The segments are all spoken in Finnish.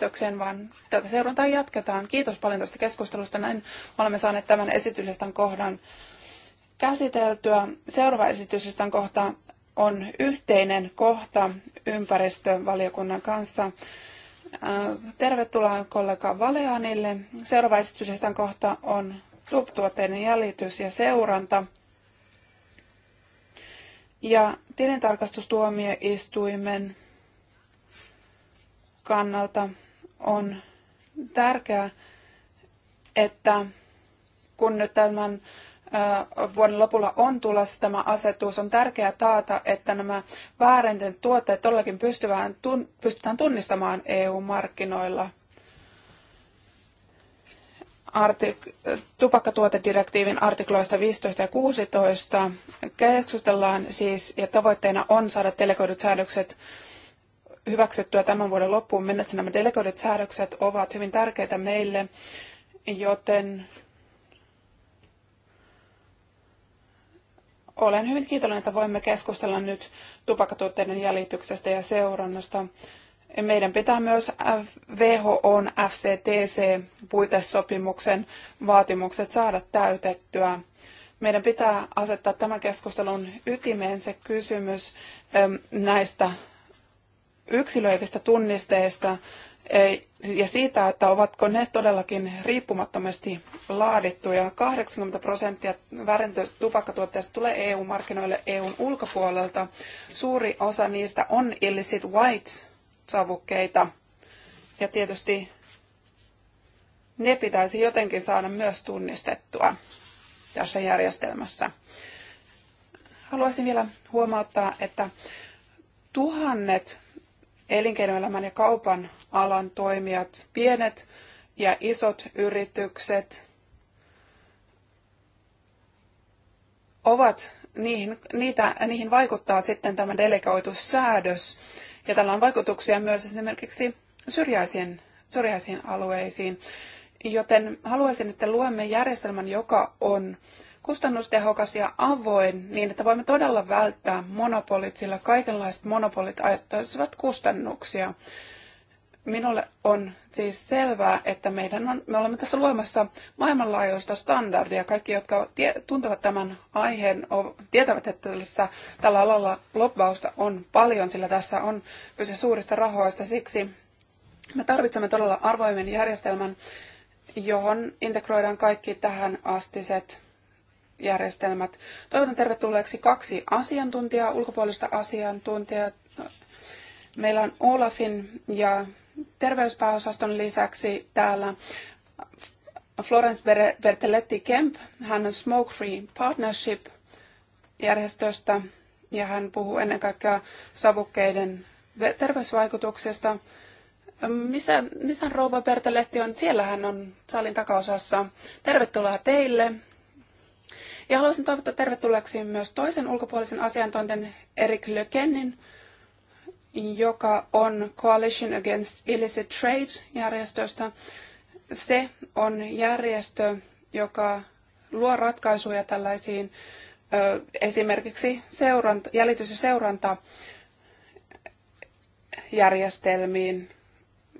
päätökseen, vaan tätä seurantaa jatketaan. Kiitos paljon tästä keskustelusta. Näin olemme saaneet tämän esityslistan kohdan käsiteltyä. Seuraava esityslistan kohta on yhteinen kohta ympäristövaliokunnan kanssa. Äh, tervetuloa kollega Valeanille. Seuraava esityslistan kohta on tuotteiden jäljitys ja seuranta. Ja tilintarkastustuomioistuimen kannalta on tärkeää, että kun nyt tämän vuoden lopulla on tulossa tämä asetus, on tärkeää taata, että nämä väärinten tuotteet todellakin pystytään tunnistamaan EU-markkinoilla. Artik- tupakkatuotedirektiivin artikloista 15 ja 16 keskustellaan siis, ja tavoitteena on saada delegoidut säädökset hyväksyttyä tämän vuoden loppuun mennessä. Nämä delegoidut säädökset ovat hyvin tärkeitä meille, joten olen hyvin kiitollinen, että voimme keskustella nyt tupakkatuotteiden jäljityksestä ja seurannasta. Meidän pitää myös WHOn FCTC-puitesopimuksen vaatimukset saada täytettyä. Meidän pitää asettaa tämän keskustelun ytimeen se kysymys näistä yksilöivistä tunnisteista ja siitä, että ovatko ne todellakin riippumattomasti laadittuja. 80 prosenttia väärentöistä tupakkatuotteista tulee EU-markkinoille EUn ulkopuolelta. Suuri osa niistä on illicit whites-savukkeita. Ja tietysti ne pitäisi jotenkin saada myös tunnistettua tässä järjestelmässä. Haluaisin vielä huomauttaa, että tuhannet elinkeinoelämän ja kaupan alan toimijat, pienet ja isot yritykset ovat, niihin, niitä, niihin vaikuttaa sitten tämä delegoitu säädös. Ja tällä on vaikutuksia myös esimerkiksi syrjäisiin, syrjäisiin alueisiin. Joten haluaisin, että luemme järjestelmän, joka on kustannustehokas ja avoin niin, että voimme todella välttää monopolit, sillä kaikenlaiset monopolit aiheuttaisivat kustannuksia. Minulle on siis selvää, että meidän on, me olemme tässä luomassa maailmanlaajuista standardia. Kaikki, jotka tie, tuntevat tämän aiheen, o, tietävät, että tässä, tällä alalla lobbausta on paljon, sillä tässä on kyse suurista rahoista. Siksi me tarvitsemme todella arvoimen järjestelmän, johon integroidaan kaikki tähän astiset järjestelmät. Toivotan tervetulleeksi kaksi asiantuntijaa, ulkopuolista asiantuntijaa. Meillä on Olafin ja terveyspääosaston lisäksi täällä Florence Bertelletti Kemp. Hän on Smoke Free Partnership järjestöstä ja hän puhuu ennen kaikkea savukkeiden terveysvaikutuksesta. Missä, missä rouva Bertelletti on? Siellä hän on salin takaosassa. Tervetuloa teille. Ja haluaisin toivottaa tervetulleeksi myös toisen ulkopuolisen asiantuntijan Erik Lökennin, joka on Coalition Against Illicit Trade-järjestöstä. Se on järjestö, joka luo ratkaisuja tällaisiin esimerkiksi seuranta, jäljitys- ja seurantajärjestelmiin.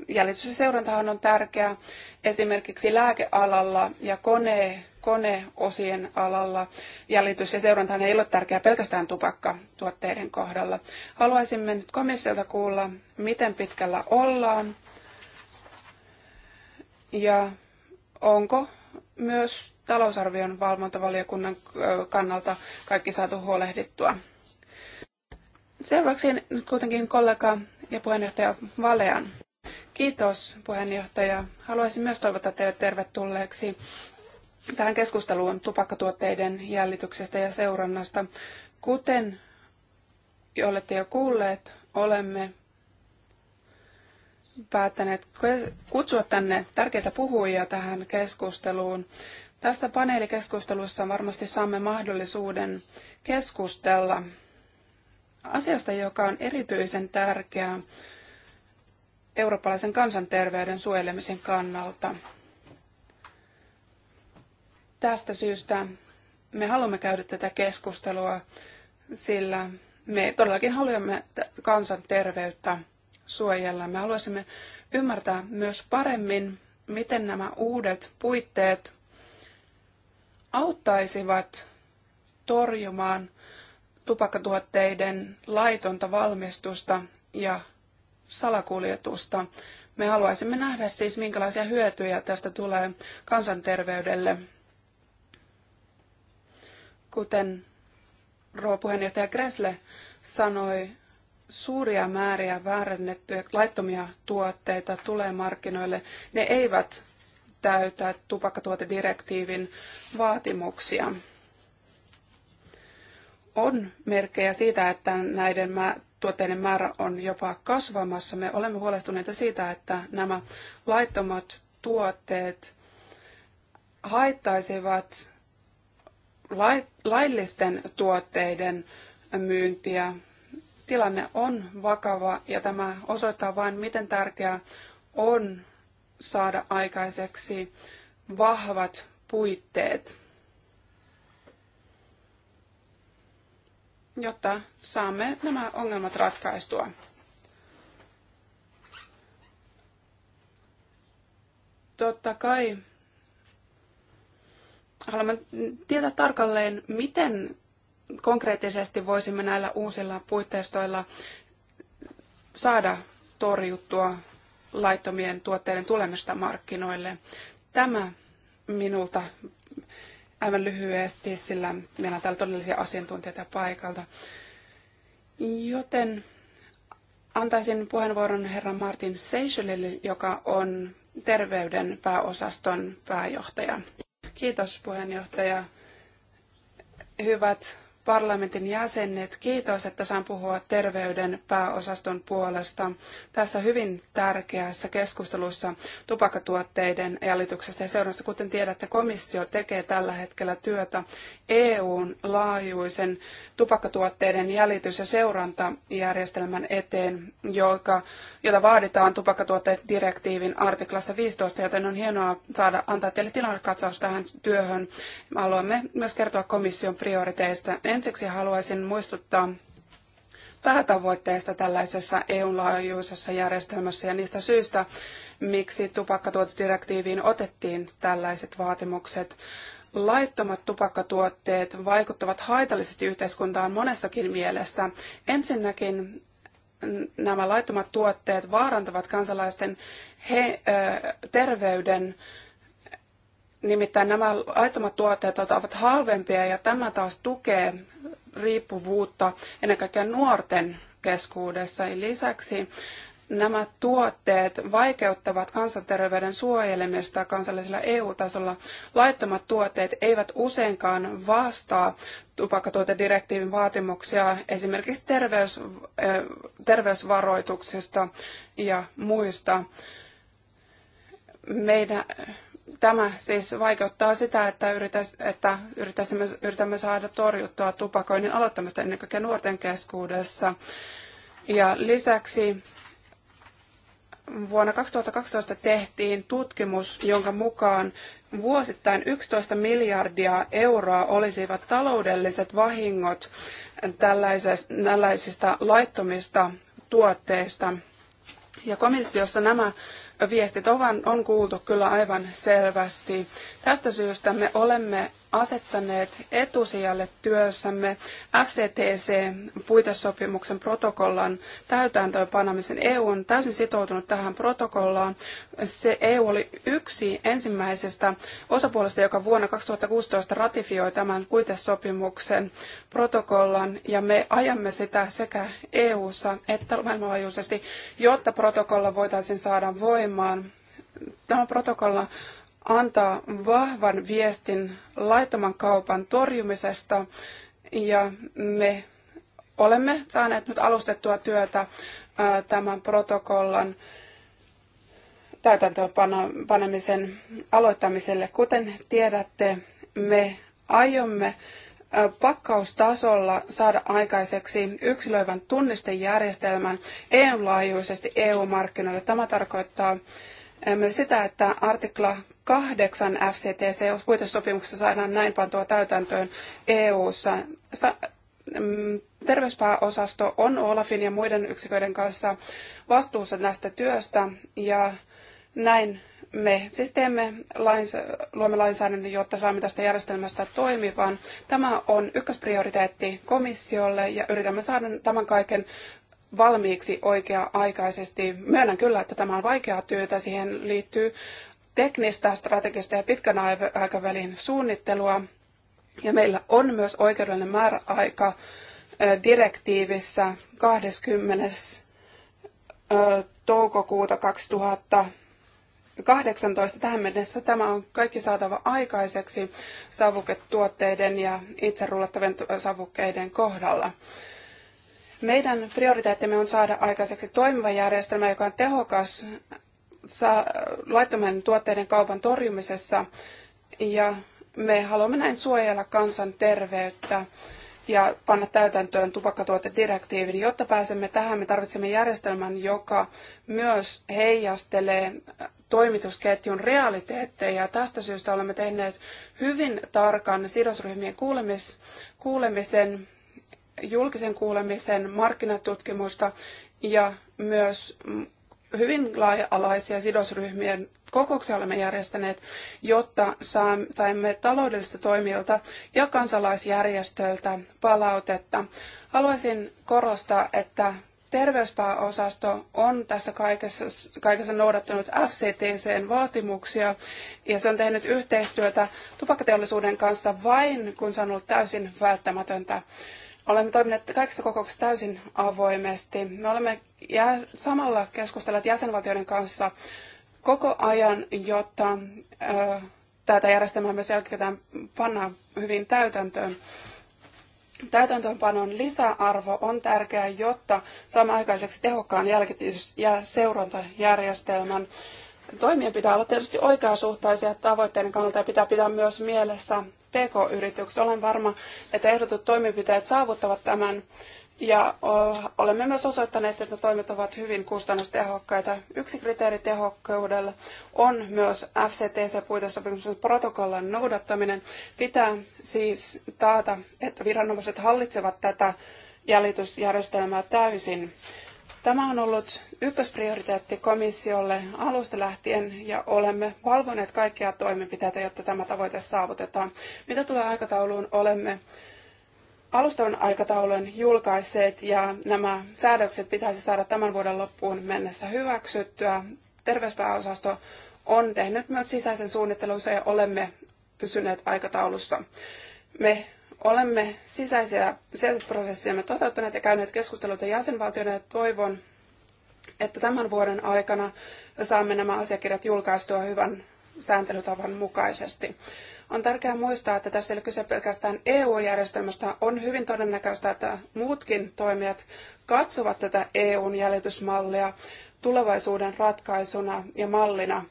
Jäljitys- ja seurantahan on tärkeää esimerkiksi lääkealalla ja kone, koneosien alalla. Jäljitys ja seuranta ei ole tärkeää pelkästään tupakkatuotteiden kohdalla. Haluaisimme nyt komissiolta kuulla, miten pitkällä ollaan ja onko myös talousarvion valvontavaliokunnan kannalta kaikki saatu huolehdittua. Seuraavaksi nyt kuitenkin kollega ja puheenjohtaja Valean. Kiitos puheenjohtaja. Haluaisin myös toivottaa teidät tervetulleeksi tähän keskusteluun tupakkatuotteiden jäljityksestä ja seurannasta. Kuten olette jo kuulleet, olemme päättäneet kutsua tänne tärkeitä puhujia tähän keskusteluun. Tässä paneelikeskustelussa varmasti saamme mahdollisuuden keskustella asiasta, joka on erityisen tärkeää eurooppalaisen kansanterveyden suojelemisen kannalta. Tästä syystä me haluamme käydä tätä keskustelua, sillä me todellakin haluamme kansanterveyttä suojella. Me haluaisimme ymmärtää myös paremmin, miten nämä uudet puitteet auttaisivat torjumaan tupakkatuotteiden laitonta valmistusta ja salakuljetusta. Me haluaisimme nähdä siis, minkälaisia hyötyjä tästä tulee kansanterveydelle Kuten rouva puheenjohtaja Gressle sanoi, suuria määriä väärennettyjä laittomia tuotteita tulee markkinoille. Ne eivät täytä tupakkatuotedirektiivin vaatimuksia. On merkkejä siitä, että näiden tuotteiden määrä on jopa kasvamassa. Me olemme huolestuneita siitä, että nämä laittomat tuotteet haittaisivat laillisten tuotteiden myyntiä. Tilanne on vakava ja tämä osoittaa vain, miten tärkeää on saada aikaiseksi vahvat puitteet, jotta saamme nämä ongelmat ratkaistua. Totta kai Haluamme tietää tarkalleen, miten konkreettisesti voisimme näillä uusilla puitteistoilla saada torjuttua laittomien tuotteiden tulemista markkinoille. Tämä minulta aivan lyhyesti, sillä meillä on täällä todellisia asiantuntijoita paikalta. Joten antaisin puheenvuoron herra Martin Seychellille, joka on terveyden pääosaston pääjohtaja. Kiitos puheenjohtaja. Hyvät parlamentin jäsenet. Kiitos, että saan puhua terveyden pääosaston puolesta tässä hyvin tärkeässä keskustelussa tupakkatuotteiden jäljityksestä ja seurannasta. Kuten tiedätte, komissio tekee tällä hetkellä työtä EUn laajuisen tupakkatuotteiden jäljitys- ja seurantajärjestelmän eteen, joka, jota vaaditaan tupakkatuotedirektiivin artiklassa 15, joten on hienoa saada antaa teille tilannekatsaus tähän työhön. Haluamme myös kertoa komission prioriteista Ensiksi haluaisin muistuttaa päätavoitteista tällaisessa eu laajuisessa järjestelmässä ja niistä syistä, miksi tupakkatuotedirektiiviin otettiin tällaiset vaatimukset. Laittomat tupakkatuotteet vaikuttavat haitallisesti yhteiskuntaan monessakin mielessä. Ensinnäkin nämä laittomat tuotteet vaarantavat kansalaisten he, terveyden Nimittäin nämä laittomat tuotteet ovat halvempia ja tämä taas tukee riippuvuutta ennen kaikkea nuorten keskuudessa. Lisäksi nämä tuotteet vaikeuttavat kansanterveyden suojelemista kansallisella EU-tasolla. Laittomat tuotteet eivät useinkaan vastaa tupakkatuotedirektiivin vaatimuksia esimerkiksi terveys, terveysvaroituksista ja muista. Meidän, Tämä siis vaikeuttaa sitä, että, yritäs, että yritämme, yritämme saada torjuttua tupakoinnin aloittamista ennen kaikkea nuorten keskuudessa. Ja lisäksi vuonna 2012 tehtiin tutkimus, jonka mukaan vuosittain 11 miljardia euroa olisivat taloudelliset vahingot tällaisista laittomista tuotteista. Ja komissiossa nämä viestit on, on kuultu kyllä aivan selvästi. Tästä syystä me olemme asettaneet etusijalle työssämme FCTC-puitesopimuksen protokollan täytäntöönpanemisen. EU on täysin sitoutunut tähän protokollaan. Se EU oli yksi ensimmäisestä osapuolesta, joka vuonna 2016 ratifioi tämän puitesopimuksen protokollan, ja me ajamme sitä sekä EU:ssa että maailmanlaajuisesti, jotta protokolla voitaisiin saada voimaan. Tämä protokolla antaa vahvan viestin laittoman kaupan torjumisesta ja me olemme saaneet nyt alustettua työtä tämän protokollan täytäntöönpanemisen aloittamiselle. Kuten tiedätte, me aiomme pakkaustasolla saada aikaiseksi yksilöivän tunnistejärjestelmän EU-laajuisesti EU-markkinoille. Tämä tarkoittaa myös sitä, että artikla kahdeksan FCTC-puitesopimuksessa saadaan näin pantua täytäntöön EU-ssa. Mm, terveyspääosasto on Olafin ja muiden yksiköiden kanssa vastuussa tästä työstä ja näin me siis teemme lains, luomme lainsäädännön, jotta saamme tästä järjestelmästä toimivan. Tämä on ykkösprioriteetti komissiolle ja yritämme saada tämän kaiken valmiiksi oikea-aikaisesti. Myönnän kyllä, että tämä on vaikeaa työtä. Siihen liittyy teknistä, strategista ja pitkän aikavälin suunnittelua. Ja meillä on myös oikeudellinen määräaika direktiivissä 20. toukokuuta 2018. Tähän mennessä tämä on kaikki saatava aikaiseksi savuketuotteiden ja itserullattavien savukkeiden kohdalla. Meidän prioriteettimme on saada aikaiseksi toimiva järjestelmä, joka on tehokas laittomien tuotteiden kaupan torjumisessa ja me haluamme näin suojella kansan terveyttä ja panna täytäntöön tupakkatuotedirektiivin. Jotta pääsemme tähän, me tarvitsemme järjestelmän, joka myös heijastelee toimitusketjun realiteetteja. Tästä syystä olemme tehneet hyvin tarkan sidosryhmien kuulemis, kuulemisen, julkisen kuulemisen, markkinatutkimusta ja myös hyvin laaja-alaisia sidosryhmien kokouksia olemme järjestäneet, jotta saimme taloudellisilta toimijoilta ja kansalaisjärjestöiltä palautetta. Haluaisin korostaa, että terveyspääosasto on tässä kaikessa, kaikessa noudattanut FCTCn vaatimuksia ja se on tehnyt yhteistyötä tupakkateollisuuden kanssa vain, kun se on ollut täysin välttämätöntä olemme toimineet kaikissa kokouksissa täysin avoimesti. Me olemme samalla keskustelleet jäsenvaltioiden kanssa koko ajan, jotta ö, tätä järjestelmää myös jälkikäteen pannaan hyvin täytäntöön. Täytäntöönpanon lisäarvo on tärkeää, jotta saamme aikaiseksi tehokkaan jälkitys- ja seurantajärjestelmän. Toimien pitää olla tietysti oikeasuhtaisia tavoitteiden kannalta ja pitää pitää myös mielessä PK-yritykset. Olen varma, että ehdotut toimenpiteet saavuttavat tämän. Ja olemme myös osoittaneet, että toimet ovat hyvin kustannustehokkaita. Yksi kriteeri tehokkuudella on myös FCTC-puitesopimuksen protokollan noudattaminen. Pitää siis taata, että viranomaiset hallitsevat tätä jäljitysjärjestelmää täysin. Tämä on ollut ykkösprioriteetti komissiolle alusta lähtien ja olemme valvoneet kaikkia toimenpiteitä, jotta tämä tavoite saavutetaan. Mitä tulee aikatauluun, olemme alustavan aikataulun julkaisseet ja nämä säädökset pitäisi saada tämän vuoden loppuun mennessä hyväksyttyä. Terveyspääosasto on tehnyt myös sisäisen suunnittelunsa ja olemme pysyneet aikataulussa. Me Olemme sisäisiä, sisäiset toteuttaneet ja käyneet keskusteluita jäsenvaltioiden ja toivon, että tämän vuoden aikana saamme nämä asiakirjat julkaistua hyvän sääntelytavan mukaisesti. On tärkeää muistaa, että tässä ei ole kyse pelkästään EU-järjestelmästä. On hyvin todennäköistä, että muutkin toimijat katsovat tätä EUn jäljitysmallia tulevaisuuden ratkaisuna ja mallina.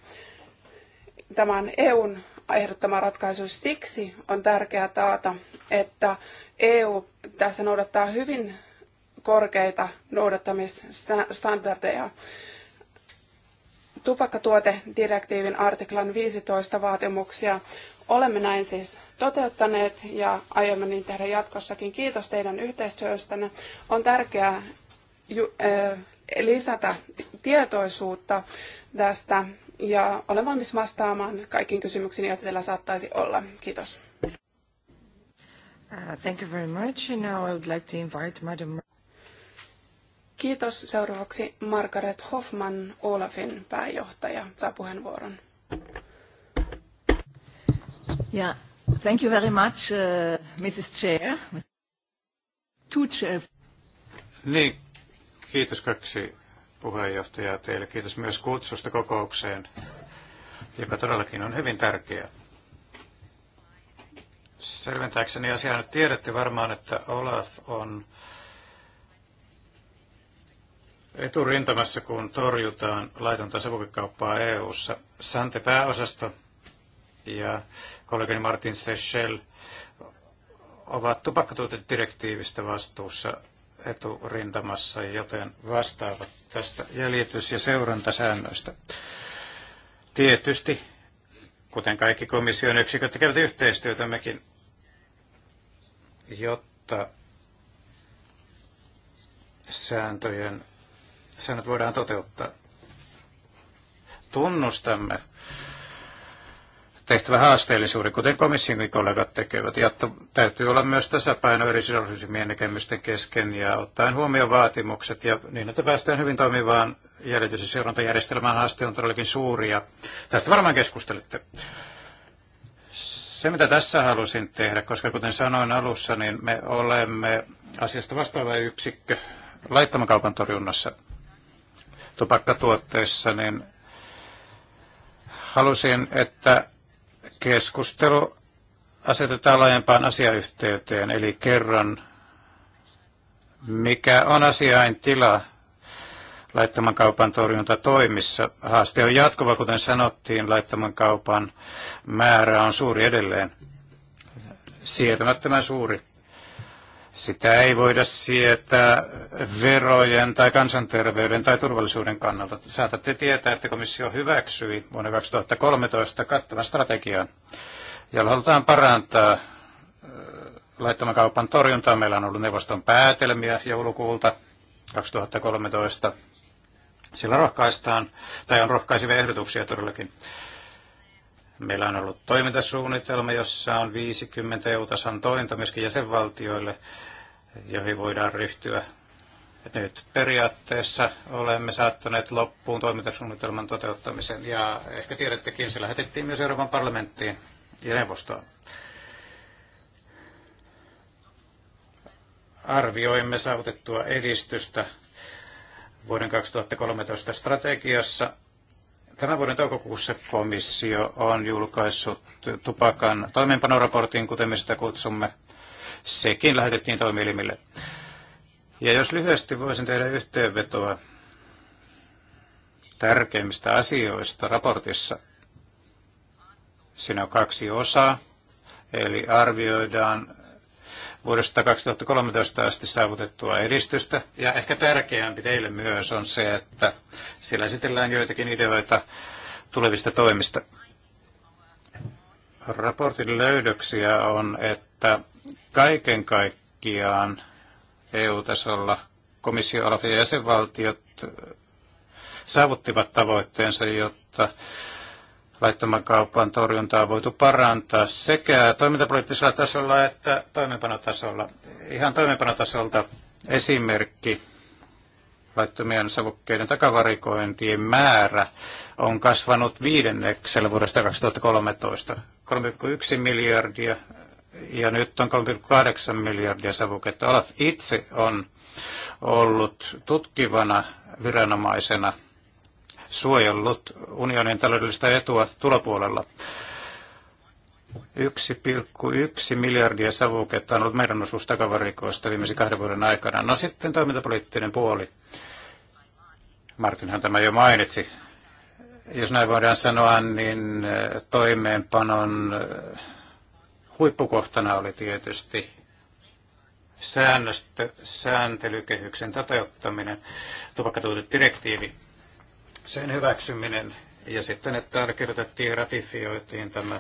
tämän EUn ehdottama ratkaisu. Siksi on tärkeää taata, että EU tässä noudattaa hyvin korkeita noudattamisstandardeja. Tupakkatuotedirektiivin artiklan 15 vaatimuksia olemme näin siis toteuttaneet ja aiomme niin tehdä jatkossakin. Kiitos teidän yhteistyöstänne. On tärkeää lisätä tietoisuutta tästä ja olen valmis vastaamaan kaikkiin kysymyksiin, joita teillä saattaisi olla. Kiitos. Uh, thank you very much. now I would like to invite Madam... Kiitos. Seuraavaksi Margaret Hoffman, Olafin pääjohtaja, saa puheenvuoron. Yeah. Thank you very much, uh, Mrs. Chair. Two chair. Niin, kiitos kaksi puheenjohtaja teille. Kiitos myös kutsusta kokoukseen, joka todellakin on hyvin tärkeä. Selventääkseni asiaa nyt tiedätte varmaan, että Olaf on eturintamassa, kun torjutaan laitonta savukekauppaa EU-ssa. Sante pääosasto ja kollegani Martin Seychelles ovat tupakkatuotedirektiivistä vastuussa eturintamassa, joten vastaavat tästä jäljitys- ja seurantasäännöistä. Tietysti, kuten kaikki komission yksiköt tekevät yhteistyötä mekin, jotta sääntöjen säännöt voidaan toteuttaa. Tunnustamme tehtävä haasteellisuuden, kuten komissionkin kollegat tekevät. Ja täytyy olla myös tasapaino eri sidosryhmien näkemysten kesken ja ottaen huomioon vaatimukset ja niin, että päästään hyvin toimivaan jäljitys- ja seurantajärjestelmään haaste on todellakin suuri ja tästä varmaan keskustelette. Se, mitä tässä halusin tehdä, koska kuten sanoin alussa, niin me olemme asiasta vastaava yksikkö kaupan torjunnassa tupakkatuotteissa, niin halusin, että keskustelu asetetaan laajempaan asiayhteyteen, eli kerron, mikä on asiain tila laittoman kaupan torjunta toimissa. Haaste on jatkuva, kuten sanottiin, laittoman kaupan määrä on suuri edelleen, sietämättömän suuri. Sitä ei voida sietää verojen tai kansanterveyden tai turvallisuuden kannalta. Saatatte tietää, että komissio hyväksyi vuonna 2013 kattavan strategian, jolla halutaan parantaa laittoman kaupan torjuntaa. Meillä on ollut neuvoston päätelmiä joulukuulta 2013. Sillä rohkaistaan, tai on rohkaisivia ehdotuksia todellakin Meillä on ollut toimintasuunnitelma, jossa on 50 eu tasan tointa myöskin jäsenvaltioille, joihin voidaan ryhtyä. Nyt periaatteessa olemme saattaneet loppuun toimintasuunnitelman toteuttamisen ja ehkä tiedättekin, se lähetettiin myös Euroopan parlamenttiin ja neuvostoon. Arvioimme saavutettua edistystä vuoden 2013 strategiassa Tämän vuoden toukokuussa komissio on julkaissut tupakan toimeenpanoraportin, kuten me sitä kutsumme. Sekin lähetettiin toimielimille. Ja jos lyhyesti voisin tehdä yhteenvetoa tärkeimmistä asioista raportissa. Siinä on kaksi osaa, eli arvioidaan vuodesta 2013 asti saavutettua edistystä. Ja ehkä tärkeämpi teille myös on se, että siellä esitellään joitakin ideoita tulevista toimista. Raportin löydöksiä on, että kaiken kaikkiaan EU-tasolla komissio, Olaf ja jäsenvaltiot saavuttivat tavoitteensa, jotta laittoman kaupan torjuntaa voitu parantaa sekä toimintapoliittisella tasolla että toimeenpanotasolla. Ihan toimeenpanotasolta esimerkki laittomien savukkeiden takavarikointien määrä on kasvanut viidenneksellä vuodesta 2013. 3,1 miljardia ja nyt on 3,8 miljardia savuketta. Olaf itse on ollut tutkivana viranomaisena – suojellut unionin taloudellista etua tulopuolella. 1,1 miljardia savuketta on ollut meidän osuus takavarikoista viimeisen kahden vuoden aikana. No sitten toimintapoliittinen puoli. Martinhan tämä jo mainitsi. Jos näin voidaan sanoa, niin eh, toimeenpanon eh, huippukohtana oli tietysti säännöstö, sääntelykehyksen toteuttaminen, tupakkatuotedirektiivi. direktiivi sen hyväksyminen ja sitten, että allekirjoitettiin ja ratifioitiin tämä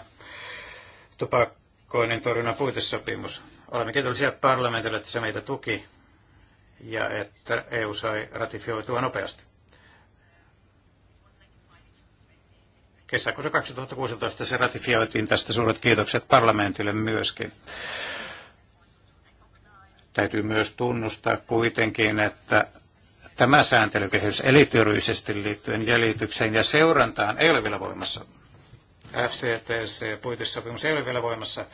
tupakkoinen torjunnan puitesopimus. Olemme kiitollisia parlamentille, että se meitä tuki ja että EU sai ratifioitua nopeasti. Kesäkuussa 2016 se ratifioitiin. Tästä suuret kiitokset parlamentille myöskin. Täytyy myös tunnustaa kuitenkin, että Tämä sääntelykehys elityöryisesti liittyen jäljitykseen ja seurantaan ei ole vielä voimassa. FCTC-puitesopimus ei ole vielä voimassa.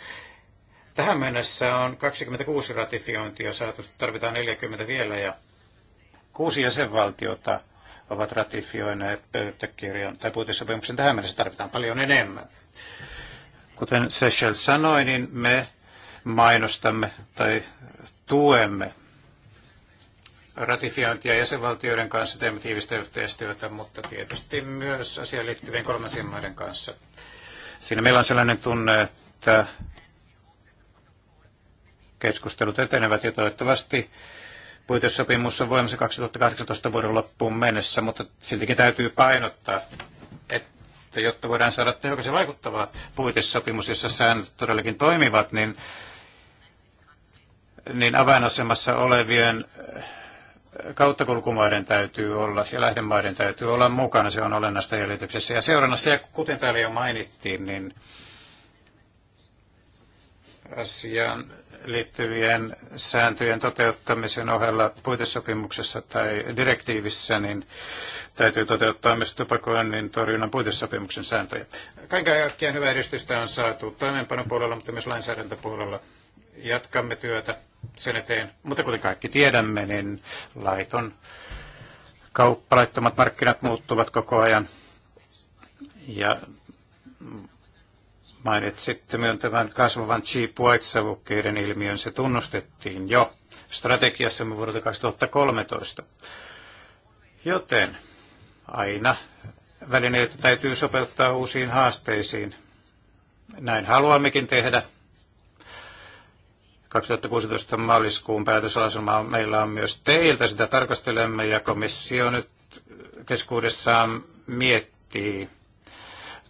Tähän mennessä on 26 ratifiointia saatu, tarvitaan 40 vielä ja kuusi jäsenvaltiota ovat ratifioineet pöytäkirjan tai puitesopimuksen. Tähän mennessä tarvitaan paljon enemmän. Kuten Seychelles sanoi, niin me mainostamme tai tuemme ratifiointia jäsenvaltioiden kanssa teemme tiivistä yhteistyötä, mutta tietysti myös asiaan liittyvien kolmansien maiden kanssa. Siinä meillä on sellainen tunne, että keskustelut etenevät ja toivottavasti puitesopimus on voimassa 2018 vuoden loppuun mennessä, mutta siltikin täytyy painottaa, että jotta voidaan saada tehokas ja vaikuttava puitesopimus, jossa säännöt todellakin toimivat, niin niin avainasemassa olevien kauttakulkumaiden täytyy olla ja lähdemaiden täytyy olla mukana, se on olennaista jäljityksessä ja seurannassa. Ja kuten täällä jo mainittiin, niin asiaan liittyvien sääntöjen toteuttamisen ohella puitesopimuksessa tai direktiivissä, niin täytyy toteuttaa myös tupakoinnin torjunnan puitesopimuksen sääntöjä. Kaiken kaikkiaan hyvää edistystä on saatu toimeenpanopuolella, mutta myös lainsäädäntöpuolella. Jatkamme työtä sen eteen. Mutta kuten kaikki tiedämme, niin laiton kauppa, laittomat markkinat muuttuvat koko ajan. Ja mainitsitte myöntävän kasvavan cheap white ilmiön. Se tunnustettiin jo strategiassa vuodelta 2013. Joten aina välineitä täytyy sopeuttaa uusiin haasteisiin. Näin haluammekin tehdä – 2016 maaliskuun päätöslauselma meillä on myös teiltä. Sitä tarkastelemme ja komissio nyt keskuudessaan miettii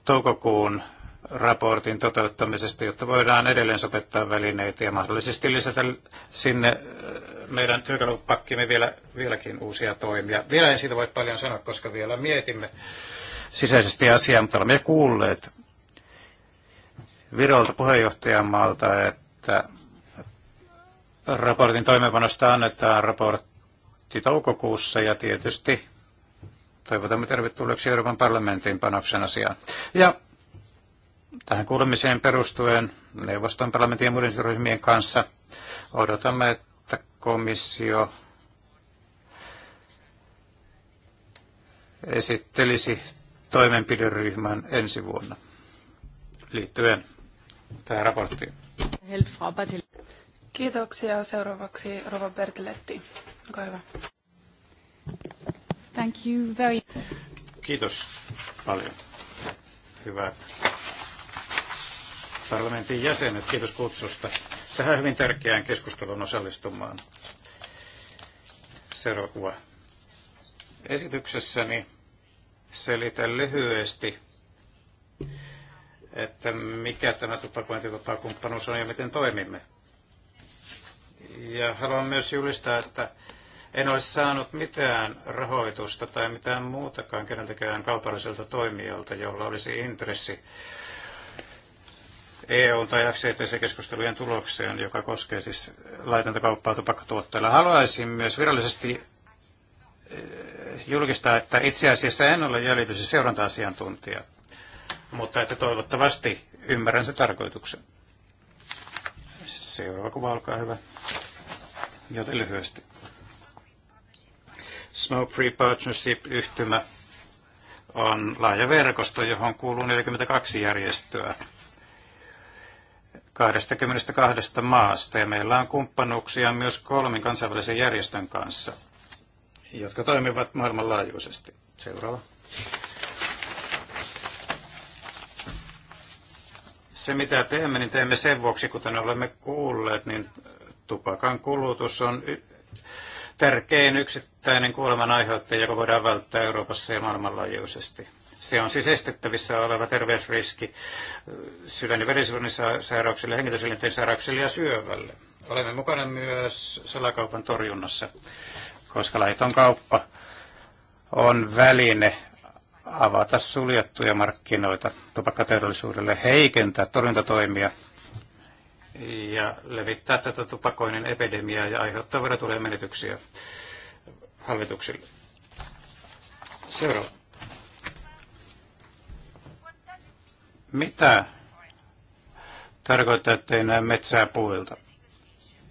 toukokuun raportin toteuttamisesta, jotta voidaan edelleen sopeuttaa välineitä ja mahdollisesti lisätä sinne äh, meidän työkalupakkimme vielä, vieläkin uusia toimia. Vielä en siitä voi paljon sanoa, koska vielä mietimme sisäisesti asiaa, mutta olemme kuulleet Virolta puheenjohtajamaalta, että Raportin toimeenpanosta annetaan raportti toukokuussa ja tietysti toivotamme tervetulleeksi Euroopan parlamentin panoksen asiaan. Ja tähän kuulemiseen perustuen neuvoston parlamentin ja muiden ryhmien kanssa odotamme, että komissio esittelisi toimenpideryhmän ensi vuonna liittyen tähän raporttiin. Kiitoksia. Seuraavaksi Rova Bertiletti. Olkaa hyvä. Thank you very... Kiitos paljon. Hyvät parlamentin jäsenet, kiitos kutsusta tähän hyvin tärkeään keskusteluun osallistumaan. Seuraava Esityksessäni selitän lyhyesti, että mikä tämä tupakointitupakumppanuus on ja miten toimimme. Ja haluan myös julistaa, että en ole saanut mitään rahoitusta tai mitään muutakaan keneltäkään kaupalliselta toimijalta, jolla olisi intressi EU- tai FCTC-keskustelujen tulokseen, joka koskee siis laitonta kauppaa tupakkatuotteilla. Haluaisin myös virallisesti eh, julkistaa, että itse asiassa en ole jäljitys- ja seuranta-asiantuntija, mutta että toivottavasti ymmärrän sen tarkoituksen. Seuraava kuva, olkaa hyvä joten lyhyesti. Snow Free Partnership-yhtymä on laaja verkosto, johon kuuluu 42 järjestöä 22 maasta, ja meillä on kumppanuuksia myös kolmen kansainvälisen järjestön kanssa, jotka toimivat maailmanlaajuisesti. Seuraava. Se, mitä teemme, niin teemme sen vuoksi, kuten olemme kuulleet, niin Tupakan kulutus on tärkein yksittäinen kuoleman aiheuttaja, joka voidaan välttää Euroopassa ja maailmanlaajuisesti. Se on siis estettävissä oleva terveysriski sydän- ja verisuonisairauksille, hengityselinten sairauksille ja syövälle. Olemme mukana myös salakaupan torjunnassa, koska laiton kauppa on väline avata suljettuja markkinoita tupakkateollisuudelle, heikentää torjuntatoimia ja levittää tätä tupakoinnin epidemiaa ja aiheuttaa verotulojen menetyksiä hallituksille. Seuraava. Mitä tarkoittaa, ei näe metsää puilta?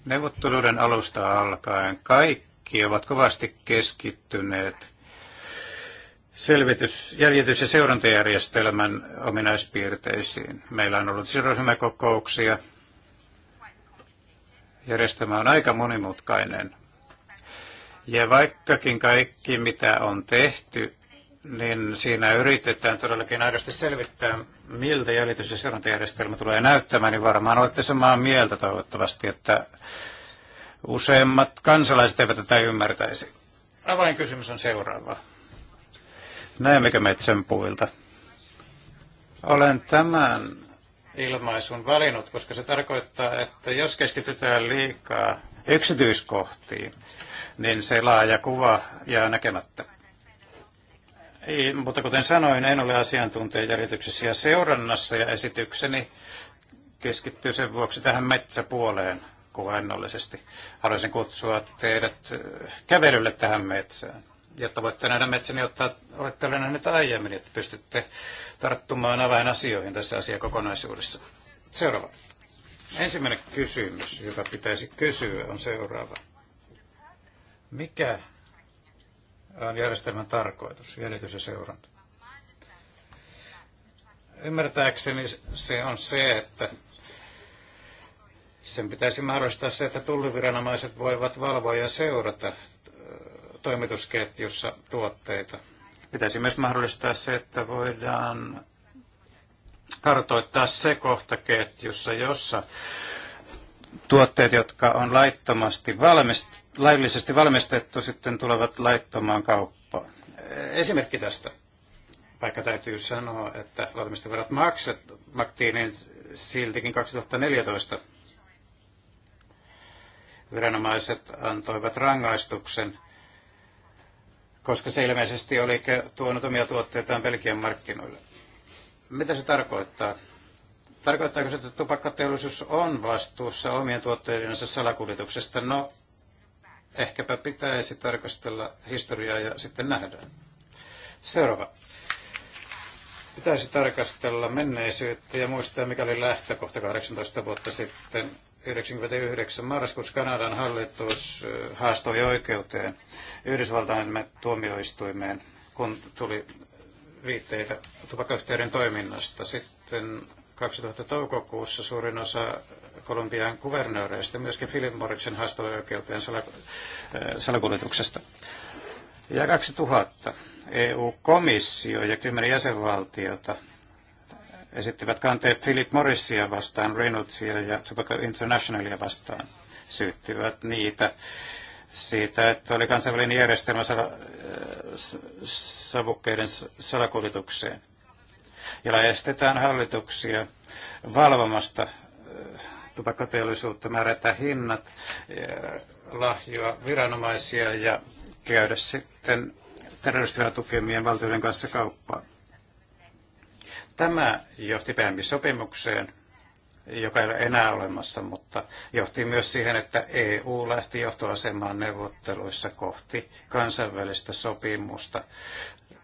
Neuvotteluiden alusta alkaen kaikki ovat kovasti keskittyneet selvitys, jäljitys- ja seurantajärjestelmän ominaispiirteisiin. Meillä on ollut sidosryhmäkokouksia, Järjestelmä on aika monimutkainen. Ja vaikkakin kaikki, mitä on tehty, niin siinä yritetään todellakin aidosti selvittää, miltä jäljitys- ja seurantajärjestelmä tulee näyttämään, niin varmaan olette samaa mieltä toivottavasti, että useimmat kansalaiset eivät tätä ymmärtäisi. Avainkysymys on seuraava. Näemmekö metsän puilta? Olen tämän ilmaisun valinnut, koska se tarkoittaa, että jos keskitytään liikaa yksityiskohtiin, niin se laaja kuva jää näkemättä. Ei, mutta kuten sanoin, en ole asiantuntija järjityksessä ja seurannassa ja esitykseni keskittyy sen vuoksi tähän metsäpuoleen kuvainnollisesti. Haluaisin kutsua teidät kävelylle tähän metsään jotta voitte nähdä metsäni, ottaa olette nähneet aiemmin, että pystytte tarttumaan avainasioihin tässä asiakokonaisuudessa. Seuraava. Ensimmäinen kysymys, joka pitäisi kysyä, on seuraava. Mikä on järjestelmän tarkoitus, jäljitys ja seuranta? Ymmärtääkseni se on se, että sen pitäisi mahdollistaa se, että tulliviranomaiset voivat valvoa ja seurata toimitusketjussa tuotteita. Pitäisi myös mahdollistaa se, että voidaan kartoittaa se kohta ketjussa, jossa tuotteet, jotka on laittomasti valmist, laillisesti valmistettu, sitten tulevat laittomaan kauppaan. Esimerkki tästä. Vaikka täytyy sanoa, että valmistavarat makset maktiinin siltikin 2014 viranomaiset antoivat rangaistuksen koska se ilmeisesti oli tuonut omia tuotteitaan Belgian markkinoille. Mitä se tarkoittaa? Tarkoittaako se, että tupakkateollisuus on vastuussa omien tuotteidensa salakuljetuksesta? No, ehkäpä pitäisi tarkastella historiaa ja sitten nähdään. Seuraava. Pitäisi tarkastella menneisyyttä ja muistaa, mikä oli lähtökohta 18 vuotta sitten 1999 marraskuussa Kanadan hallitus haastoi oikeuteen Yhdysvaltain tuomioistuimeen, kun tuli viitteitä tupakkayhtiöiden toiminnasta. Sitten 2000 toukokuussa suurin osa Kolumbian kuvernööreistä, myöskin Philip Morrisin haastoi oikeuteen salakuljetuksesta. Ja 2000 EU-komissio ja kymmenen jäsenvaltiota esittivät kanteet Philip Morrisia vastaan, Reynoldsia ja Tobacco Internationalia vastaan. Syyttivät niitä siitä, että oli kansainvälinen järjestelmä äh, savukkeiden salakuljetukseen, jolla estetään hallituksia valvomasta äh, tupakkateollisuutta, määrätä hinnat, äh, lahjoa viranomaisia ja käydä sitten terrorismia tukemien valtioiden kanssa kauppaa. Tämä johti sopimukseen joka ei ole enää olemassa, mutta johti myös siihen, että EU lähti johtoasemaan neuvotteluissa kohti kansainvälistä sopimusta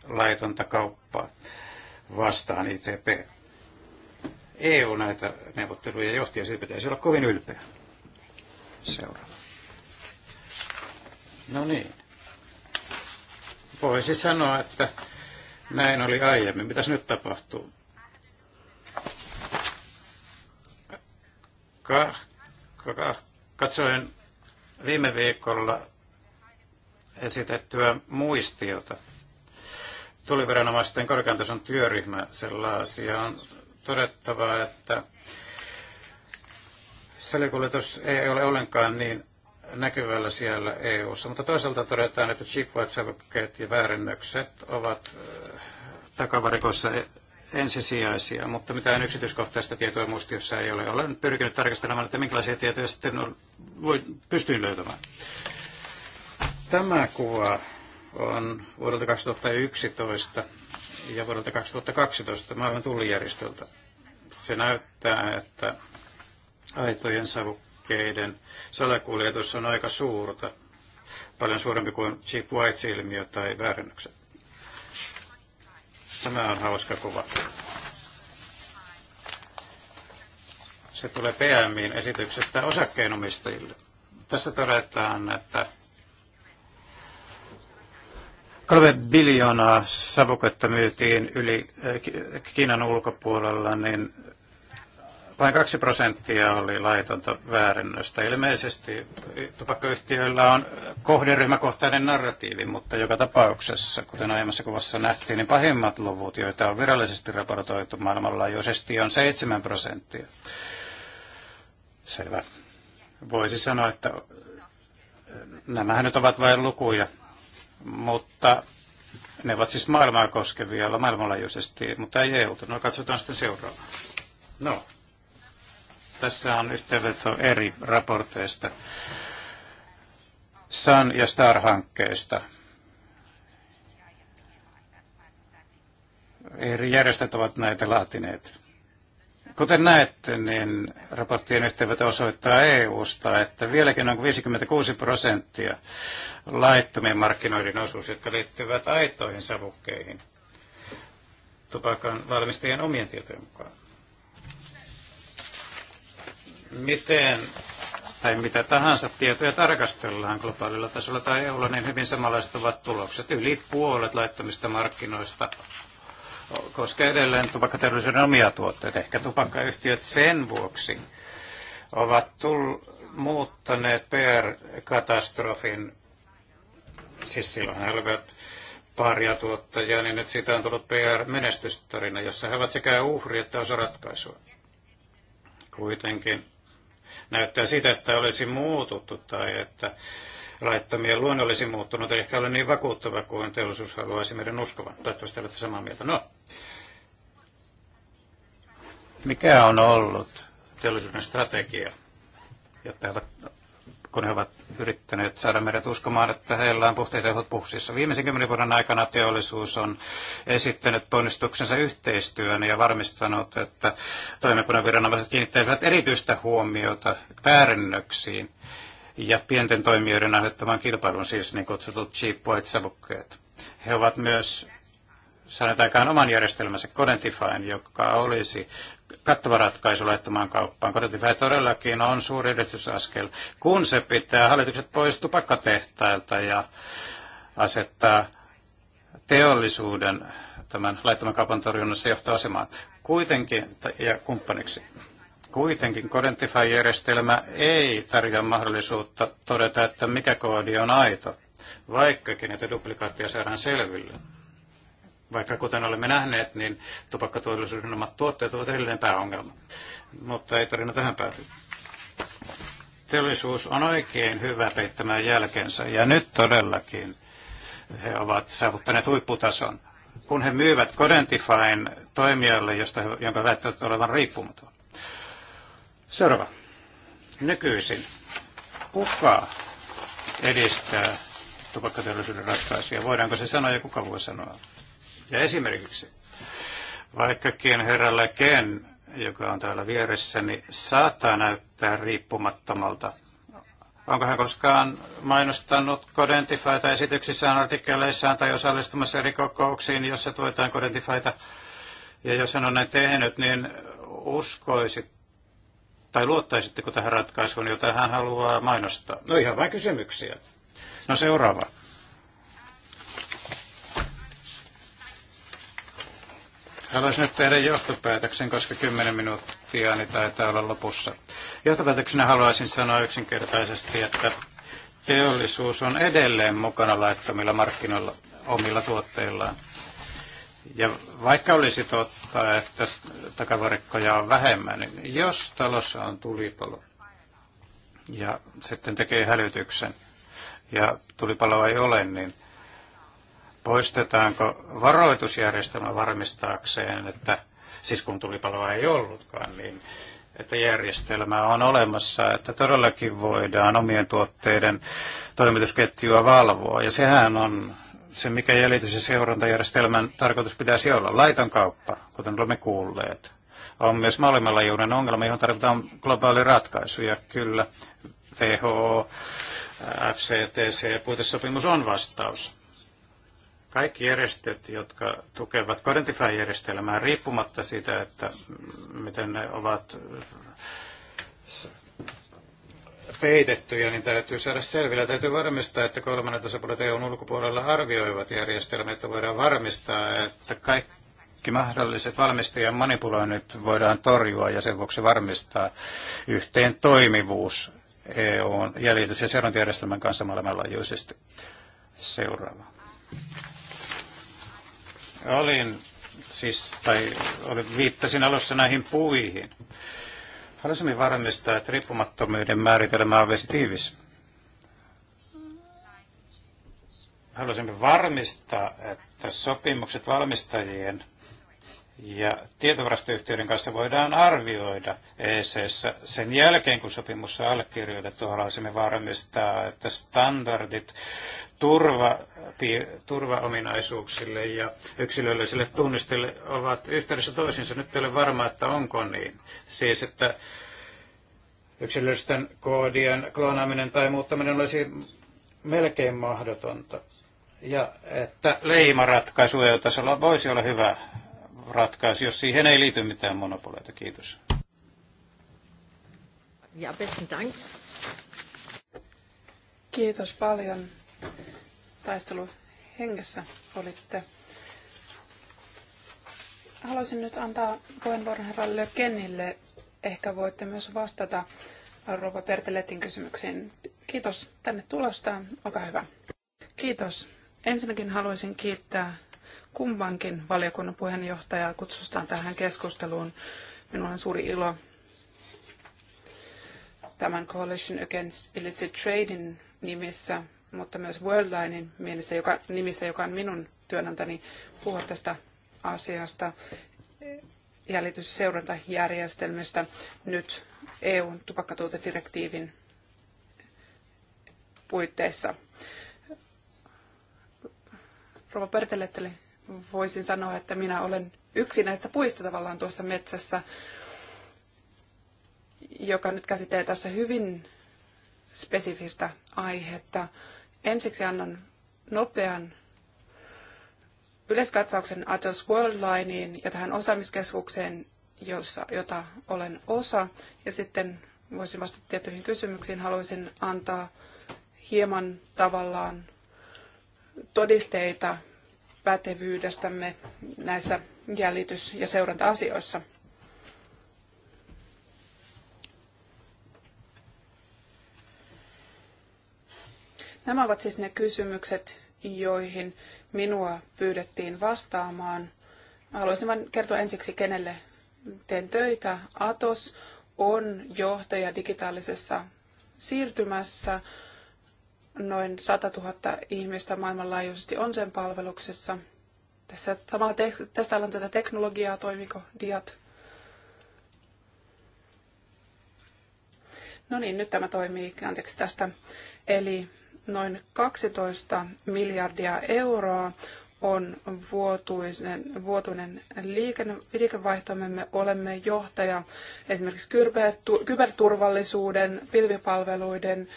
laitonta kauppaa vastaan ITP. EU näitä neuvotteluja johti ja siitä pitäisi olla kovin ylpeä. Seuraava. No niin. Voisi sanoa, että näin oli aiemmin. Mitäs nyt tapahtuu? Ka- ka- katsoin viime viikolla esitettyä muistiota. Tuliviranomaisten korkean tason työryhmä sellaisia on todettava, että selikuljetus ei ole ollenkaan niin näkyvällä siellä EU-ssa, mutta toisaalta todetaan, että chip ja väärennökset ovat äh, takavarikossa ensisijaisia, mutta mitään yksityiskohtaista tietoa muistiossa ei ole. Olen pyrkinyt tarkastelemaan, että minkälaisia tietoja sitten on, voi, pystyin löytämään. Tämä kuva on vuodelta 2011 ja vuodelta 2012 maailman tullijärjestöltä. Se näyttää, että aitojen savukkeiden salakuljetus on aika suurta, paljon suurempi kuin Cheap white ilmiö tai väärennykset. Tämä on hauska kuva. Se tulee PMIin esityksestä osakkeenomistajille. Tässä todetaan, että 3 biljoonaa savuketta myytiin yli eh, Kiinan ulkopuolella, niin vain kaksi prosenttia oli laitonta väärennöstä. Ilmeisesti tupakkayhtiöillä on kohderyhmäkohtainen narratiivi, mutta joka tapauksessa, kuten aiemmassa kuvassa nähtiin, niin pahimmat luvut, joita on virallisesti raportoitu maailmanlaajuisesti, on 7 prosenttia. Selvä. Voisi sanoa, että nämähän nyt ovat vain lukuja, mutta ne ovat siis maailmaa koskevia maailmanlaajuisesti, mutta ei EU-ta. No katsotaan sitten seuraavaa. No, tässä on yhteenveto eri raporteista SAN- ja STAR-hankkeista. Eri järjestöt ovat näitä laatineet. Kuten näette, niin raporttien yhteenveto osoittaa EU-sta, että vieläkin on 56 prosenttia laittomien markkinoiden osuus, jotka liittyvät aitoihin savukkeihin tupakan valmistajien omien tietojen mukaan miten tai mitä tahansa tietoja tarkastellaan globaalilla tasolla tai EUlla, niin hyvin samanlaiset ovat tulokset. Yli puolet laittomista markkinoista koskee edelleen tupakkateollisuuden omia tuotteita. Ehkä tupakkayhtiöt sen vuoksi ovat tull- muuttaneet PR-katastrofin, siis silloin he olivat paria tuottajia, niin nyt siitä on tullut PR-menestystarina, jossa he ovat sekä uhri että osa ratkaisua. Kuitenkin Näyttää sitä, että olisi muututtu tai että laittomien luonne olisi muuttunut, ei ehkä ole niin vakuuttava kuin teollisuus haluaisi meidän uskovan. Toivottavasti olette samaa mieltä. No, mikä on ollut teollisuuden strategia, jotta he ovat kun he ovat yrittäneet saada meidät uskomaan, että heillä on puhteet ehot puhsissa. Viimeisen kymmenen vuoden aikana teollisuus on esittänyt ponnistuksensa yhteistyön ja varmistanut, että toimeenpanoviranomaiset kiinnittävät erityistä huomiota väärennöksiin ja pienten toimijoiden aiheuttamaan kilpailun, siis niin kutsutut cheap white-savukkeet. He ovat myös saaneet aikaan oman järjestelmänsä Codentifyn, joka olisi kattava ratkaisu laittamaan kauppaan. Codentify todellakin on suuri edistysaskel, kun se pitää hallitukset pois tupakkatehtailta ja asettaa teollisuuden tämän laittoman kaupan torjunnassa johtoasemaan kuitenkin, ja kumppaniksi. Kuitenkin Codentify-järjestelmä ei tarjoa mahdollisuutta todeta, että mikä koodi on aito, vaikkakin, että duplikaattia saadaan selville. Vaikka kuten olemme nähneet, niin tupakkatuollisuuden omat tuotteet ovat edelleen pääongelma. Mutta ei tarina tähän pääty. Teollisuus on oikein hyvä peittämään jälkensä ja nyt todellakin he ovat saavuttaneet huipputason, kun he myyvät Codentifyn toimijalle, josta, jonka väittävät olevan riippumaton. Seuraava. Nykyisin. Kuka edistää tupakkateollisuuden ratkaisuja? Voidaanko se sanoa ja kuka voi sanoa? Ja esimerkiksi, vaikkakin herra Ken, joka on täällä vieressäni, niin saattaa näyttää riippumattomalta. Onko hän koskaan mainostanut Codentifyta esityksissään, artikkeleissaan tai osallistumassa eri kokouksiin, jossa tuetaan Codentifyta? Ja jos hän on näin tehnyt, niin uskoisit tai luottaisitteko tähän ratkaisuun, jota hän haluaa mainostaa? No ihan vain kysymyksiä. No seuraava. Haluaisin nyt tehdä johtopäätöksen, koska 10 minuuttia niin taitaa olla lopussa. Johtopäätöksenä haluaisin sanoa yksinkertaisesti, että teollisuus on edelleen mukana laittomilla markkinoilla omilla tuotteillaan. Ja vaikka olisi totta, että takavarikkoja on vähemmän, niin jos talossa on tulipalo ja sitten tekee hälytyksen ja tulipaloa ei ole, niin Poistetaanko varoitusjärjestelmä varmistaakseen, että siis kun tulipaloa ei ollutkaan, niin että järjestelmä on olemassa, että todellakin voidaan omien tuotteiden toimitusketjua valvoa. Ja sehän on se, mikä jäljitys- ja seurantajärjestelmän tarkoitus pitäisi olla. Laiton kauppa, kuten olemme kuulleet, on myös maailmanlaajuinen ongelma, johon tarvitaan globaali ratkaisu. Ja kyllä WHO, FCTC, puitesopimus on vastaus. Kaikki järjestöt, jotka tukevat Codentify-järjestelmää riippumatta siitä, että miten ne ovat peitettyjä, niin täytyy saada selville. Täytyy varmistaa, että kolmannen tasapuolet EUn ulkopuolella arvioivat järjestelmät, että voidaan varmistaa, että kaikki mahdolliset valmistajan manipuloinnit voidaan torjua ja sen vuoksi varmistaa yhteen toimivuus EUn jäljitys- ja seurantajärjestelmän kanssa maailmanlaajuisesti. Seuraava. Olin siis, tai olin, viittasin alussa näihin puihin. Halusimme varmistaa, että riippumattomuuden määritelmä on vesitiivis. Halusimme varmistaa, että sopimukset valmistajien ja tietovarastoyhtiöiden kanssa voidaan arvioida ec sen jälkeen, kun sopimus on allekirjoitettu. Haluaisimme varmistaa, että standardit turva turvaominaisuuksille ja yksilöllisille tunnistille ovat yhteydessä toisiinsa. Nyt ei ole varma, että onko niin. Siis, että yksilöllisten koodien kloonaaminen tai muuttaminen olisi melkein mahdotonta. Ja että leimaratkaisu EU-tasolla voisi olla hyvä ratkaisu, jos siihen ei liity mitään monopoleita. Kiitos. Ja besten dank. Kiitos paljon taisteluhengessä hengessä olitte. Haluaisin nyt antaa puheenvuoron herra Kennille. Ehkä voitte myös vastata Rova Perteletin kysymyksiin. Kiitos tänne tulosta. Olkaa hyvä. Kiitos. Ensinnäkin haluaisin kiittää kumpankin valiokunnan puheenjohtajaa kutsustaan tähän keskusteluun. Minulla on suuri ilo tämän Coalition Against Illicit Trading nimissä mutta myös Worldlinein mielessä, joka, nimissä, joka on minun työnantani, puhua tästä asiasta jäljitys- ja seurantajärjestelmistä nyt EUn tupakkatuotedirektiivin puitteissa. Rova Perteletteli, voisin sanoa, että minä olen yksi näistä puista tavallaan tuossa metsässä, joka nyt käsittelee tässä hyvin spesifistä aihetta. Ensiksi annan nopean yleiskatsauksen Atos Worldlineen ja tähän osaamiskeskukseen, jossa, jota olen osa. Ja sitten voisin vastata tiettyihin kysymyksiin. Haluaisin antaa hieman tavallaan todisteita pätevyydestämme näissä jäljitys- ja seuranta-asioissa. Nämä ovat siis ne kysymykset, joihin minua pyydettiin vastaamaan. Haluaisin vain kertoa ensiksi, kenelle teen töitä. Atos on johtaja digitaalisessa siirtymässä. Noin 100 000 ihmistä maailmanlaajuisesti on sen palveluksessa. Tässä samalla te- on tätä teknologiaa, toimiko diat. No niin, nyt tämä toimii. Anteeksi tästä. Eli noin 12 miljardia euroa on vuotuinen liikenne, liikevaihtomme. Me olemme johtaja esimerkiksi kyberturvallisuuden, pilvipalveluiden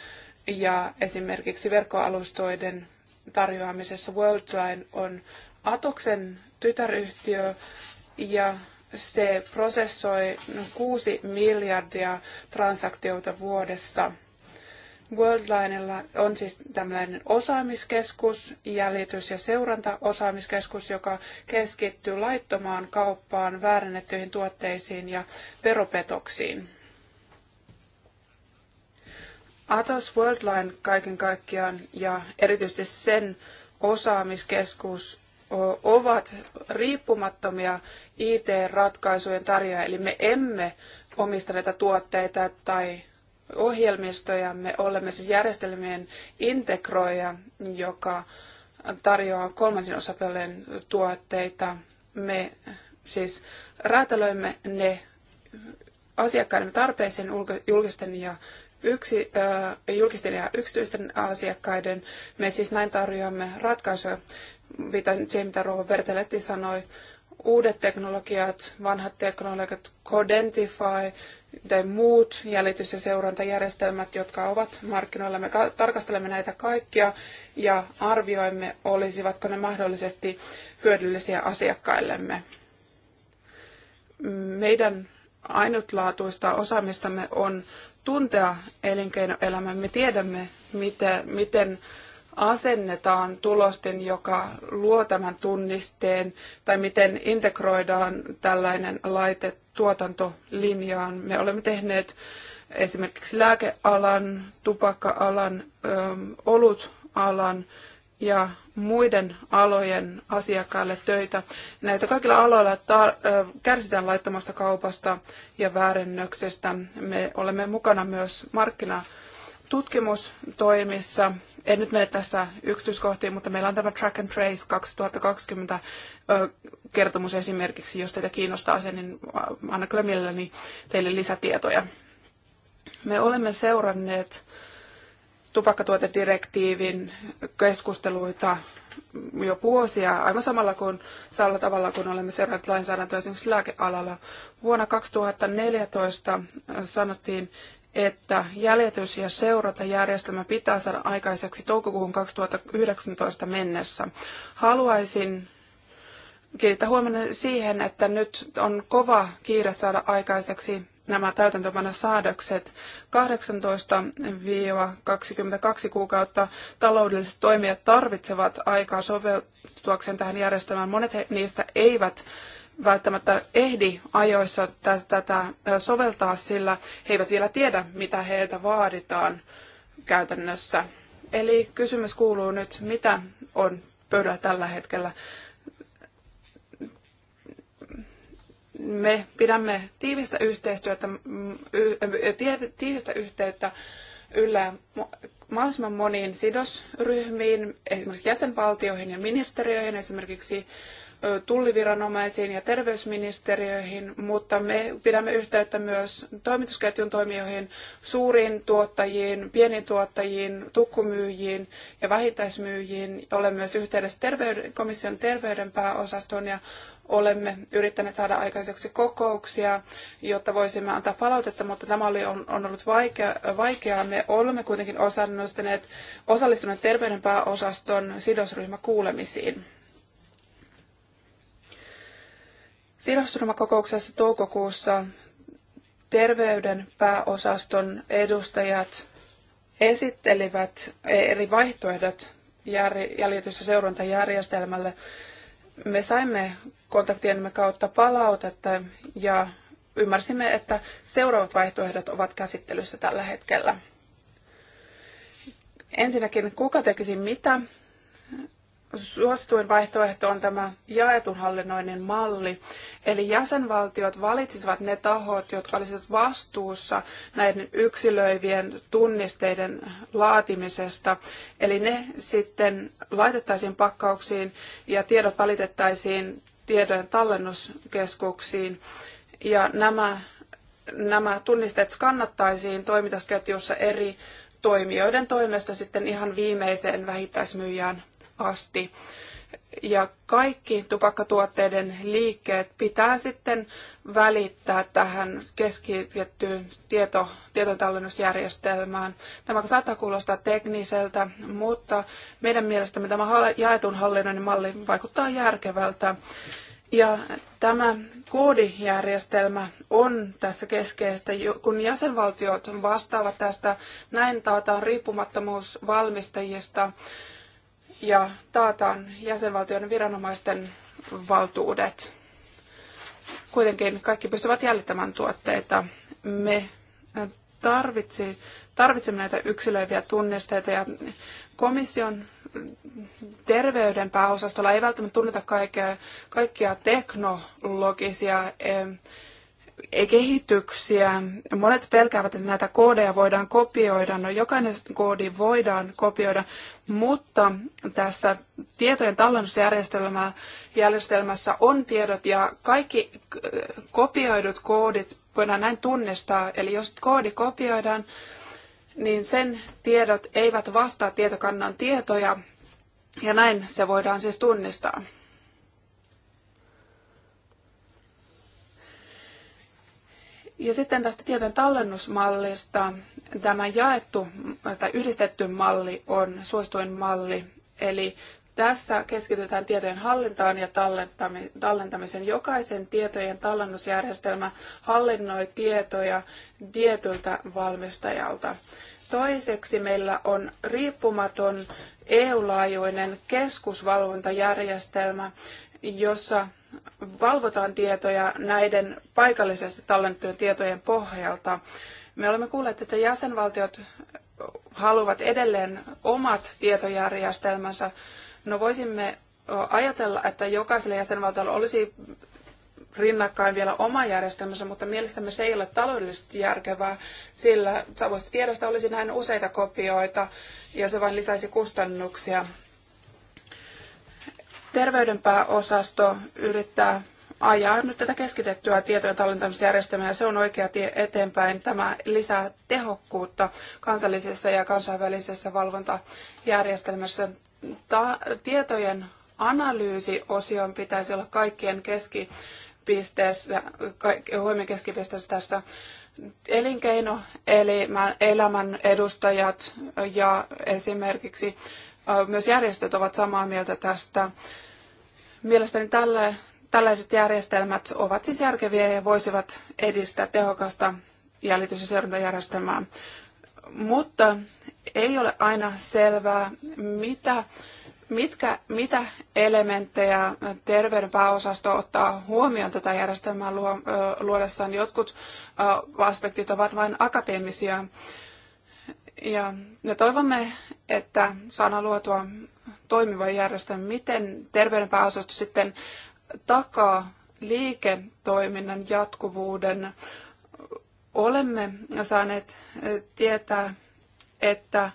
ja esimerkiksi verkkoalustoiden tarjoamisessa Worldline on Atoksen tytäryhtiö ja se prosessoi 6 miljardia transaktiota vuodessa – Worldlinella on siis tämmöinen osaamiskeskus, jäljitys- ja seurantaosaamiskeskus, joka keskittyy laittomaan kauppaan, väärennettyihin tuotteisiin ja veropetoksiin. Atos Worldline kaiken kaikkiaan ja erityisesti sen osaamiskeskus ovat riippumattomia IT-ratkaisujen tarjoajia, eli me emme omista näitä tuotteita tai ohjelmistojamme. Olemme siis järjestelmien integroija, joka tarjoaa kolmansin osapuolen tuotteita. Me siis räätälöimme ne asiakkaiden tarpeeseen julkisten ja yksi, äh, julkisten ja yksityisten asiakkaiden. Me siis näin tarjoamme ratkaisuja, mitä, siihen mitä Rouva Bertaletti sanoi, uudet teknologiat, vanhat teknologiat, Codentify, tai muut jäljitys- ja seurantajärjestelmät, jotka ovat markkinoilla. Me tarkastelemme näitä kaikkia ja arvioimme, olisivatko ne mahdollisesti hyödyllisiä asiakkaillemme. Meidän ainutlaatuista osaamistamme on tuntea elinkeinoelämän. Me tiedämme, miten, miten asennetaan tulosten, joka luo tämän tunnisteen, tai miten integroidaan tällainen laite tuotantolinjaan. Me olemme tehneet esimerkiksi lääkealan, tupakka-alan, olutalan ja muiden alojen asiakkaille töitä. Näitä kaikilla aloilla tar- kärsitään laittomasta kaupasta ja väärennöksestä. Me olemme mukana myös markkinatutkimustoimissa. En nyt mene tässä yksityiskohtiin, mutta meillä on tämä Track and Trace 2020 kertomus esimerkiksi, jos teitä kiinnostaa se, niin anna kyllä mielelläni teille lisätietoja. Me olemme seuranneet tupakkatuotedirektiivin keskusteluita jo vuosia, aivan samalla kuin samalla tavalla kuin olemme seuranneet lainsäädäntöä esimerkiksi lääkealalla. Vuonna 2014 sanottiin, että jäljitys- ja seurantajärjestelmä pitää saada aikaiseksi toukokuuhun 2019 mennessä. Haluaisin kiinnittää huomenna siihen, että nyt on kova kiire saada aikaiseksi nämä täytäntöpanosäädökset 18-22 kuukautta taloudelliset toimijat tarvitsevat aikaa soveltuakseen tähän järjestelmään. Monet niistä eivät välttämättä ehdi ajoissa tätä soveltaa, sillä he eivät vielä tiedä, mitä heiltä vaaditaan käytännössä. Eli kysymys kuuluu nyt, mitä on pöydällä tällä hetkellä. me pidämme tiivistä yhteistyötä, tiivistä yhteyttä yllä mahdollisimman moniin sidosryhmiin, esimerkiksi jäsenvaltioihin ja ministeriöihin, esimerkiksi tulliviranomaisiin ja terveysministeriöihin, mutta me pidämme yhteyttä myös toimitusketjun toimijoihin, suuriin tuottajiin, pieniin tuottajiin, tukkumyyjiin ja vähittäismyyjiin. Olen myös yhteydessä terveyden, komission terveyden pääosastoon ja Olemme yrittäneet saada aikaiseksi kokouksia, jotta voisimme antaa palautetta, mutta tämä oli, on, on ollut vaikea, vaikeaa. Me olemme kuitenkin osallistuneet terveyden pääosaston sidosryhmäkuulemisiin. Sidosryhmäkokouksessa toukokuussa terveyden pääosaston edustajat esittelivät eri vaihtoehdot jäljitys- ja seurantajärjestelmälle. Me saimme kontaktiemme kautta palautetta ja ymmärsimme, että seuraavat vaihtoehdot ovat käsittelyssä tällä hetkellä. Ensinnäkin, kuka tekisi mitä? Suosituin vaihtoehto on tämä jaetun hallinnoinnin malli, eli jäsenvaltiot valitsisivat ne tahot, jotka olisivat vastuussa näiden yksilöivien tunnisteiden laatimisesta. Eli ne sitten laitettaisiin pakkauksiin ja tiedot valitettaisiin tiedon tallennuskeskuksiin. Ja nämä, nämä tunnisteet skannattaisiin toimitusketjussa eri toimijoiden toimesta sitten ihan viimeiseen vähittäismyyjään asti ja kaikki tupakkatuotteiden liikkeet pitää sitten välittää tähän keskitettyyn tieto, tietotallennusjärjestelmään. Tämä saattaa kuulostaa tekniseltä, mutta meidän mielestämme tämä jaetun hallinnon malli vaikuttaa järkevältä. Ja tämä koodijärjestelmä on tässä keskeistä, kun jäsenvaltiot vastaavat tästä, näin taataan riippumattomuus valmistajista ja taataan jäsenvaltioiden viranomaisten valtuudet. Kuitenkin kaikki pystyvät jäljittämään tuotteita. Me äh, tarvitsi, tarvitsemme näitä yksilöiviä tunnisteita ja komission terveyden pääosastolla ei välttämättä tunneta kaikkea, kaikkia teknologisia kehityksiä. Monet pelkäävät, että näitä koodeja voidaan kopioida. No jokainen koodi voidaan kopioida, mutta tässä tietojen tallennusjärjestelmässä on tiedot ja kaikki äh, kopioidut koodit voidaan näin tunnistaa. Eli jos koodi kopioidaan, niin sen tiedot eivät vastaa tietokannan tietoja ja näin se voidaan siis tunnistaa. Ja sitten tästä tietojen tallennusmallista tämä jaettu tai yhdistetty malli on suosituin malli. Eli tässä keskitytään tietojen hallintaan ja tallentamiseen. Jokaisen tietojen tallennusjärjestelmä hallinnoi tietoja tietyltä valmistajalta. Toiseksi meillä on riippumaton EU-laajuinen keskusvalvontajärjestelmä, jossa valvotaan tietoja näiden paikallisesti tallennettujen tietojen pohjalta. Me olemme kuulleet, että jäsenvaltiot haluavat edelleen omat tietojärjestelmänsä. No voisimme ajatella, että jokaiselle jäsenvaltiolle olisi rinnakkain vielä oma järjestelmänsä, mutta mielestämme se ei ole taloudellisesti järkevää, sillä samoista tiedosta olisi näin useita kopioita ja se vain lisäisi kustannuksia. Terveydenpääosasto yrittää ajaa nyt tätä keskitettyä tietojen tallentamisjärjestelmää ja se on oikea tie eteenpäin. Tämä lisää tehokkuutta kansallisessa ja kansainvälisessä valvontajärjestelmässä. Ta- tietojen analyysiosion pitäisi olla kaikkien keskipisteessä, huomioon keskipisteessä tässä elinkeino, eli elämän edustajat ja esimerkiksi myös järjestöt ovat samaa mieltä tästä. Mielestäni tälle, tällaiset järjestelmät ovat siis järkeviä ja voisivat edistää tehokasta jäljitys- ja seurantajärjestelmää. Mutta ei ole aina selvää, mitä, mitkä, mitä elementtejä terveydenpääosasto ottaa huomioon tätä järjestelmää luodessaan. Jotkut aspektit ovat vain akateemisia ja me toivomme, että saadaan luotua toimiva järjestelmä, miten terveydenpääosasto sitten takaa liiketoiminnan jatkuvuuden. Olemme saaneet eh, tietää, että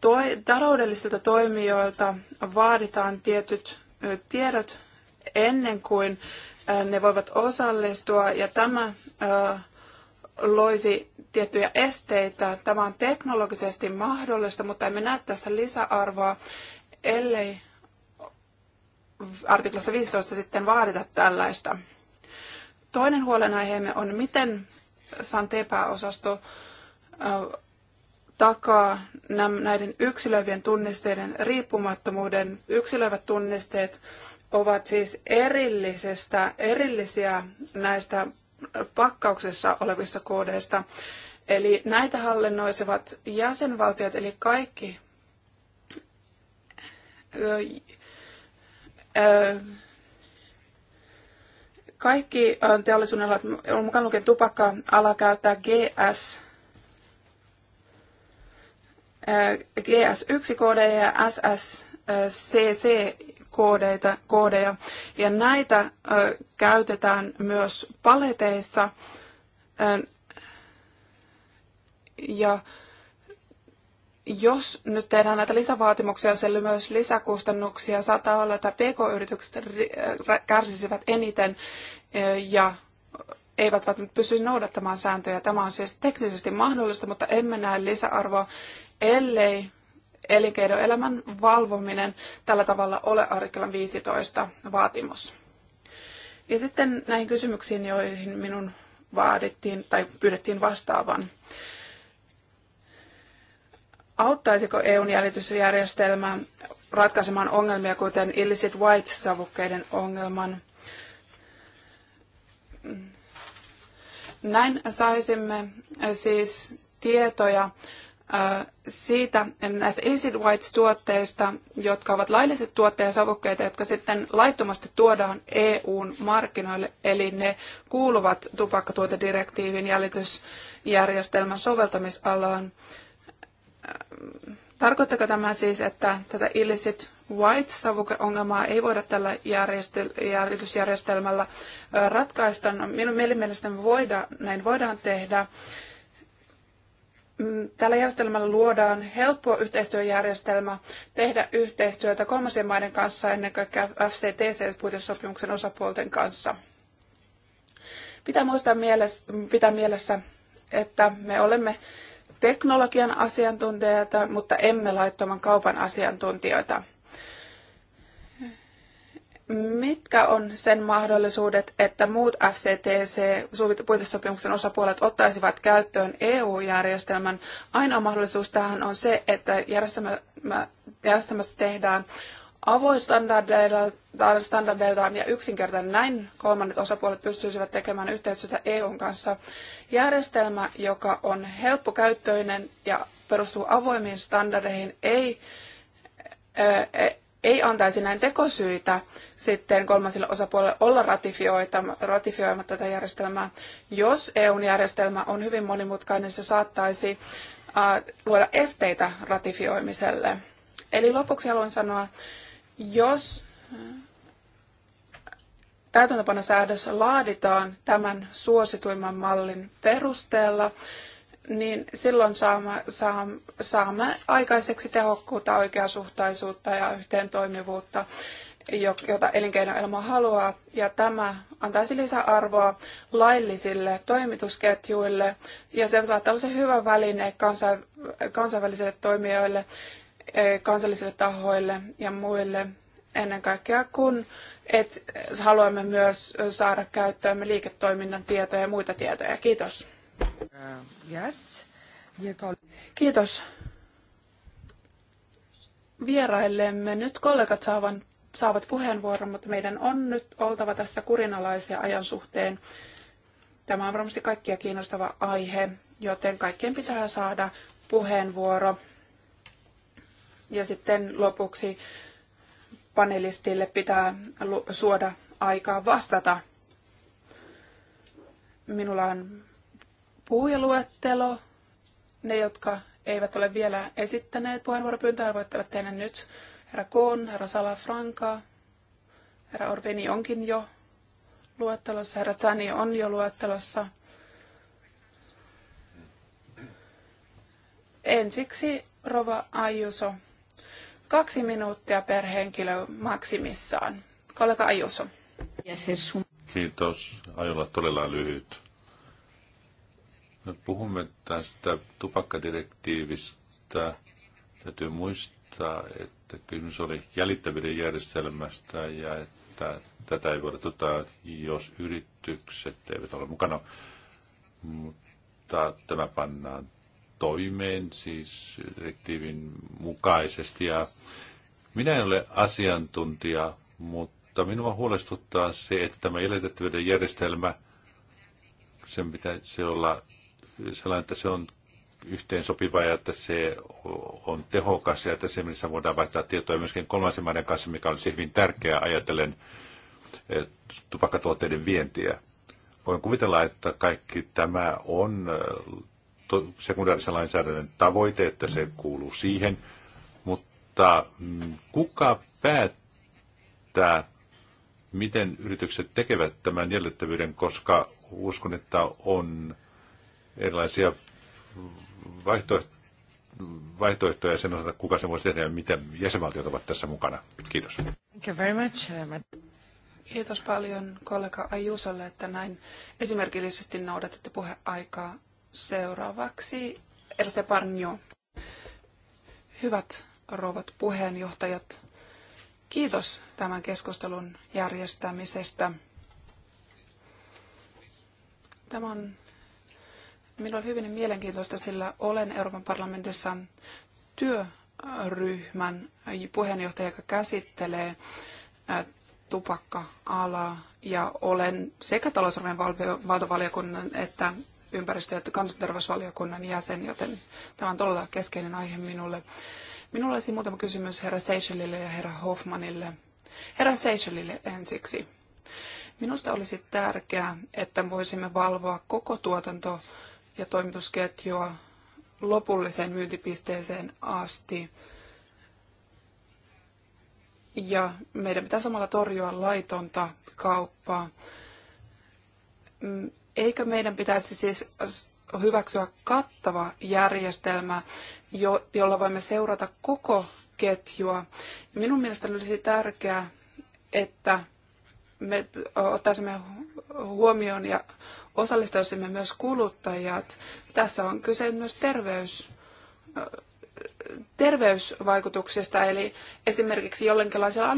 toi, taloudellisilta toimijoilta vaaditaan tietyt eh, tiedot ennen kuin eh, ne voivat osallistua, ja tämä loisi tiettyjä esteitä. Tämä on teknologisesti mahdollista, mutta emme näe tässä lisäarvoa, ellei artiklassa 15 sitten vaadita tällaista. Toinen huolenaiheemme on, miten Santepa-osasto takaa näiden yksilöivien tunnisteiden riippumattomuuden. Yksilöivät tunnisteet ovat siis erillisestä, erillisiä näistä pakkauksessa olevissa koodeista. Eli näitä hallinnoisivat jäsenvaltiot, eli kaikki kaikki teollisuuden alat, mukaan lukien tupakka-ala käyttää GS, GS1-koodeja ja SSCC koodeita, koodeja. Ja näitä käytetään myös paleteissa. ja jos nyt tehdään näitä lisävaatimuksia, sillä myös lisäkustannuksia, saattaa olla, että pk-yritykset kärsisivät eniten ja eivät välttämättä pysyisi noudattamaan sääntöjä. Tämä on siis teknisesti mahdollista, mutta emme näe lisäarvoa, ellei elinkeinoelämän valvominen tällä tavalla ole artiklan 15 vaatimus. Ja sitten näihin kysymyksiin, joihin minun vaadittiin tai pyydettiin vastaavan. Auttaisiko EUn jäljitysjärjestelmä ratkaisemaan ongelmia, kuten illicit white savukkeiden ongelman? Näin saisimme siis tietoja siitä näistä illicit whites-tuotteista, jotka ovat lailliset tuotteet ja savukkeita, jotka sitten laittomasti tuodaan EUn markkinoille, eli ne kuuluvat tupakkatuotedirektiivin jäljitysjärjestelmän soveltamisalaan. Tarkoittako tämä siis, että tätä illicit white-savukeongelmaa ei voida tällä jäljitysjärjestelmällä ratkaista? No, minun mielestäni voida, näin voidaan tehdä. Mm, tällä järjestelmällä luodaan helppo yhteistyöjärjestelmä tehdä yhteistyötä kolmansien maiden kanssa ennen kaikkea FCTC-puitesopimuksen osapuolten kanssa. Pitää muistaa mielessä, pitää mielessä, että me olemme teknologian asiantuntijoita, mutta emme laittoman kaupan asiantuntijoita. Mitkä on sen mahdollisuudet, että muut FCTC-puitesopimuksen osapuolet ottaisivat käyttöön EU-järjestelmän? Ainoa mahdollisuus tähän on se, että järjestelmästä tehdään avoinstandardeiltaan ja yksinkertainen näin kolmannet osapuolet pystyisivät tekemään yhteistyötä EUn kanssa. Järjestelmä, joka on helppokäyttöinen ja perustuu avoimiin standardeihin, ei e- ei antaisi näin tekosyitä sitten kolmansille osapuolelle olla ratifioimatta tätä järjestelmää. Jos eu järjestelmä on hyvin monimutkainen, se saattaisi äh, luoda esteitä ratifioimiselle. Eli lopuksi haluan sanoa, jos äh, täytäntöpanosäädös laaditaan tämän suosituimman mallin perusteella, niin silloin saamme, saamme, saamme aikaiseksi tehokkuutta, oikeasuhtaisuutta ja yhteentoimivuutta, jota elinkeinoelämä haluaa. Ja tämä antaisi lisäarvoa laillisille toimitusketjuille ja se saattaa olla se hyvä väline kansainvälisille toimijoille, eh, kansallisille tahoille ja muille ennen kaikkea, kun et, haluamme myös saada käyttöömme liiketoiminnan tietoja ja muita tietoja. Kiitos yes. Kiitos. Vieraillemme nyt kollegat saavan, saavat puheenvuoron, mutta meidän on nyt oltava tässä kurinalaisia ajan suhteen. Tämä on varmasti kaikkia kiinnostava aihe, joten kaikkien pitää saada puheenvuoro. Ja sitten lopuksi panelistille pitää suoda aikaa vastata. Minulla on puhujaluettelo. Ne, jotka eivät ole vielä esittäneet puheenvuoropyyntöä, voittavat tehdä nyt. Herra Koon, herra Franka, herra Orvini onkin jo luettelossa, herra Zani on jo luettelossa. Ensiksi Rova Ajuso. Kaksi minuuttia per henkilö maksimissaan. Kollega Ajuso. Kiitos. Ajolla todella lyhyt. Me puhumme tästä tupakkadirektiivistä. Täytyy muistaa, että kysymys oli jäljittävyyden järjestelmästä ja että tätä ei voida tuota, jos yritykset eivät ole mukana. Mutta tämä pannaan toimeen siis direktiivin mukaisesti. Ja minä en ole asiantuntija, mutta minua huolestuttaa se, että tämä jäljitettävyyden järjestelmä, sen pitäisi olla sellainen, että se on yhteen sopiva ja että se on tehokas ja että se, missä voidaan vaihtaa tietoja myöskin kolmansien maiden kanssa, mikä olisi hyvin tärkeää ajatellen eh, tupakkatuotteiden vientiä. Voin kuvitella, että kaikki tämä on eh, sekundaarisen lainsäädännön tavoite, että se kuuluu siihen, mutta mm, kuka päättää, miten yritykset tekevät tämän jäljettävyyden, koska uskon, että on erilaisia vaihtoehtoja vaihtoehtoja sen osalta, kuka se voisi tehdä ja mitä jäsenvaltiot ovat tässä mukana. Kiitos. Thank you very much. Uh, kiitos paljon kollega Ajusalle, että näin esimerkillisesti noudatatte puheaikaa. Seuraavaksi edustaja Parnio. Hyvät rouvat puheenjohtajat, kiitos tämän keskustelun järjestämisestä. Tämä on Minulla on hyvin mielenkiintoista, sillä olen Euroopan parlamentissa työryhmän puheenjohtaja, joka käsittelee tupakka-alaa ja olen sekä talousarvion valtovaliokunnan että ympäristö- ja kansanterveysvaliokunnan jäsen, joten tämä on todella keskeinen aihe minulle. Minulla olisi muutama kysymys herra Seychellille ja herra Hoffmanille. Herra Seychellille ensiksi. Minusta olisi tärkeää, että voisimme valvoa koko tuotanto ja toimitusketjua lopulliseen myyntipisteeseen asti. Ja meidän pitää samalla torjua laitonta kauppaa. Mm, Eikö meidän pitäisi siis hyväksyä kattava järjestelmä, jo, jolla voimme seurata koko ketjua. Minun mielestäni olisi tärkeää, että me ottaisimme huomioon ja osallistaisimme myös kuluttajat. Tässä on kyse myös terveys, terveysvaikutuksesta, eli esimerkiksi jollenkinlaisella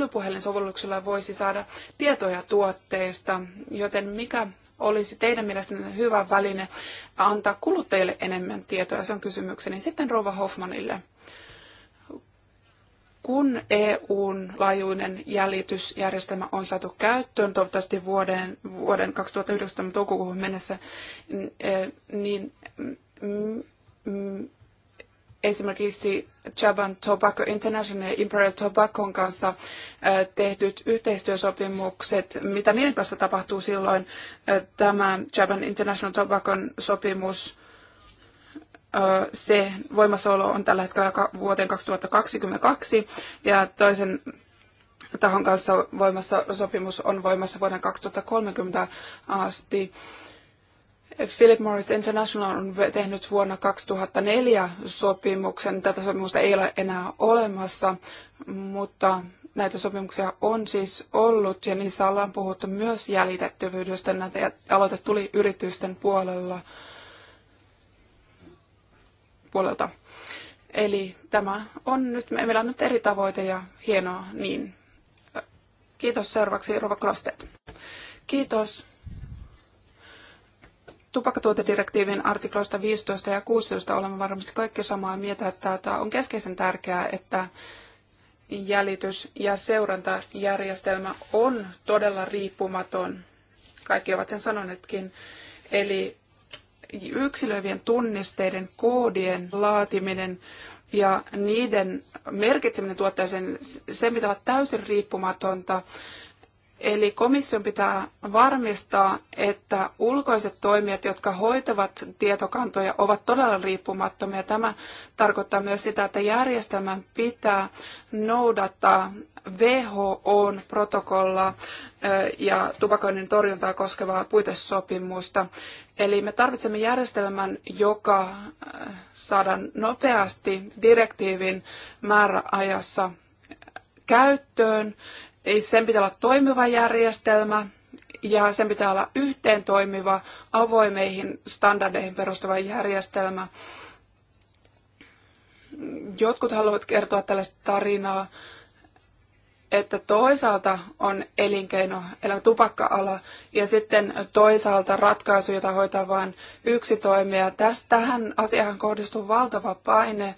sovelluksella voisi saada tietoja tuotteista, joten mikä olisi teidän mielestänne hyvä väline antaa kuluttajille enemmän tietoa? Se on kysymykseni sitten Rova Hoffmanille kun EUn laajuinen jäljitysjärjestelmä on saatu käyttöön, toivottavasti vuoden, vuoden 2019 toukokuuhun mennessä, e, niin esimerkiksi Japan Tobacco International ja Imperial Tobaccon kanssa e, tehdyt yhteistyösopimukset, mitä niiden kanssa tapahtuu silloin, e, tämä Japan International Tobaccon sopimus se voimassaolo on tällä hetkellä vuoteen 2022 ja toisen tahon kanssa voimassa, sopimus on voimassa vuoden 2030 asti. Philip Morris International on tehnyt vuonna 2004 sopimuksen. Tätä sopimusta ei ole enää olemassa, mutta näitä sopimuksia on siis ollut ja niissä ollaan puhuttu myös jäljitettävyydestä. Näitä aloite tuli yritysten puolella puolelta. Eli tämä on nyt, meillä on nyt eri tavoite ja hienoa niin. Kiitos seuraavaksi Rova Krostet. Kiitos. Tupakkatuotedirektiivin artikloista 15 ja 16 olemme varmasti kaikki samaa mieltä, että on keskeisen tärkeää, että jäljitys- ja seurantajärjestelmä on todella riippumaton. Kaikki ovat sen sanoneetkin. Eli yksilöivien tunnisteiden, koodien laatiminen ja niiden merkitseminen tuotteeseen, sen pitää olla täysin riippumatonta. Eli komission pitää varmistaa, että ulkoiset toimijat, jotka hoitavat tietokantoja, ovat todella riippumattomia. Tämä tarkoittaa myös sitä, että järjestelmän pitää noudattaa WHOn protokollaa ja tupakoinnin torjuntaa koskevaa puitesopimusta. Eli me tarvitsemme järjestelmän, joka äh, saadaan nopeasti direktiivin määräajassa äh, käyttöön. Sen pitää olla toimiva järjestelmä ja sen pitää olla yhteen toimiva, avoimeihin standardeihin perustuva järjestelmä. Jotkut haluavat kertoa tällaista tarinaa, että toisaalta on elinkeino, eli tupakka-ala, ja sitten toisaalta ratkaisu, jota hoitaa vain yksi toimija. Tähän asiaan kohdistuu valtava paine.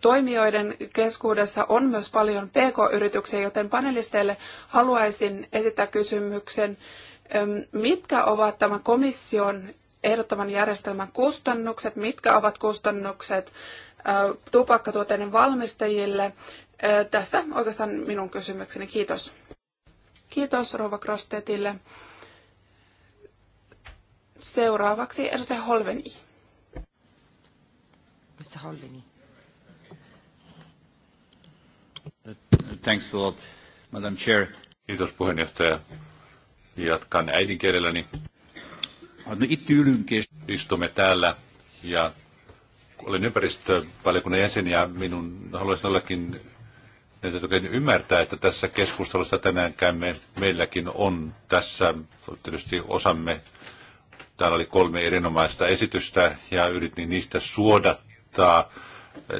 Toimijoiden keskuudessa on myös paljon pk-yrityksiä, joten panelisteille haluaisin esittää kysymyksen, mitkä ovat tämän komission ehdottoman järjestelmän kustannukset, mitkä ovat kustannukset tupakkatuotteiden valmistajille. Tässä oikeastaan minun kysymykseni. Kiitos. Kiitos Rova Krostetille. Seuraavaksi edustaja Holveni. missä Holveni. Thanks a lot, Madam Chair. Kiitos puheenjohtaja. Jatkan äidinkielelläni. Istumme täällä ja olen ympäristövaliokunnan jäsen ja minun haluaisin ollakin Täytyy ymmärtää, että tässä keskustelussa tänään käymme, meilläkin on tässä tietysti osamme. Täällä oli kolme erinomaista esitystä ja yritin niistä suodattaa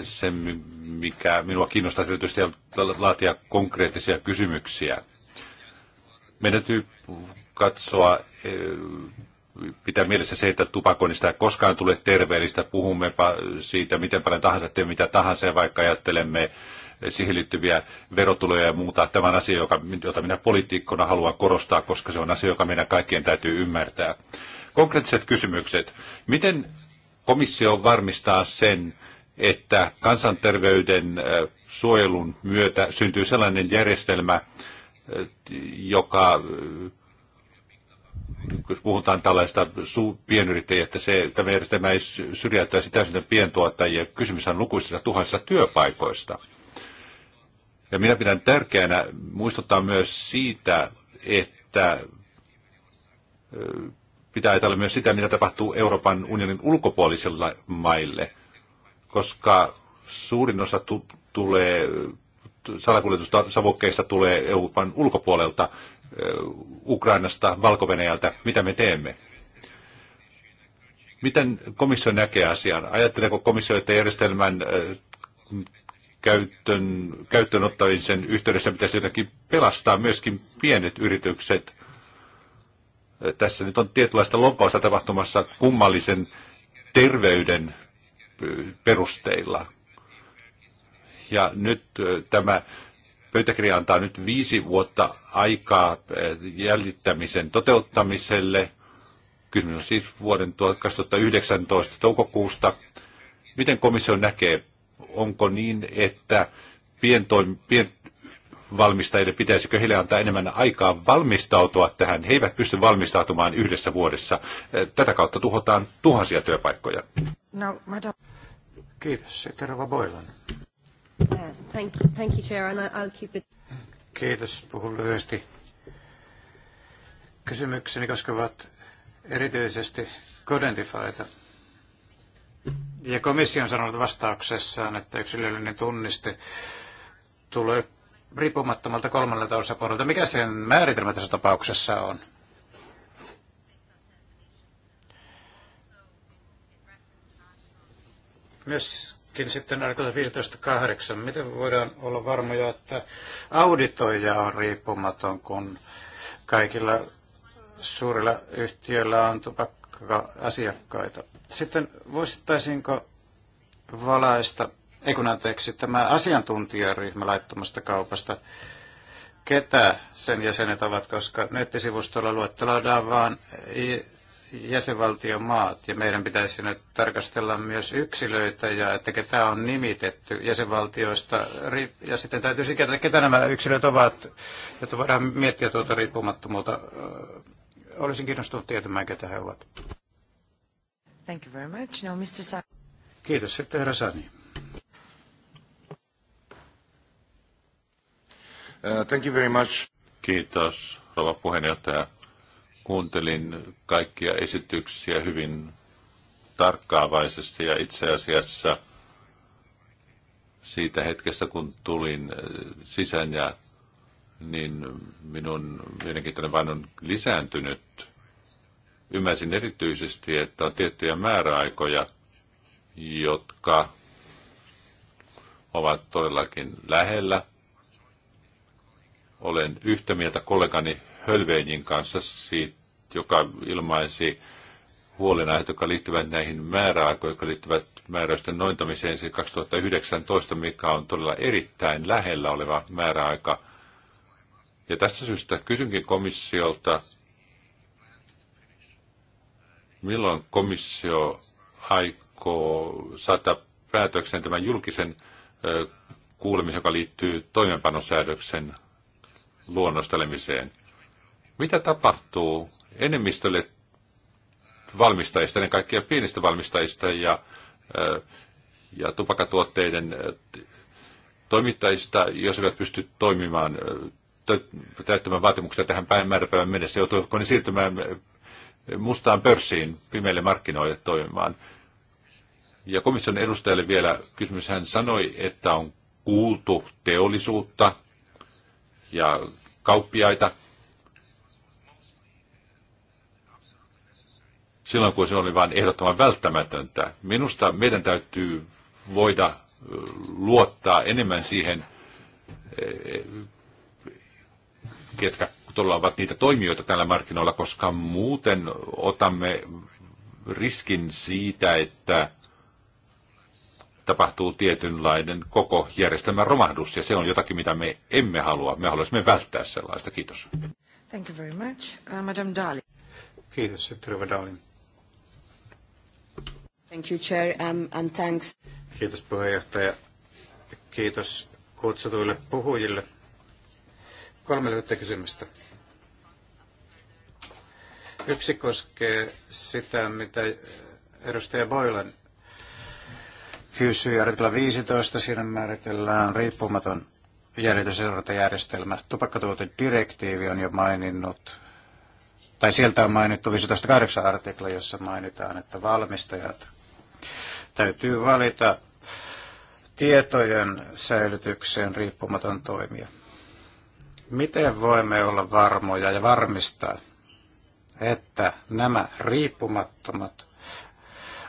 sen, mikä minua kiinnostaa tietysti laatia konkreettisia kysymyksiä. Meidän täytyy katsoa eh, pitää mielessä se, että tupakoinnista ei koskaan tule terveellistä. Puhummepa siitä, miten paljon tahansa teemme mitä tahansa, vaikka ajattelemme siihen liittyviä verotuloja ja muuta. Tämä on asia, joka, jota minä poliitikkona haluan korostaa, koska se on asia, joka meidän kaikkien täytyy ymmärtää. Konkreettiset kysymykset. Miten komissio varmistaa sen, että kansanterveyden äh, suojelun myötä syntyy sellainen järjestelmä, äh, joka jos puhutaan tällaista pienyrittäjiä, että se, tämä järjestelmä ei syrjäyttäisi täysin pientuottajia. Kysymys on lukuisista tuhansista työpaikoista. Ja minä pidän tärkeänä muistuttaa myös siitä, että pitää ajatella myös sitä, mitä tapahtuu Euroopan unionin ulkopuolisilla maille, koska suurin osa tulee salakuljetusta savukkeista tulee Euroopan ulkopuolelta, Ukrainasta, valko -Venäjältä. Mitä me teemme? Miten komissio näkee asian? Ajatteleeko komissio, että järjestelmän käyttöön, käyttöön ottamisen yhteydessä pitäisi jotenkin pelastaa myöskin pienet yritykset? Tässä nyt on tietynlaista lompausta tapahtumassa kummallisen terveyden perusteilla ja nyt tämä pöytäkirja antaa nyt viisi vuotta aikaa jäljittämisen toteuttamiselle. Kysymys on siis vuoden 2019 toukokuusta. Miten komissio näkee, onko niin, että pienvalmistajille pien- valmistajille, pitäisikö heille antaa enemmän aikaa valmistautua tähän. He eivät pysty valmistautumaan yhdessä vuodessa. Tätä kautta tuhotaan tuhansia työpaikkoja. No, Kiitos. Terva Boilan. Thank you, Chair, and I'll keep it. Kiitos, puhun lyhyesti. Kysymykseni koskevat erityisesti Codentifyta. Ja komissio on sanonut vastauksessaan, että yksilöllinen tunniste tulee riippumattomalta kolmannelta osapuolelta. Mikä sen määritelmä tässä tapauksessa on? Myös myöskin sitten artikla 15.8. Miten voidaan olla varmoja, että auditoija on riippumaton, kun kaikilla suurilla yhtiöillä on tupakka-asiakkaita? Sitten voisittaisinko valaista, ei kun anteeksi, tämä asiantuntijaryhmä laittomasta kaupasta, ketä sen jäsenet ovat, koska nettisivustolla luetteloidaan vain jäsenvaltion maat ja meidän pitäisi nyt tarkastella myös yksilöitä ja että ketä on nimitetty jäsenvaltioista ja sitten täytyy sikätä, ketä nämä yksilöt ovat, että voidaan miettiä tuota riippumattomuutta. Olisin kiinnostunut tietämään, ketä he ovat. Thank you very much. No, Mr. Sa- Kiitos. Sitten herra Sani. Uh, thank you very much. Kiitos, rouva puheenjohtaja kuuntelin kaikkia esityksiä hyvin tarkkaavaisesti ja itse asiassa siitä hetkestä, kun tulin äh, sisään ja niin minun mielenkiintoinen vain on lisääntynyt. Ymmärsin erityisesti, että on tiettyjä määräaikoja, jotka ovat todellakin lähellä. Olen yhtä mieltä kollegani Hölveinin kanssa siitä, joka ilmaisi huolenaiheet, jotka liittyvät näihin määräaikoihin, jotka liittyvät määräysten nointamiseen, siis 2019, mikä on todella erittäin lähellä oleva määräaika. Ja tästä syystä kysynkin komissiolta, milloin komissio aikoo saada päätöksen tämän julkisen kuulemisen, joka liittyy toimeenpanosäädöksen luonnostelemiseen. Mitä tapahtuu, enemmistölle valmistajista, ennen kaikkea pienistä valmistajista ja, ja tupakatuotteiden toimittajista, jos eivät pysty toimimaan täyttämään vaatimuksia tähän päin määräpäivän mennessä, joutuvatko ne siirtymään mustaan pörssiin pimeille markkinoille toimimaan. Ja komission edustajalle vielä kysymys. Hän sanoi, että on kuultu teollisuutta ja kauppiaita – silloin, kun se oli vain ehdottoman välttämätöntä. Minusta meidän täytyy voida luottaa enemmän siihen, e, e, ketkä todella ovat niitä toimijoita tällä markkinoilla, koska muuten otamme riskin siitä, että tapahtuu tietynlainen koko järjestelmän romahdus, ja se on jotakin, mitä me emme halua. Me haluaisimme välttää sellaista. Kiitos. Thank you very much. Uh, Madame Dali. Kiitos, Sitri Dalin. Thank you, Chair, um, and thanks. Kiitos puheenjohtaja. Kiitos kutsutuille puhujille. Kolme lyhyttä kysymystä. Yksi koskee sitä, mitä edustaja Boylan kysyi. Artikla 15, siinä määritellään riippumaton jäljityseurantajärjestelmä. Tupakkatuotedirektiivi on jo maininnut, tai sieltä on mainittu 15.8 artikla, jossa mainitaan, että valmistajat täytyy valita tietojen säilytykseen riippumaton toimija. Miten voimme olla varmoja ja varmistaa, että nämä riippumattomat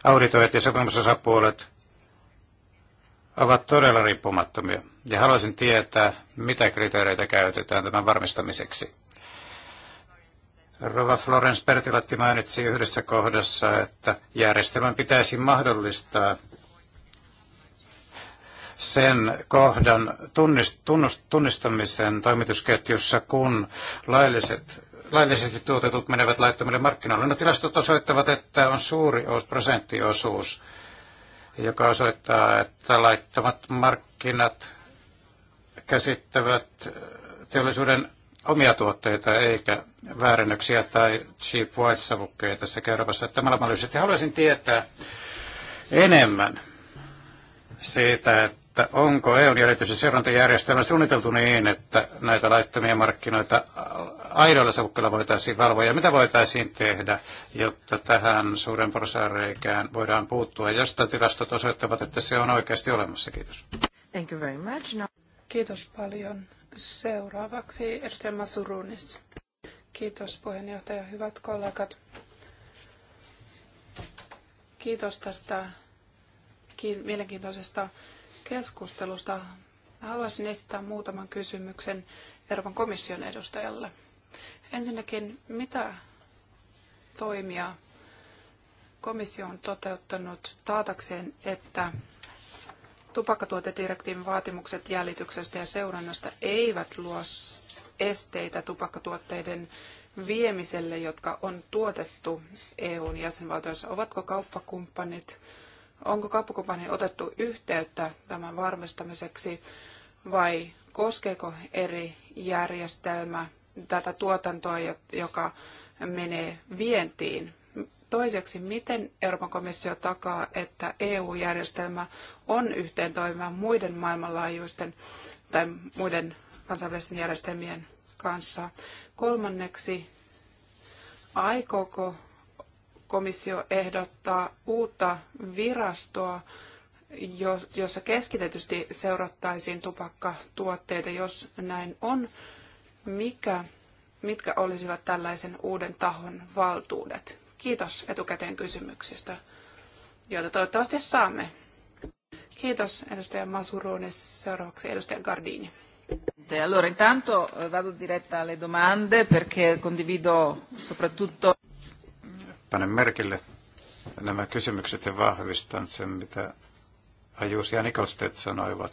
auditoijat ja sopimusosapuolet ovat todella riippumattomia? Ja haluaisin tietää, mitä kriteereitä käytetään tämän varmistamiseksi. Rova Florence Pertilatti mainitsi yhdessä kohdassa, että järjestelmän pitäisi mahdollistaa sen kohdan tunnist, tunnust, tunnistamisen toimitusketjussa, kun lailliset, laillisesti tuotetut menevät laittomille markkinoille. No, tilastot osoittavat, että on suuri prosenttiosuus, joka osoittaa, että laittomat markkinat käsittävät teollisuuden omia tuotteita eikä väärennöksiä tai cheap white-savukkeita sekä Euroopassa että maailmanlaajuisesti. Haluaisin tietää enemmän siitä, että onko EUn ja seurantajärjestelmä suunniteltu niin, että näitä laittomia markkinoita aidoilla savukkeilla voitaisiin valvoa ja mitä voitaisiin tehdä, jotta tähän suuren porsaareikään voidaan puuttua, josta tilastot osoittavat, että se on oikeasti olemassa. Kiitos. Thank you very much. No. Kiitos paljon. Seuraavaksi edustaja Masurunis. Kiitos puheenjohtaja, hyvät kollegat. Kiitos tästä mielenkiintoisesta keskustelusta. Haluaisin esittää muutaman kysymyksen Euroopan komission edustajalle. Ensinnäkin, mitä toimia komissio on toteuttanut taatakseen, että Tupakkatuotedirektiivin vaatimukset jäljityksestä ja seurannasta eivät luo esteitä tupakkatuotteiden viemiselle, jotka on tuotettu EUn jäsenvaltioissa. Ovatko kauppakumppanit, onko kauppakumppani otettu yhteyttä tämän varmistamiseksi vai koskeeko eri järjestelmä tätä tuotantoa, joka menee vientiin? Toiseksi, miten Euroopan komissio takaa, että EU-järjestelmä on yhteen toimiva muiden maailmanlaajuisten tai muiden kansainvälisten järjestelmien kanssa? Kolmanneksi, aikooko komissio ehdottaa uutta virastoa, jossa keskitetysti seurattaisiin tupakkatuotteita, jos näin on? Mikä mitkä olisivat tällaisen uuden tahon valtuudet. Kiitos etukäteen kysymyksistä, joita toivottavasti saamme. Kiitos edustaja Masurone. Seuraavaksi edustaja Gardini. Allora intanto eh, vado diretta alle domande perché condivido soprattutto... Panen merkille nämä kysymykset ja vahvistan sen, mitä Ajuus ja Nikolstedt sanoivat.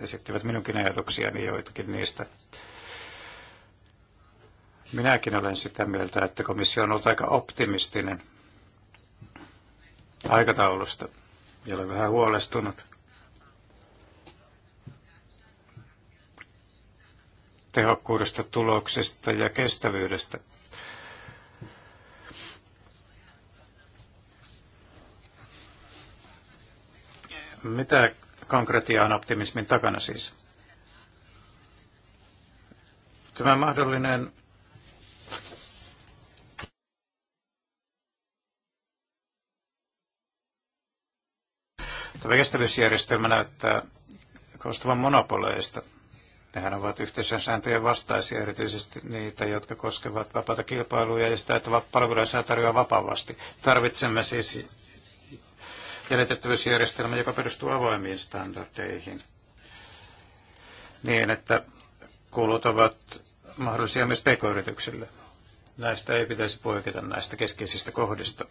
Esittivät minunkin ajatuksiani joitakin niistä. Minäkin olen sitä mieltä, että komissio on ollut aika optimistinen aikataulusta ja olen vähän huolestunut. tehokkuudesta, tuloksesta ja kestävyydestä. Mitä konkretia on optimismin takana siis? Tämä mahdollinen Tämä kestävyysjärjestelmä näyttää koostuvan monopoleista. Nehän ovat yhteisön sääntöjen vastaisia, erityisesti niitä, jotka koskevat vapaata kilpailua ja sitä, että palveluja saa tarjoaa vapaavasti. Tarvitsemme siis jäljitettävyysjärjestelmä, joka perustuu avoimiin standardeihin. Niin, että kulut ovat mahdollisia myös pk-yrityksille. Näistä ei pitäisi poiketa näistä keskeisistä kohdista.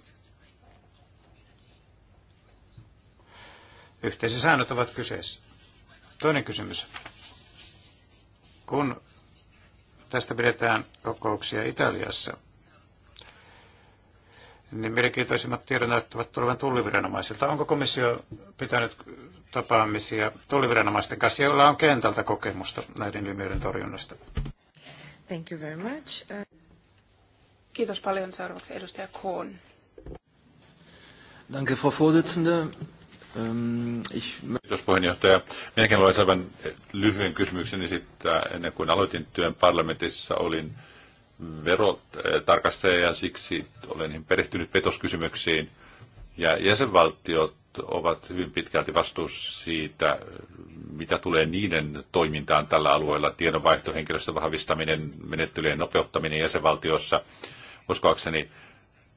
yhteiset säännöt ovat kyseessä. Toinen kysymys. Kun tästä pidetään kokouksia Italiassa, niin mielenkiintoisimmat tiedot näyttävät tulevan tulliviranomaisilta. Onko komissio pitänyt tapaamisia tulliviranomaisten kanssa, joilla on kentältä kokemusta näiden ilmiöiden torjunnasta? Thank you very much. Kiitos paljon. Seuraavaksi edustaja Kohn. Danke, Frau Vorsitzende. Ähm, Kiitos puheenjohtaja. Minäkin voisin aivan lyhyen kysymyksen esittää. Ennen kuin aloitin työn parlamentissa, olin verotarkastaja äh, ja siksi olen perehtynyt petoskysymyksiin. Ja jäsenvaltiot ovat hyvin pitkälti vastuussa siitä, mitä tulee niiden toimintaan tällä alueella. Tiedonvaihto, henkilöstön vahvistaminen, menettelyjen nopeuttaminen jäsenvaltiossa. Uskoakseni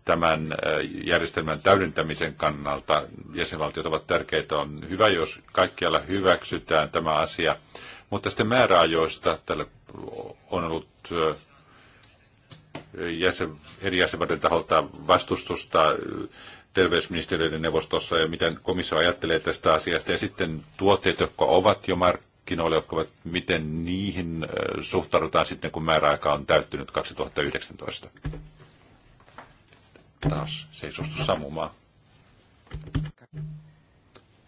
tämän järjestelmän täydentämisen kannalta jäsenvaltiot ovat tärkeitä. On hyvä, jos kaikkialla hyväksytään tämä asia, mutta sitten määräajoista tällä on ollut jäsen, eri jäsenvaltioiden taholta vastustusta terveysministeriöiden neuvostossa ja miten komissio ajattelee tästä asiasta. Ja sitten tuotteet, jotka ovat jo markkinoilla, jotka ovat, miten niihin suhtaudutaan sitten, kun määräaika on täyttynyt 2019 taas se ei suostu sammumaan.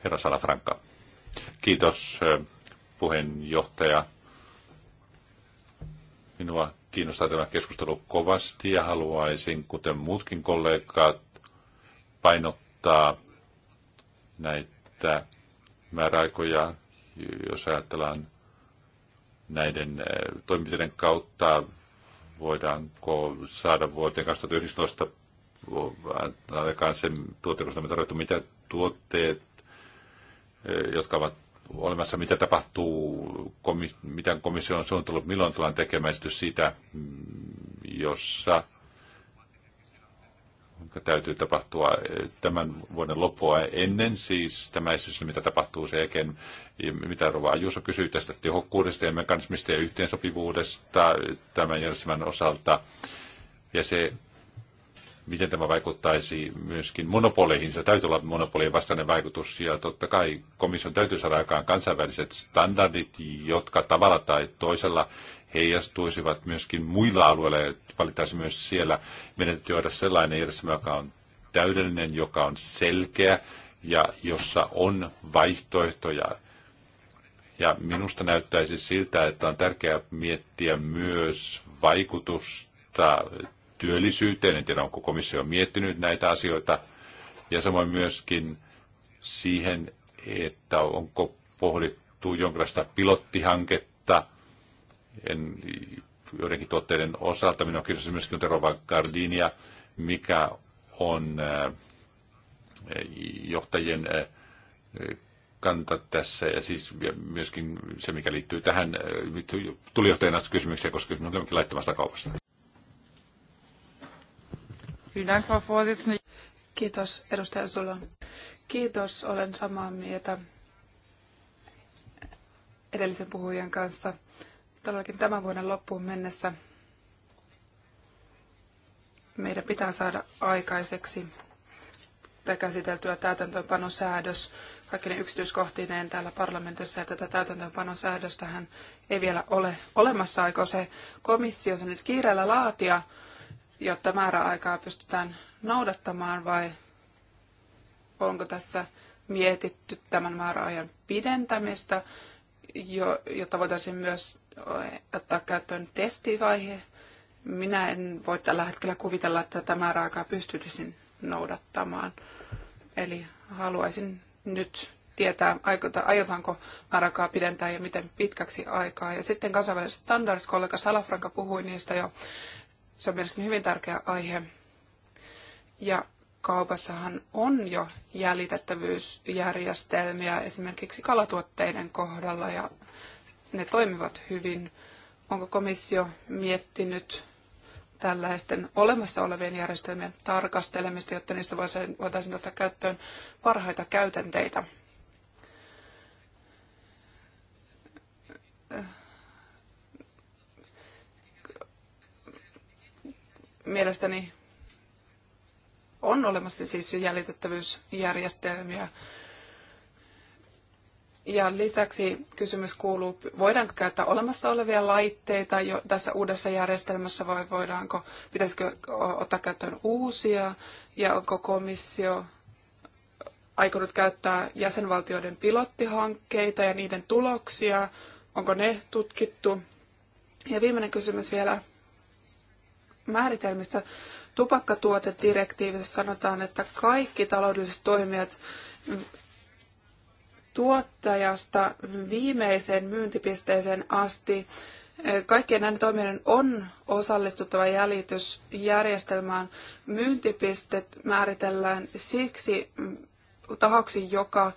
Herra Salafranka. Kiitos puheenjohtaja. Minua kiinnostaa tämä keskustelu kovasti ja haluaisin, kuten muutkin kollegat, painottaa näitä määräaikoja, jos ajatellaan näiden toimenpiteiden kautta, voidaanko saada vuoteen 2019 Äh, ainakaan sen tuotekosta mitä tarvittu, mitä tuotteet, e, jotka ovat olemassa, mitä tapahtuu, komi- mitä komissio on suunnitellut, milloin tullaan tekemään esitys siitä, mm, jossa täytyy tapahtua e, tämän vuoden loppua ennen siis tämä esitys, mitä tapahtuu sen jälkeen, mitä Rova Ajuso kysyi tästä tehokkuudesta ja mekanismista ja yhteensopivuudesta e, tämän järjestelmän osalta. Ja se miten tämä vaikuttaisi myöskin monopoleihin. Se täytyy olla monopolien vastainen vaikutus ja totta kai komission täytyy saada aikaan kansainväliset standardit, jotka tavalla tai toisella heijastuisivat myöskin muilla alueilla ja valittaisi myös siellä joida sellainen järjestelmä, joka on täydellinen, joka on selkeä ja jossa on vaihtoehtoja. Ja minusta näyttäisi siltä, että on tärkeää miettiä myös vaikutusta työllisyyteen. En tiedä, onko komissio miettinyt näitä asioita. Ja samoin myöskin siihen, että onko pohdittu jonkinlaista pilottihanketta en, joidenkin tuotteiden osalta. Minua kiinnostaa myöskin Terova Gardinia, mikä on eh, johtajien eh, kanta tässä ja siis myöskin se, mikä liittyy tähän eh, tulijohtajana kysymyksiä koska jonkinlaittomasta kaupasta. Kiitos, edustaja Sulo. Kiitos, olen samaa mieltä edellisen puhujan kanssa. Todellakin tämän vuoden loppuun mennessä meidän pitää saada aikaiseksi tai käsiteltyä täytäntöönpanosäädös kaikkien yksityiskohtineen täällä parlamentissa, ja tätä täytäntöönpanosäädöstähän ei vielä ole olemassa, aiko se komissio se nyt kiireellä laatia, jotta määräaikaa pystytään noudattamaan vai onko tässä mietitty tämän määräajan pidentämistä, jotta voitaisiin myös ottaa käyttöön testivaihe. Minä en voi tällä hetkellä kuvitella, että tätä määräaikaa pystyttäisiin noudattamaan. Eli haluaisin nyt tietää, aiotaanko määräaikaa pidentää ja miten pitkäksi aikaa. Ja sitten kansainväliset standardit, kollega Salafranka puhui niistä jo, se on mielestäni hyvin tärkeä aihe. Ja kaupassahan on jo jäljitettävyysjärjestelmiä esimerkiksi kalatuotteiden kohdalla ja ne toimivat hyvin. Onko komissio miettinyt tällaisten olemassa olevien järjestelmien tarkastelemista, jotta niistä voitaisiin ottaa käyttöön parhaita käytänteitä? Mielestäni on olemassa siis jäljitettävyysjärjestelmiä. Ja lisäksi kysymys kuuluu, voidaanko käyttää olemassa olevia laitteita jo tässä uudessa järjestelmässä vai voidaanko, pitäisikö ottaa käyttöön uusia ja onko komissio aikonut käyttää jäsenvaltioiden pilottihankkeita ja niiden tuloksia, onko ne tutkittu. Ja viimeinen kysymys vielä, määritelmistä. Tupakkatuotedirektiivissä sanotaan, että kaikki taloudelliset toimijat tuottajasta viimeiseen myyntipisteeseen asti eh, kaikkien näiden toimijoiden on osallistuttava jäljitysjärjestelmään. Myyntipistet määritellään siksi tahoksi, joka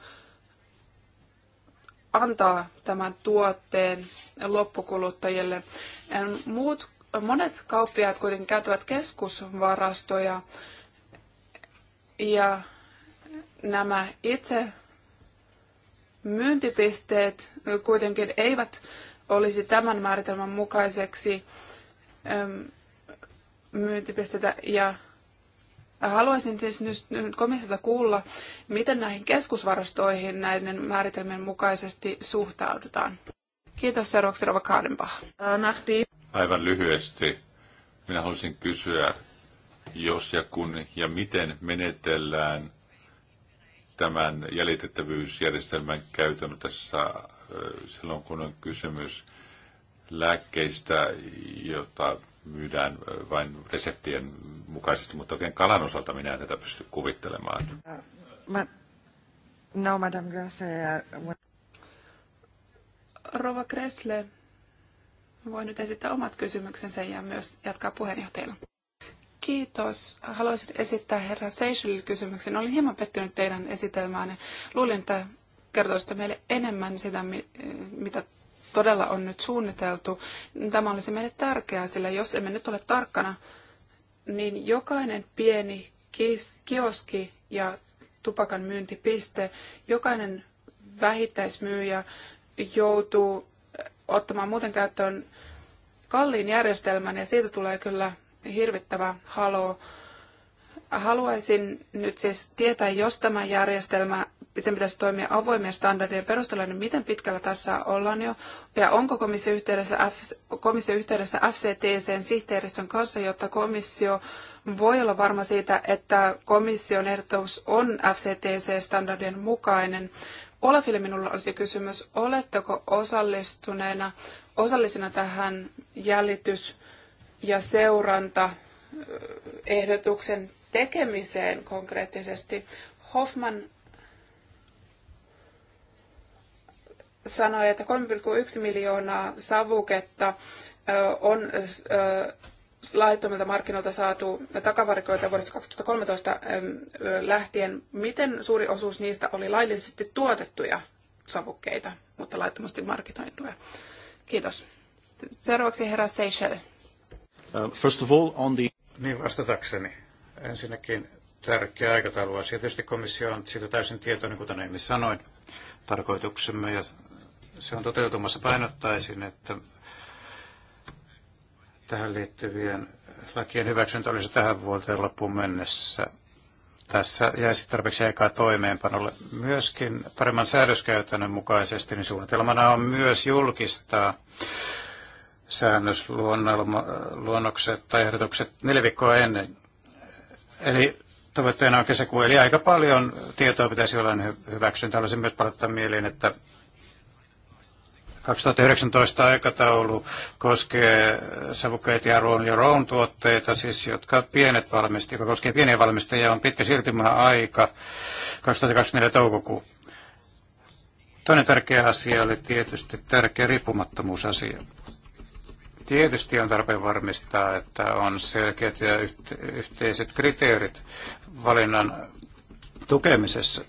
antaa tämän tuotteen loppukuluttajille. Muut monet kauppiaat kuitenkin käyttävät keskusvarastoja ja nämä itse myyntipisteet kuitenkin eivät olisi tämän määritelmän mukaiseksi ähm, myyntipisteitä ja Haluaisin siis nyt komissiota kuulla, miten näihin keskusvarastoihin näiden määritelmien mukaisesti suhtaudutaan. Kiitos seuraavaksi Rova Kaadenbach. Äh, Aivan lyhyesti. Minä haluaisin kysyä, jos ja kun ja miten menetellään tämän jäljitettävyysjärjestelmän käytön tässä silloin, kun on kysymys lääkkeistä, jota myydään vain reseptien mukaisesti, mutta oikein kalan osalta minä en tätä pysty kuvittelemaan. No, Madame Grasse. Äh, Rova Kresle, voi nyt esittää omat kysymyksensä ja myös jatkaa puheenjohtajana. Kiitos. Haluaisin esittää herra Seychellille kysymyksen. Olin hieman pettynyt teidän esitelmäänne. Luulin, että kertoisitte meille enemmän sitä, mitä todella on nyt suunniteltu. Tämä olisi meille tärkeää, sillä jos emme nyt ole tarkkana, niin jokainen pieni kioski ja tupakan myyntipiste, jokainen vähittäismyyjä joutuu ottamaan muuten käyttöön kalliin järjestelmän ja siitä tulee kyllä hirvittävä halo. Haluaisin nyt siis tietää, jos tämä järjestelmä, miten pitäisi toimia avoimien standardien perusteella, niin miten pitkällä tässä ollaan jo, ja onko komissio yhteydessä, F, komissio yhteydessä FCTCn sihteeristön kanssa, jotta komissio voi olla varma siitä, että komission ehdotus on FCTC-standardien mukainen. Olafille minulla olisi kysymys, oletteko osallistuneena osallisena tähän jäljitys- ja seurantaehdotuksen tekemiseen konkreettisesti. Hoffman sanoi, että 3,1 miljoonaa savuketta on laittomilta markkinoilta saatu takavarikoita vuodesta 2013 lähtien. Miten suuri osuus niistä oli laillisesti tuotettuja savukkeita, mutta laittomasti markkinoituja? Kiitos. Seuraavaksi herra Seychelles. Uh, first of all, on the... Niin vastatakseni. Ensinnäkin tärkeä aikatauluasia. Tietysti komissio on siitä täysin tietoinen, kuten aiemmin sanoin, tarkoituksemme. Ja se on toteutumassa painottaisin, että tähän liittyvien lakien hyväksyntä olisi tähän vuoteen loppuun mennessä tässä jäisi tarpeeksi aikaa toimeenpanolle. Myöskin paremman säädöskäytännön mukaisesti niin suunnitelmana on myös julkistaa säännösluonnokset tai ehdotukset neljä viikkoa ennen. Eli tavoitteena on kesäkuu, eli aika paljon tietoa pitäisi olla niin hyväksyn. Haluaisin myös palata mieliin, että 2019 aikataulu koskee savukkeet ja Roon ja Roon tuotteita, siis jotka pienet valmistajat, joka koskee pieniä valmistajia, on pitkä siirtymäaika 2024 toukokuu. Toinen tärkeä asia oli tietysti tärkeä riippumattomuusasia. Tietysti on tarpeen varmistaa, että on selkeät ja yhteiset kriteerit valinnan tukemisessa.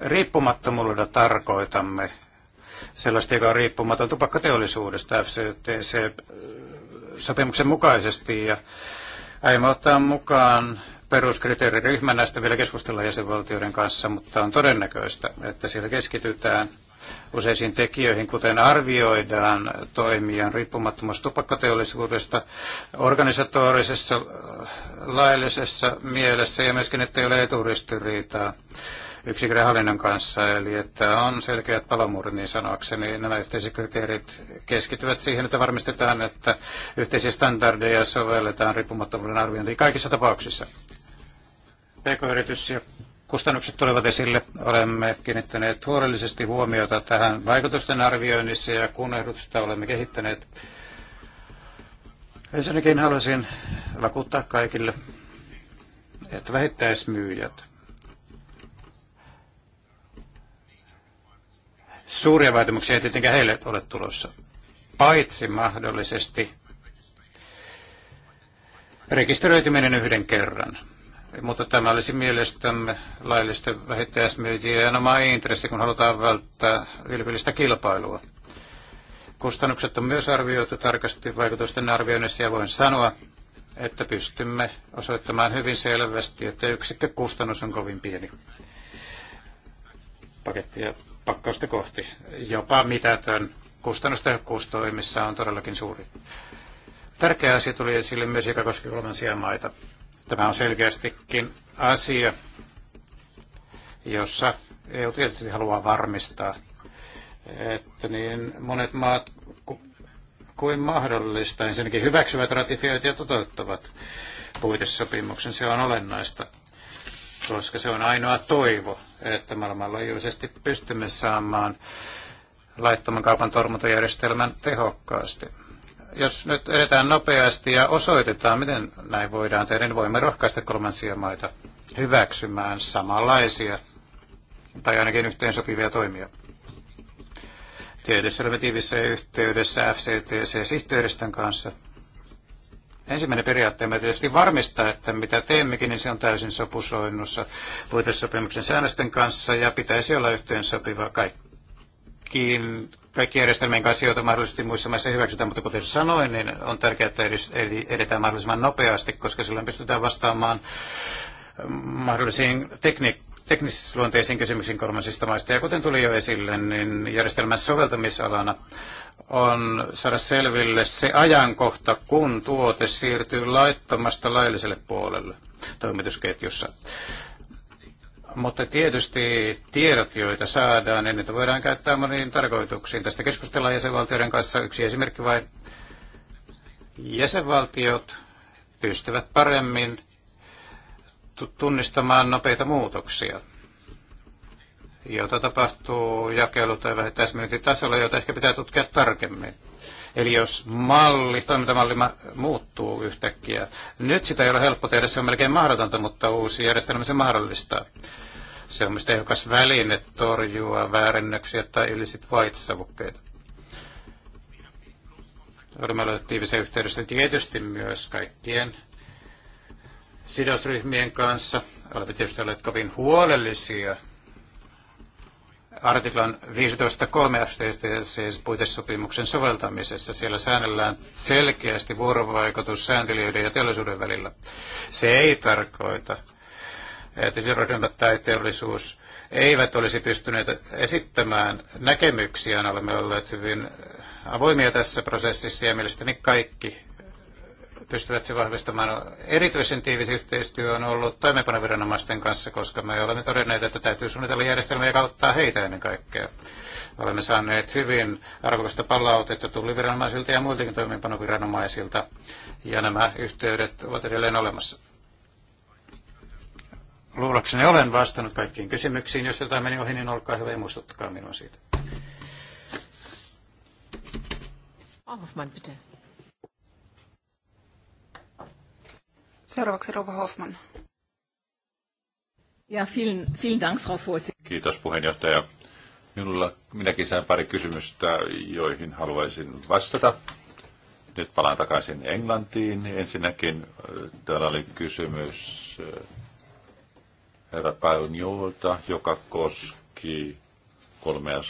Riippumattomuudella tarkoitamme sellaista, joka on riippumaton tupakkateollisuudesta FCTC-sopimuksen äh, mukaisesti. Ja aiemme ottaa mukaan peruskriteeriryhmä näistä vielä keskustella jäsenvaltioiden kanssa, mutta on todennäköistä, että siellä keskitytään useisiin tekijöihin, kuten arvioidaan toimijan riippumattomuus tupakkateollisuudesta organisatorisessa, laillisessa mielessä ja myöskin, että ei ole eturistiriitaa yksiköiden hallinnon kanssa, eli että on selkeät palomuurit niin sanoakseni. Nämä yhteiset kriteerit keskittyvät siihen, että varmistetaan, että yhteisiä standardeja sovelletaan riippumattomuuden arviointiin kaikissa tapauksissa. PK-yritys ja kustannukset tulevat esille. Olemme kiinnittäneet huolellisesti huomiota tähän vaikutusten arvioinnissa ja kun ehdotusta olemme kehittäneet. Ensinnäkin haluaisin vakuuttaa kaikille, että vähittäismyyjät Suuria vaatimuksia ei tietenkään heille ole tulossa, paitsi mahdollisesti rekisteröityminen yhden kerran. Mutta tämä olisi mielestämme laillisten ja oma intressi, kun halutaan välttää vilpillistä kilpailua. Kustannukset on myös arvioitu tarkasti vaikutusten arvioinnissa ja voin sanoa, että pystymme osoittamaan hyvin selvästi, että yksikkökustannus on kovin pieni. Pakettia pakkausta kohti. Jopa mitätön kustannustehokkuus toimissa on todellakin suuri. Tärkeä asia tuli esille myös, joka koski kolmansia maita. Tämä on selkeästikin asia, jossa EU tietysti haluaa varmistaa, että niin monet maat kuin mahdollista ensinnäkin hyväksyvät, ratifioit ja toteuttavat puitesopimuksen. Se on olennaista koska se on ainoa toivo, että maailmanlaajuisesti pystymme saamaan laittoman kaupan torjuntajärjestelmän tehokkaasti. Jos nyt edetään nopeasti ja osoitetaan, miten näin voidaan tehdä, niin voimme rohkaista kolmansia maita hyväksymään samanlaisia tai ainakin yhteensopivia toimia. Tietysti olemme tiivissä yhteydessä FCTC-sihteeristön kanssa – Ensimmäinen periaatteemme on tietysti varmistaa, että mitä teemmekin, niin se on täysin sopusoinnussa puitesopimuksen säännösten kanssa ja pitäisi olla yhteensopiva kaikkiin kaikki järjestelmien kanssa, joita mahdollisesti muissa maissa hyväksytään, mutta kuten sanoin, niin on tärkeää, että edetään mahdollisimman nopeasti, koska silloin pystytään vastaamaan mahdollisiin tekni- teknisluonteisiin kysymyksiin kolmansista maista. Ja kuten tuli jo esille, niin järjestelmän soveltamisalana on saada selville se ajankohta, kun tuote siirtyy laittomasta lailliselle puolelle toimitusketjussa. Mutta tietysti tiedot, joita saadaan, niin niitä voidaan käyttää moniin tarkoituksiin. Tästä keskustellaan jäsenvaltioiden kanssa. Yksi esimerkki vai Jäsenvaltiot pystyvät paremmin tunnistamaan nopeita muutoksia jota tapahtuu jakelu- tai vähittäismyyntitasolla, jota ehkä pitää tutkia tarkemmin. Eli jos malli, toimintamalli muuttuu yhtäkkiä. Nyt sitä ei ole helppo tehdä, se on melkein mahdotonta, mutta uusi järjestelmä se mahdollistaa. Se on myös tehokas väline torjua väärennöksiä tai illisit vaitsavukkeita. Olemme olleet tiivisessä yhteydessä tietysti myös kaikkien sidosryhmien kanssa. Olemme tietysti olleet kovin huolellisia artiklan 15.3. siis puitesopimuksen soveltamisessa. Siellä säännellään selkeästi vuorovaikutus sääntelijöiden ja teollisuuden välillä. Se ei tarkoita, että sidosryhmät tai teollisuus eivät olisi pystyneet esittämään näkemyksiään. Olemme olleet hyvin avoimia tässä prosessissa ja mielestäni kaikki pystyvät se vahvistamaan. Erityisen tiivis yhteistyö on ollut toimeenpanoviranomaisten kanssa, koska me olemme todenneet, että täytyy suunnitella järjestelmiä ja auttaa heitä ennen kaikkea. Olemme saaneet hyvin arvokasta palautetta tulliviranomaisilta ja muiltakin toimeenpanoviranomaisilta, ja nämä yhteydet ovat edelleen olemassa. Luulakseni olen vastannut kaikkiin kysymyksiin. Jos jotain meni ohi, niin olkaa hyvä ja muistuttakaa minua siitä. Hoffman, bitte. Seuraavaksi Rova Hoffman. Ja vielen, vielen Dank, Frau Kiitos puheenjohtaja. Minulla minäkin sain pari kysymystä, joihin haluaisin vastata. Nyt palaan takaisin Englantiin. Ensinnäkin äh, täällä oli kysymys äh, herra Paunjolta, joka koski kolmea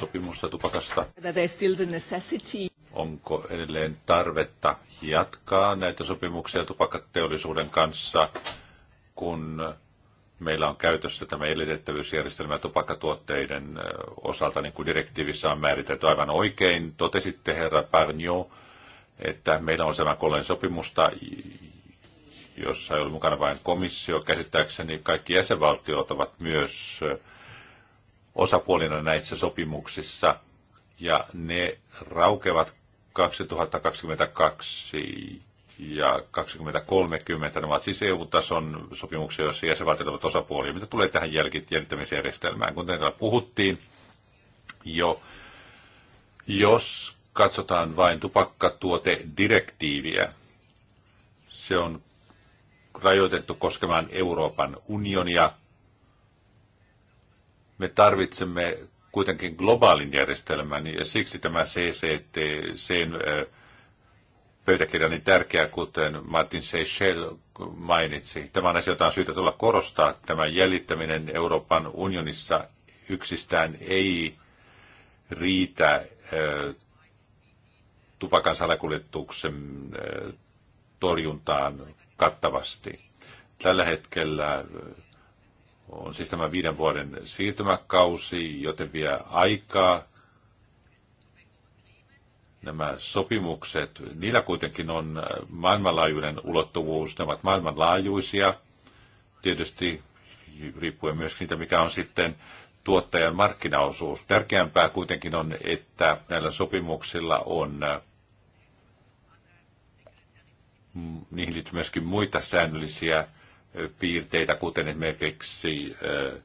sopimusta tupakasta. That there's still the necessity onko edelleen tarvetta jatkaa näitä sopimuksia tupakkateollisuuden kanssa, kun meillä on käytössä tämä elitettävyysjärjestelmä tupakkatuotteiden osalta, niin kuin direktiivissä on määritelty aivan oikein. Totesitte, herra Parnio, että meillä on sama kolme sopimusta, jossa ei ole mukana vain komissio. Käsittääkseni kaikki jäsenvaltiot ovat myös osapuolina näissä sopimuksissa, ja ne raukevat 2022 ja 2030. ovat siis EU-tason sopimuksia, joissa jäsenvaltiot ovat osapuolia. Mitä tulee tähän jäljittämisjärjestelmään? Kuten täällä puhuttiin jo, jos katsotaan vain tupakkatuotedirektiiviä, se on rajoitettu koskemaan Euroopan unionia. Me tarvitsemme kuitenkin globaalin järjestelmän ja siksi tämä sen pöytäkirja niin tärkeä, kuten Martin Seychelles mainitsi. Tämä on asia, jota on syytä tulla korostaa. Tämä jäljittäminen Euroopan unionissa yksistään ei riitä tupakan salakuljetuksen torjuntaan kattavasti. Tällä hetkellä on siis tämä viiden vuoden siirtymäkausi, joten vie aikaa. Nämä sopimukset, niillä kuitenkin on maailmanlaajuinen ulottuvuus, ne ovat maailmanlaajuisia. Tietysti riippuen myös siitä, mikä on sitten tuottajan markkinaosuus. Tärkeämpää kuitenkin on, että näillä sopimuksilla on mm, niihin liittyy myöskin muita säännöllisiä piirteitä, kuten esimerkiksi eh,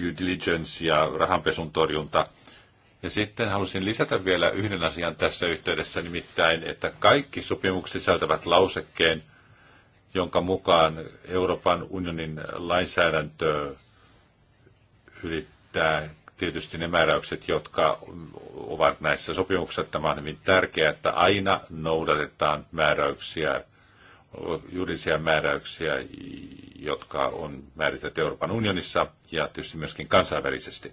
due diligence ja rahanpesun torjunta. Ja sitten halusin lisätä vielä yhden asian tässä yhteydessä, nimittäin, että kaikki sopimukset sisältävät lausekkeen, jonka mukaan Euroopan unionin lainsäädäntö ylittää tietysti ne määräykset, jotka ovat näissä sopimuksissa. Tämä on hyvin tärkeää, että aina noudatetaan määräyksiä juridisia määräyksiä, jotka on määritelty Euroopan unionissa ja tietysti myöskin kansainvälisesti.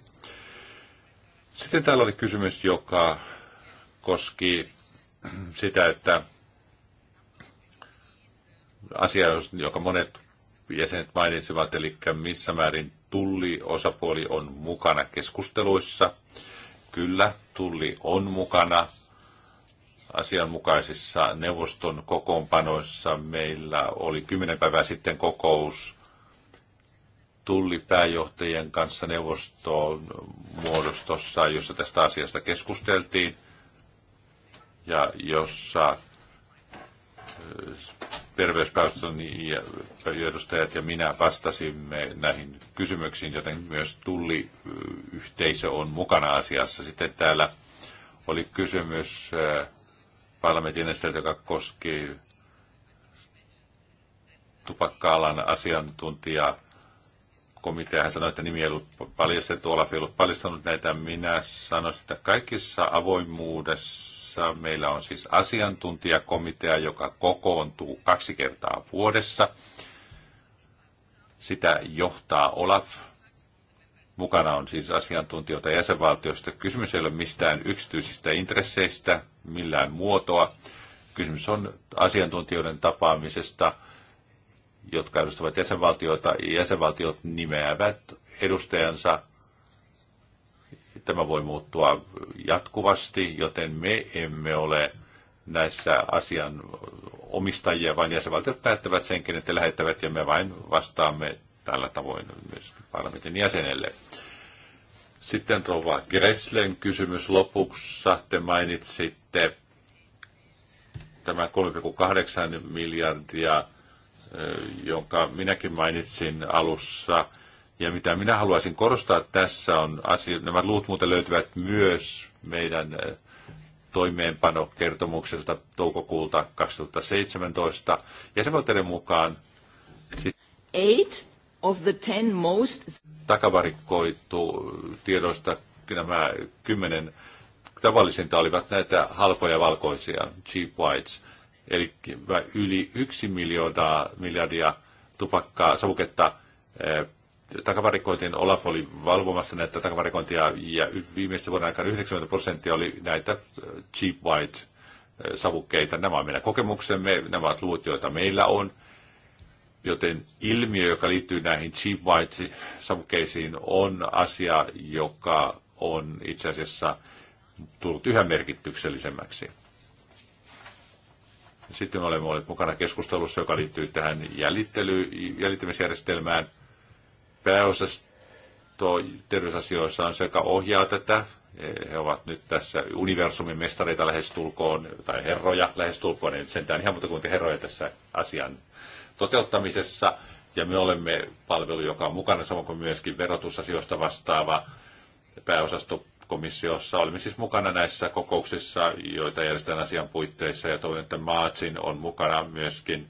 Sitten täällä oli kysymys, joka koski sitä, että asia, joka monet jäsenet mainitsivat, eli missä määrin tulli osapuoli on mukana keskusteluissa. Kyllä, tulli on mukana asianmukaisissa neuvoston kokoonpanoissa. Meillä oli kymmenen päivää sitten kokous tullipääjohtajien kanssa neuvoston muodostossa, jossa tästä asiasta keskusteltiin ja jossa äh, terveyspäivästön edustajat ja minä vastasimme näihin kysymyksiin, joten myös tulliyhteisö on mukana asiassa. Sitten täällä oli kysymys äh, parlamentin esiteltä, joka koski tupakka-alan asiantuntijaa. Komitea hän sanoi, että nimi ei ollut paljastettu, Olaf ei ollut paljastanut näitä. Minä sanoisin, että kaikissa avoimuudessa meillä on siis asiantuntijakomitea, joka kokoontuu kaksi kertaa vuodessa. Sitä johtaa Olaf, Mukana on siis asiantuntijoita jäsenvaltioista. Kysymys ei ole mistään yksityisistä intresseistä millään muotoa. Kysymys on asiantuntijoiden tapaamisesta, jotka edustavat jäsenvaltioita. Jäsenvaltiot nimeävät edustajansa. Tämä voi muuttua jatkuvasti, joten me emme ole näissä asian omistajia, vaan jäsenvaltiot päättävät sen, kenet he lähettävät, ja me vain vastaamme tällä tavoin myös parlamentin jäsenelle. Sitten rouva Gresslen kysymys lopuksi. Te mainitsit sitten tämä 3,8 miljardia, jonka minäkin mainitsin alussa, ja mitä minä haluaisin korostaa tässä on asia, nämä luut muuten löytyvät myös meidän toimeenpanokertomuksesta toukokuulta 2017. Jäsenvaltioiden mukaan Eight of the ten most... takavarikkoitu tiedoista nämä kymmenen tavallisinta olivat näitä halpoja valkoisia, cheap whites, eli yli yksi miljoonaa miljardia tupakkaa, savuketta eh, takavarikointiin. Olaf oli valvomassa näitä takavarikointia ja viimeisten vuoden aikana 90 prosenttia oli näitä eh, cheap white eh, savukkeita. Nämä ovat meidän kokemuksemme, nämä ovat luvut, joita meillä on. Joten ilmiö, joka liittyy näihin cheap white savukkeisiin, on asia, joka on itse asiassa tullut yhä merkityksellisemmäksi. Sitten olemme olleet mukana keskustelussa, joka liittyy tähän jäljittely, jäljittämisjärjestelmään. Pääosasto terveysasioissa on se, joka ohjaa tätä. He ovat nyt tässä universumin mestareita lähestulkoon, tai herroja lähestulkoon, en sentään ihan muuta kuin herroja tässä asian toteuttamisessa. Ja me olemme palvelu, joka on mukana, samoin kuin myöskin verotusasioista vastaava pääosasto komissiossa. Olemme siis mukana näissä kokouksissa, joita järjestetään asian puitteissa ja toivon, että Maatsin on mukana myöskin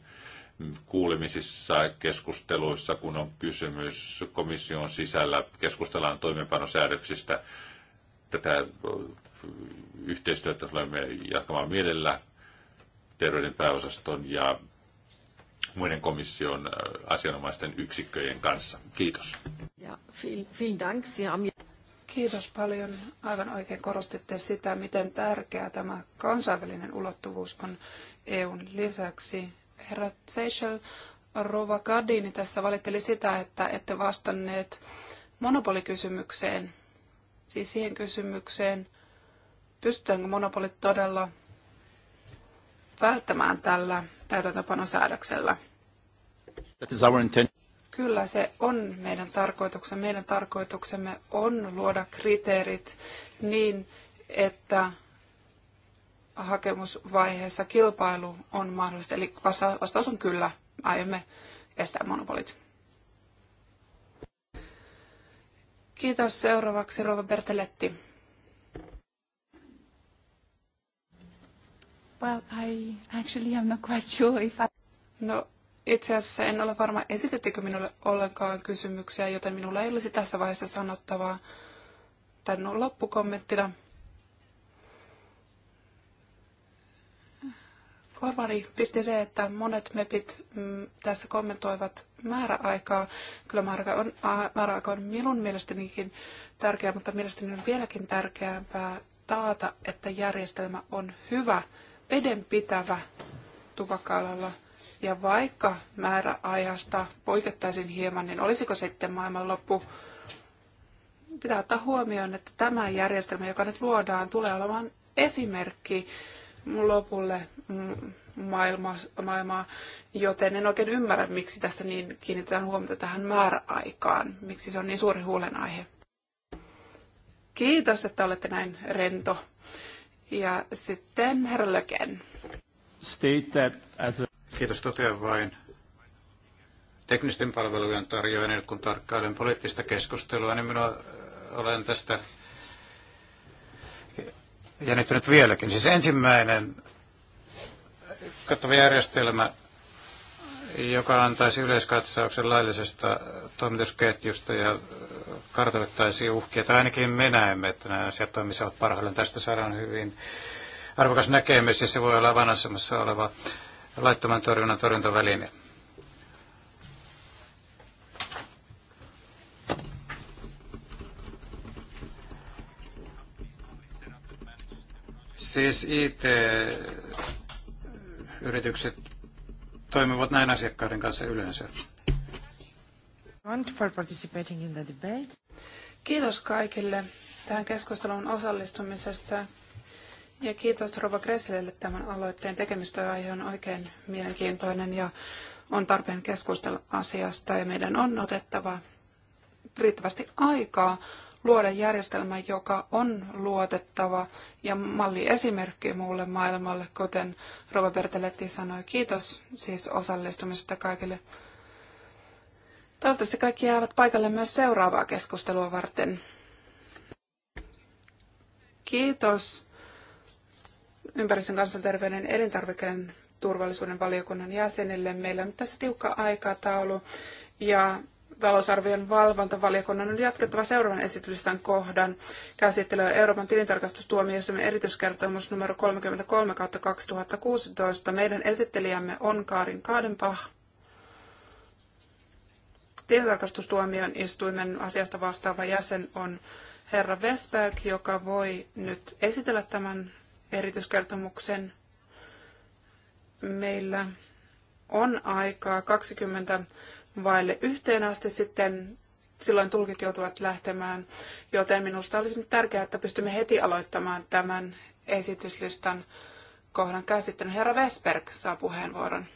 kuulemisissa, keskusteluissa, kun on kysymys komission sisällä, keskustellaan toimeenpanosäädöksistä. Tätä yhteistyötä tulemme jatkamaan mielellä terveyden pääosaston ja muiden komission asianomaisten yksikköjen kanssa. Kiitos. Ja, vielen Dank. Sie haben... Kiitos paljon. Aivan oikein korostitte sitä, miten tärkeää tämä kansainvälinen ulottuvuus on EUn lisäksi. Herra Seychelles, Rova Gardini tässä valitteli sitä, että ette vastanneet monopolikysymykseen, siis siihen kysymykseen, pystytäänkö monopolit todella välttämään tällä täytäntöpanosäädöksellä. That is our intention. Kyllä se on meidän tarkoituksemme. Meidän tarkoituksemme on luoda kriteerit niin, että hakemusvaiheessa kilpailu on mahdollista. Eli vastaus on kyllä, aiomme estää monopolit. Kiitos. Seuraavaksi Rova Berteletti. Well, I actually am not quite sure if I... No, itse asiassa en ole varma, esitettekö minulle ollenkaan kysymyksiä, joten minulla ei olisi tässä vaiheessa sanottavaa tämän loppukommenttina. korvani pisti se, että monet mepit mm, tässä kommentoivat määräaikaa. Kyllä määräaika on, määräaika on minun mielestänikin tärkeä, mutta mielestäni on vieläkin tärkeämpää taata, että järjestelmä on hyvä, vedenpitävä tupakka-alalla. Ja vaikka määräajasta poikettaisiin hieman, niin olisiko sitten maailmanloppu? Pitää ottaa huomioon, että tämä järjestelmä, joka nyt luodaan, tulee olemaan esimerkki lopulle mm, maailma, maailmaa, joten en oikein ymmärrä, miksi tässä niin kiinnitetään huomiota tähän määräaikaan, miksi se on niin suuri huolenaihe. Kiitos, että olette näin rento. Ja sitten herra Löken. State that as a... Kiitos totean vain teknisten palvelujen tarjoajan, kun tarkkailen poliittista keskustelua, niin minä olen tästä jännittynyt vieläkin. Siis ensimmäinen kattava järjestelmä, joka antaisi yleiskatsauksen laillisesta toimitusketjusta ja kartoittaisi uhkia, tai ainakin me näemme, että nämä asiat toimisivat parhaillaan. Tästä saadaan hyvin arvokas näkemys ja se voi olla avainasemassa oleva laittoman torjunnan torjuntaväline. Siis IT-yritykset toimivat näin asiakkaiden kanssa yleensä. Kiitos kaikille tähän keskusteluun osallistumisesta. Ja kiitos Rova Kresselille tämän aloitteen tekemistä. Aihe on oikein mielenkiintoinen ja on tarpeen keskustella asiasta ja meidän on otettava riittävästi aikaa luoda järjestelmä, joka on luotettava ja malli esimerkki muulle maailmalle, kuten Rova Berteletti sanoi. Kiitos siis osallistumisesta kaikille. Toivottavasti kaikki jäävät paikalle myös seuraavaa keskustelua varten. Kiitos ympäristön kansanterveyden elintarvikkeiden turvallisuuden valiokunnan jäsenille. Meillä on tässä tiukka aikataulu ja talousarvion valvontavaliokunnan on jatkettava seuraavan esityslistan kohdan käsittelyä Euroopan tilintarkastustuomioistuimen erityiskertomus numero 33 kautta 2016. Meidän esittelijämme on Kaarin Kaadenpah. Tilintarkastustuomion istuimen asiasta vastaava jäsen on herra Vesberg, joka voi nyt esitellä tämän erityiskertomuksen. Meillä on aikaa 20 vaille yhteen asti sitten silloin tulkit joutuvat lähtemään, joten minusta olisi nyt tärkeää, että pystymme heti aloittamaan tämän esityslistan kohdan käsittelyn. Herra Vesberg saa puheenvuoron.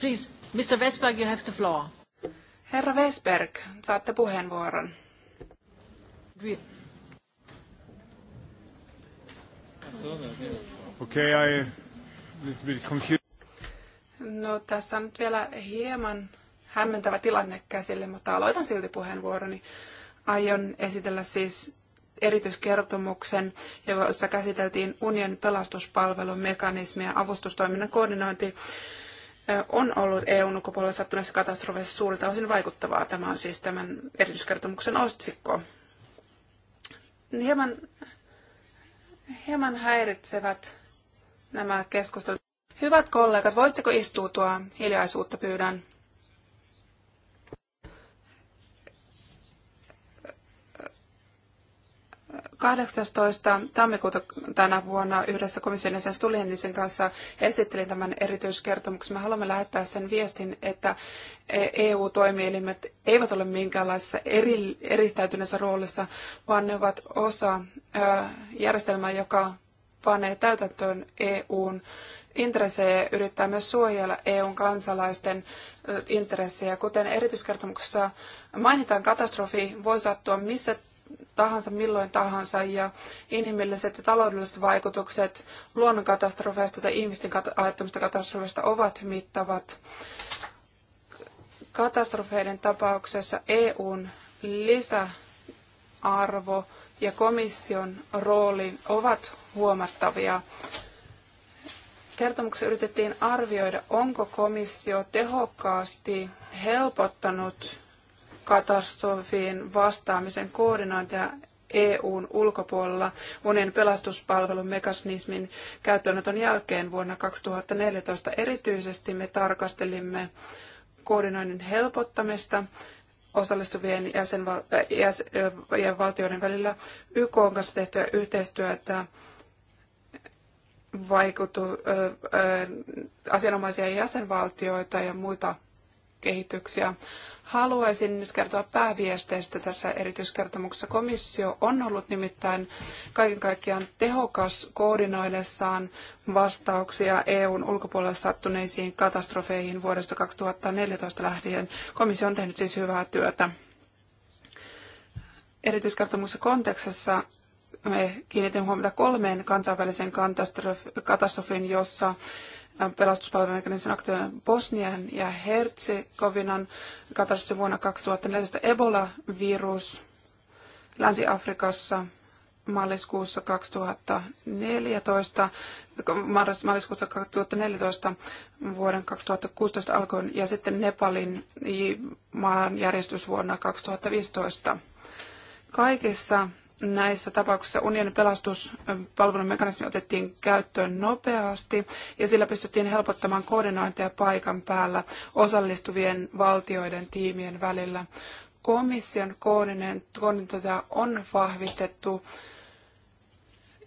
Please. Mr. you have the floor. Herra Westberg, saatte puheenvuoron. okay, I little bit confused. No tässä on nyt vielä hieman hämmentävä tilanne käsille, mutta aloitan silti puheenvuoroni. Aion esitellä siis erityiskertomuksen, jossa käsiteltiin unionin pelastuspalvelun mekanismia avustustoiminnan koordinointi on ollut EUn ulkopuolella sattuneessa katastrofeissa suurilta osin vaikuttavaa. Tämä on siis tämän erityiskertomuksen otsikko. Hieman, hieman häiritsevät nämä keskustelut. Hyvät kollegat, voisitteko istuutua? Hiljaisuutta pyydän. 18. tammikuuta tänä vuonna yhdessä komission jäsen Stulienisen kanssa esittelin tämän erityiskertomuksen. Me haluamme lähettää sen viestin, että EU-toimielimet eivät ole minkäänlaisessa eri, eristäytyneessä roolissa, vaan ne ovat osa järjestelmää, joka panee täytäntöön EUn intressejä ja yrittää myös suojella EUn kansalaisten intressejä. Kuten erityiskertomuksessa mainitaan, katastrofi voi sattua missä tahansa, milloin tahansa, ja inhimilliset ja taloudelliset vaikutukset luonnonkatastrofeista tai ihmisten aiheuttamista katastrofeista ovat mittavat. Katastrofeiden tapauksessa EUn lisäarvo ja komission rooli ovat huomattavia. Kertomuksessa yritettiin arvioida, onko komissio tehokkaasti helpottanut katastrofiin vastaamisen koordinointia EUn ulkopuolella unen pelastuspalvelun mekanismin käyttöönoton jälkeen vuonna 2014. Erityisesti me tarkastelimme koordinoinnin helpottamista osallistuvien jäsenvaltioiden äh, äh, välillä YK on kanssa tehtyä yhteistyötä vaikutu, äh, asianomaisia jäsenvaltioita ja muita kehityksiä. Haluaisin nyt kertoa pääviesteistä tässä erityiskertomuksessa. Komissio on ollut nimittäin kaiken kaikkiaan tehokas koordinoidessaan vastauksia EUn ulkopuolelle sattuneisiin katastrofeihin vuodesta 2014 lähtien. Komissio on tehnyt siis hyvää työtä. Erityiskertomuksessa kontekstissa me kiinnitimme huomiota kolmeen kansainväliseen katastrofiin, jossa organisaation aktiivinen Bosnian ja Herzegovinan katastrofi vuonna 2014 Ebola-virus Länsi-Afrikassa maaliskuussa 2014, maaliskuussa 2014 vuoden 2016 alkuun ja sitten Nepalin maanjärjestys vuonna 2015. Kaikissa näissä tapauksissa unionin pelastuspalvelun mekanismi otettiin käyttöön nopeasti ja sillä pystyttiin helpottamaan koordinointia paikan päällä osallistuvien valtioiden tiimien välillä. Komission koordinointia on vahvistettu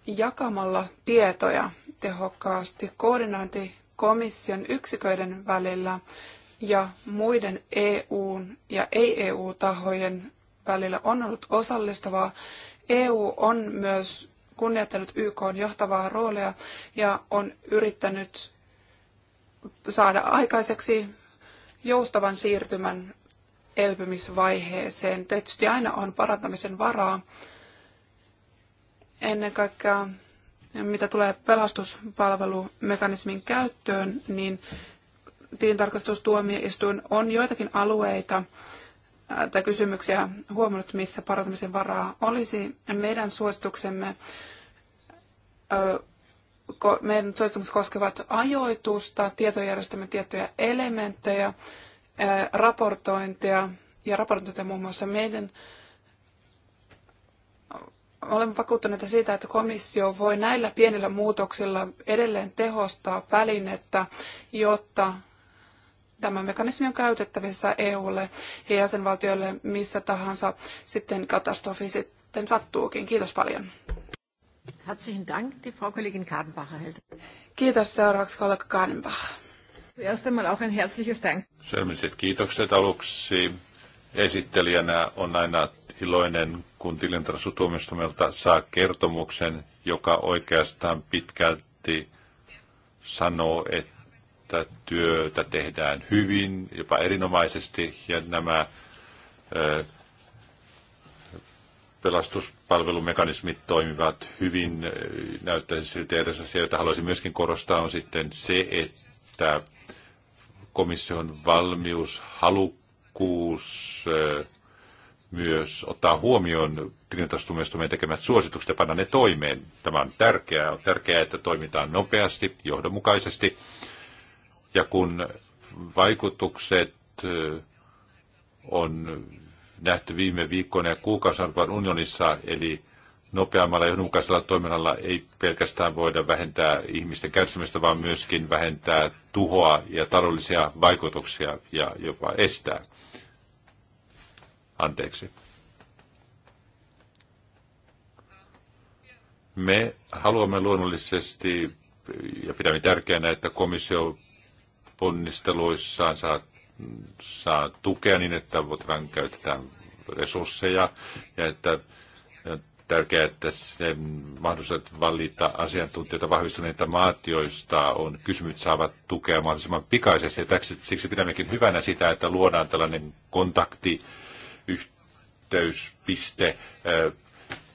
jakamalla tietoja tehokkaasti koordinointi komission yksiköiden välillä ja muiden EUn ja ei-EU-tahojen välillä on ollut osallistavaa EU on myös kunnioittanut YK johtavaa roolia ja on yrittänyt saada aikaiseksi joustavan siirtymän elpymisvaiheeseen. Tietysti aina on parantamisen varaa. Ennen kaikkea mitä tulee pelastuspalvelumekanismin käyttöön, niin tilintarkastustuomioistuin on joitakin alueita, tai kysymyksiä huomannut, missä parantamisen varaa olisi. Meidän suosituksemme meidän suosituksemme koskevat ajoitusta, tietojärjestelmän tiettyjä elementtejä, raportointia ja raportointia muun muassa meidän olemme vakuuttuneita siitä, että komissio voi näillä pienillä muutoksilla edelleen tehostaa välinettä, jotta Tämä mekanismi on käytettävissä EUlle ja jäsenvaltioille missä tahansa sitten katastrofi sitten sattuukin. Kiitos paljon. Herzlichen Dank, die Frau Kollegin Kadenbacher hält. Kiitos seuraavaksi kollega Kadenbach. Erst einmal auch ein herzliches Dank. Sydämelliset kiitokset aluksi. Esittelijänä on aina iloinen, kun tilintarkastustuomioistuimelta saa kertomuksen, joka oikeastaan pitkälti sanoo, että että työtä tehdään hyvin, jopa erinomaisesti, ja nämä pelastuspalvelumekanismit toimivat hyvin. Näyttäisi siltä eräs asia, jota haluaisin myöskin korostaa, on sitten se, että komission valmius, halukkuus myös ottaa huomioon tilintarkastustuomioistuimen tekemät suositukset ja panna ne toimeen. Tämä on tärkeää. On tärkeää, että toimitaan nopeasti, johdonmukaisesti ja kun vaikutukset on nähty viime viikkoina ja kuukausina unionissa, eli nopeammalla ja johdonmukaisella toiminnalla ei pelkästään voida vähentää ihmisten kärsimystä, vaan myöskin vähentää tuhoa ja taloudellisia vaikutuksia ja jopa estää. Anteeksi. Me haluamme luonnollisesti ja pidämme tärkeänä, että komissio ponnisteluissaan saa, saa tukea niin, että voidaan käytetään resursseja ja että tärkeää, että se mahdollisuudet valita asiantuntijoita vahvistuneita maat, joista on kysymys, saavat tukea mahdollisimman pikaisesti. Ja täksi, siksi pidämmekin hyvänä sitä, että luodaan tällainen kontaktiyhteyspiste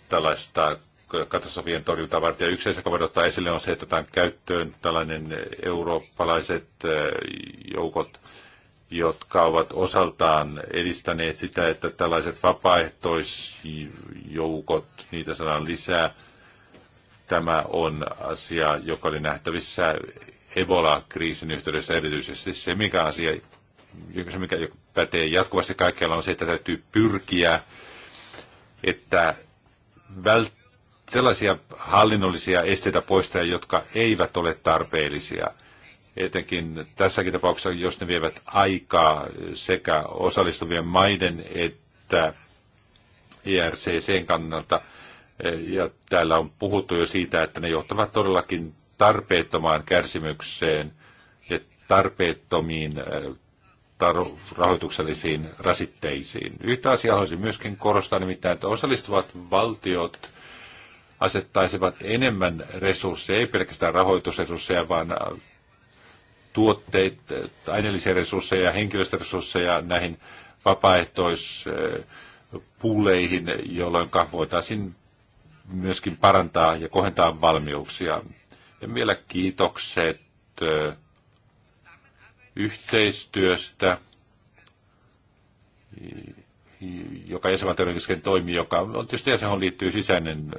tällaista katastrofien torjuntaa varten. Ja yksi asia, joka voidaan ottaa esille, on se, että otetaan käyttöön tällainen eurooppalaiset joukot, jotka ovat osaltaan edistäneet sitä, että tällaiset vapaaehtoisjoukot, niitä saadaan lisää. Tämä on asia, joka oli nähtävissä Ebola-kriisin yhteydessä erityisesti. Se, mikä asia, se mikä pätee jatkuvasti kaikkialla, on se, että täytyy pyrkiä, että välttämättä sellaisia hallinnollisia esteitä poistaa, jotka eivät ole tarpeellisia. Etenkin tässäkin tapauksessa, jos ne vievät aikaa sekä osallistuvien maiden että IRCCn e kannalta. Ja täällä on puhuttu jo siitä, että ne johtavat todellakin tarpeettomaan kärsimykseen ja tarpeettomiin äh, rahoituksellisiin rasitteisiin. Yhtä asiaa haluaisin myöskin korostaa nimittäin, että osallistuvat valtiot asettaisivat enemmän resursseja, ei pelkästään rahoitusresursseja, vaan äh, tuotteet, äh, aineellisia resursseja ja henkilöstöresursseja näihin vapaaehtoispuuleihin, jolloin voitaisiin myöskin parantaa ja kohentaa valmiuksia. Ja vielä kiitokset äh, yhteistyöstä, joka jäsenvaltioiden kesken toimii, joka on tietysti jäsenhon liittyy sisäinen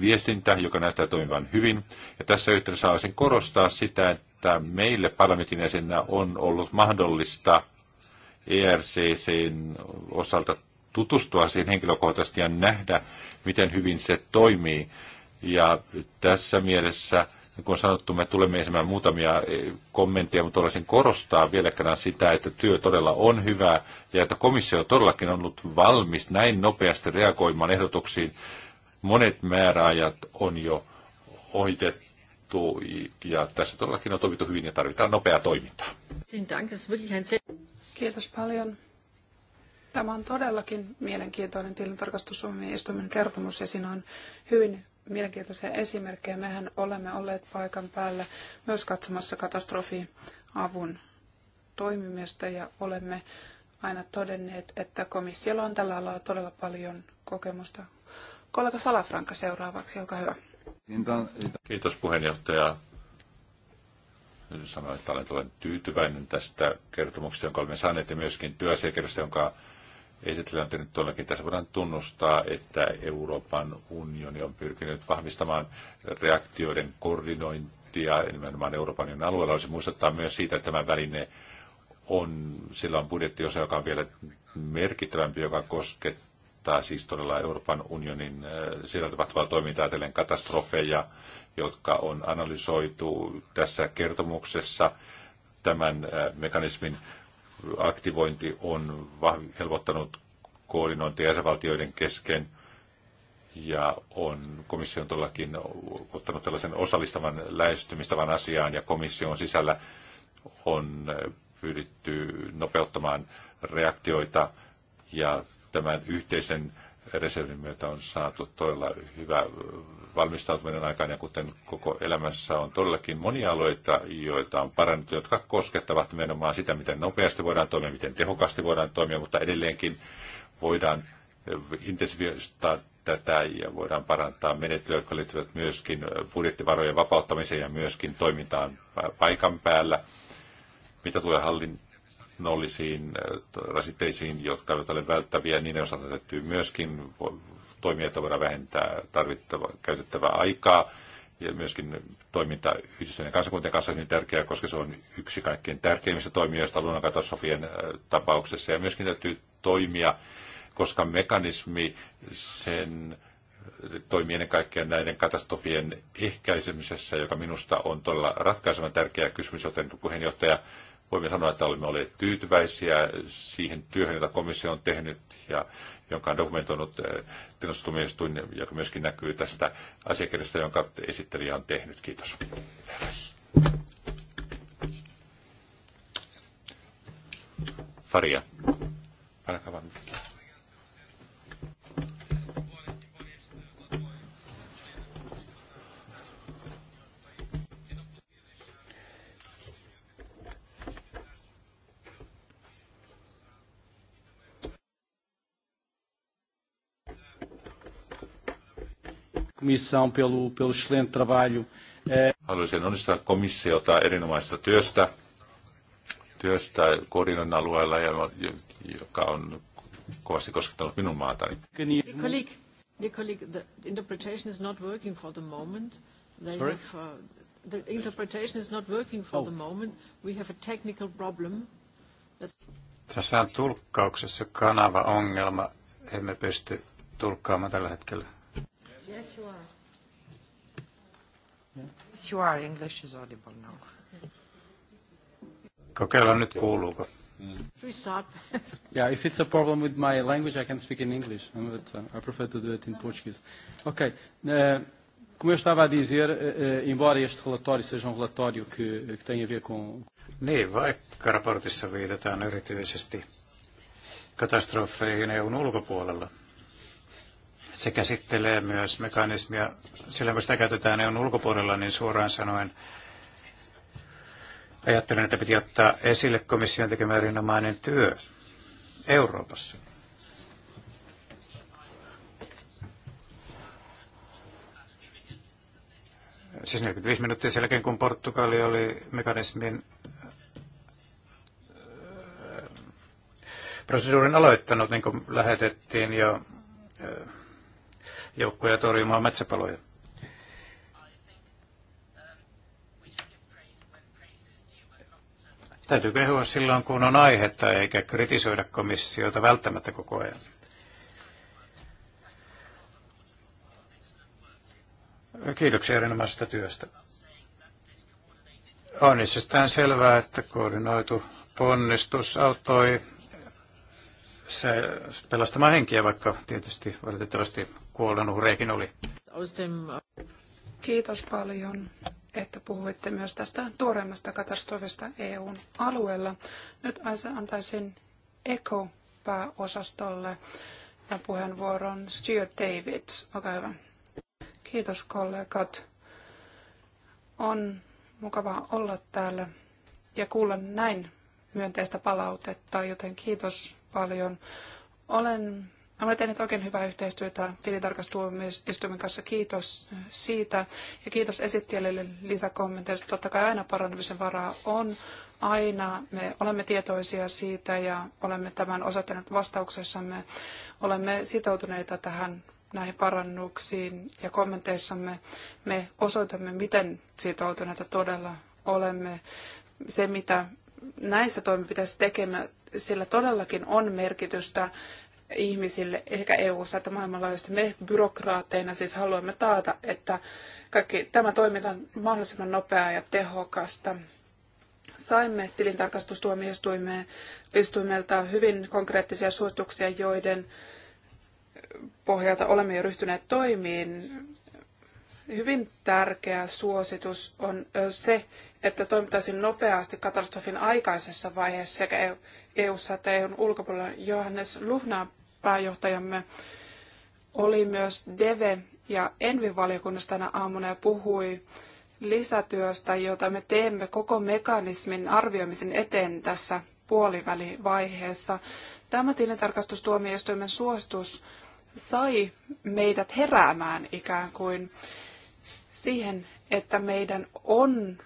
viestintä, joka näyttää toimivan hyvin. Ja tässä yhteydessä haluaisin korostaa sitä, että meille parlamentin jäsenä on ollut mahdollista ERCCn osalta tutustua siihen henkilökohtaisesti ja nähdä, miten hyvin se toimii. Ja tässä mielessä, niin kun sanottu, me tulemme esimerkiksi muutamia e, kommentteja, mutta olisin korostaa vielä kerran sitä, että työ todella on hyvä ja että komissio todellakin on ollut valmis näin nopeasti reagoimaan ehdotuksiin, Monet määräajat on jo ohitettu ja tässä todellakin on toimittu hyvin ja tarvitaan nopeaa toimintaa. Kiitos paljon. Tämä on todellakin mielenkiintoinen tilintarkastustuomioistuimen kertomus ja siinä on hyvin mielenkiintoisia esimerkkejä. Mehän olemme olleet paikan päällä myös katsomassa katastrofiavun toimimista ja olemme aina todenneet, että komissiolla on tällä alalla todella paljon kokemusta. Kollega Salafranka seuraavaksi, olkaa hyvä. Kiitos puheenjohtaja. Sanoin, että olen, olen tyytyväinen tästä kertomuksesta, jonka olemme saaneet, ja myöskin työasiakirjasta, jonka esittelijä nyt tuollakin. Tässä voidaan tunnustaa, että Euroopan unioni on pyrkinyt vahvistamaan reaktioiden koordinointia nimenomaan Euroopan unionin alueella. Olisi muistuttaa myös siitä, että tämä väline on, sillä on budjettiosa, joka on vielä merkittävämpi, joka koskettaa tarkoittaa siis todella Euroopan unionin äh, sillä tapahtuvaa toimintaa ajatellen katastrofeja, jotka on analysoitu tässä kertomuksessa. Tämän äh, mekanismin aktivointi on helpottanut koordinointia jäsenvaltioiden kesken ja on komission todellakin ottanut tällaisen osallistavan lähestymistavan asiaan ja komission sisällä on äh, pyritty nopeuttamaan reaktioita ja tämän yhteisen reservin myötä on saatu todella hyvä valmistautuminen aikaan ja kuten koko elämässä on todellakin monia aloita, joita on parannettu, jotka koskettavat nimenomaan sitä, miten nopeasti voidaan toimia, miten tehokkaasti voidaan toimia, mutta edelleenkin voidaan intensivioistaa tätä ja voidaan parantaa menettelyä, jotka liittyvät myöskin budjettivarojen vapauttamiseen ja myöskin toimintaan paikan päällä. Mitä tulee hallin nollisiin äh, rasitteisiin, jotka eivät ole välttäviä, niin ne osalta täytyy myöskin toimia, että voidaan vähentää tarvittavaa käytettävää aikaa. Ja myöskin toiminta yhdistyneen kansakuntien kanssa on hyvin tärkeää, koska se on yksi kaikkein tärkeimmistä toimijoista luonnonkatastrofien äh, tapauksessa. Ja myöskin täytyy toimia, koska mekanismi sen äh, toimii ennen kaikkea näiden katastrofien ehkäisemisessä, joka minusta on todella ratkaisevan tärkeä kysymys, joten puheenjohtaja Voimme sanoa, että olemme olleet tyytyväisiä siihen työhön, jota komissio on tehnyt ja jonka on dokumentoinut eh, tilastumistuin, joka myöskin näkyy tästä asiakirjasta, jonka esittelijä on tehnyt. Kiitos. Faria. Painakaa comissão pelo, pelo excelente trabalho. Haluaisin onnistaa komissiota erinomaista työstä, työstä koordinoinnin alueella, joka on kovasti koskettanut minun maatani. Tässä on tulkkauksessa kanava ongelma. Emme pysty tulkkaamaan tällä hetkellä. Yes, you are. Yes, you are. English is audible now. Kokeillaan nyt kuuluuko. Please stop. yeah, if it's a problem with my language, I can speak in English, but uh, I prefer to do it in Portuguese. Okay. Uh, como eu estava a dizer, uh, uh embora este relatório seja um relatório que, uh, que tem a ver com... Niin, vaikka raportissa viitataan erityisesti katastrofeihin EUn ulkopuolella – se käsittelee myös mekanismia, silloin kun sitä käytetään EUn ulkopuolella, niin suoraan sanoen ajattelen, että piti ottaa esille komission tekemä erinomainen työ Euroopassa. Siis 45 minuuttia sen jälkeen, kun Portugali oli mekanismin äh, proseduurin aloittanut, niin kuin lähetettiin jo äh, joukkoja torjumaan metsäpaloja. Täytyy kehua silloin, kun on aihetta, eikä kritisoida komissiota välttämättä koko ajan. Kiitoksia erinomaisesta työstä. On itsestään selvää, että koordinoitu ponnistus auttoi se pelastamaan henkiä, vaikka tietysti valitettavasti kuolonuhreikin oli. Kiitos paljon, että puhuitte myös tästä tuoreimmasta katastrofista EUn alueella. Nyt antaisin eko pääosastolle puheenvuoron Stuart David. Olkaa hyvä. Kiitos kollegat. On mukavaa olla täällä ja kuulla näin myönteistä palautetta, joten kiitos paljon. Olen Olemme tehneet oikein hyvää yhteistyötä tilintarkastuomioistuimen kanssa. Kiitos siitä ja kiitos esittelijälle lisäkommenteista. Totta kai aina parantamisen varaa on. Aina me olemme tietoisia siitä ja olemme tämän osoittaneet vastauksessamme. Olemme sitoutuneita tähän näihin parannuksiin ja kommenteissamme me osoitamme, miten sitoutuneita todella olemme. Se, mitä näissä toimenpiteissä tekemme, sillä todellakin on merkitystä ihmisille ehkä EU-ssa että maailmanlaajuisesti. Me byrokraatteina siis haluamme taata, että kaikki tämä toiminta on mahdollisimman nopeaa ja tehokasta. Saimme tilintarkastustuomioistuimelta hyvin konkreettisia suosituksia, joiden pohjalta olemme jo ryhtyneet toimiin. Hyvin tärkeä suositus on se, että toimittaisiin nopeasti katastrofin aikaisessa vaiheessa sekä EU-ssa e että EUn ulkopuolella. Johannes Luhna pääjohtajamme oli myös DEVE- ja ENVI-valiokunnassa tänä aamuna ja puhui lisätyöstä, jota me teemme koko mekanismin arvioimisen eteen tässä puolivälivaiheessa. Tämä tilintarkastustuomioistuimen suositus sai meidät heräämään ikään kuin siihen, että meidän on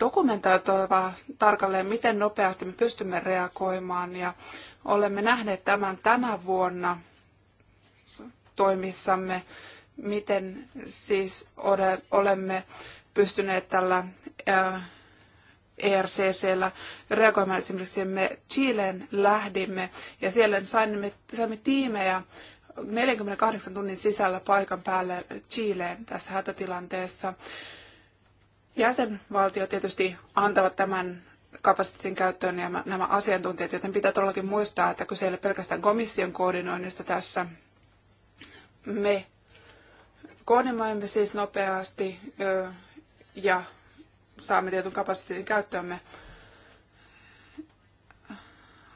dokumentoitava tarkalleen, miten nopeasti me pystymme reagoimaan ja Olemme nähneet tämän tänä vuonna toimissamme, miten siis olemme pystyneet tällä ERCCllä reagoimaan. Esimerkiksi me Chileen lähdimme ja siellä saimme, saimme tiimejä 48 tunnin sisällä paikan päälle Chileen tässä hätätilanteessa. Jäsenvaltio tietysti antavat tämän kapasiteetin käyttöön ja nämä asiantuntijat, joten pitää todellakin muistaa, että kyse ei ole pelkästään komission koordinoinnista tässä. Me koordinoimme siis nopeasti ja saamme tietyn kapasiteetin käyttöömme.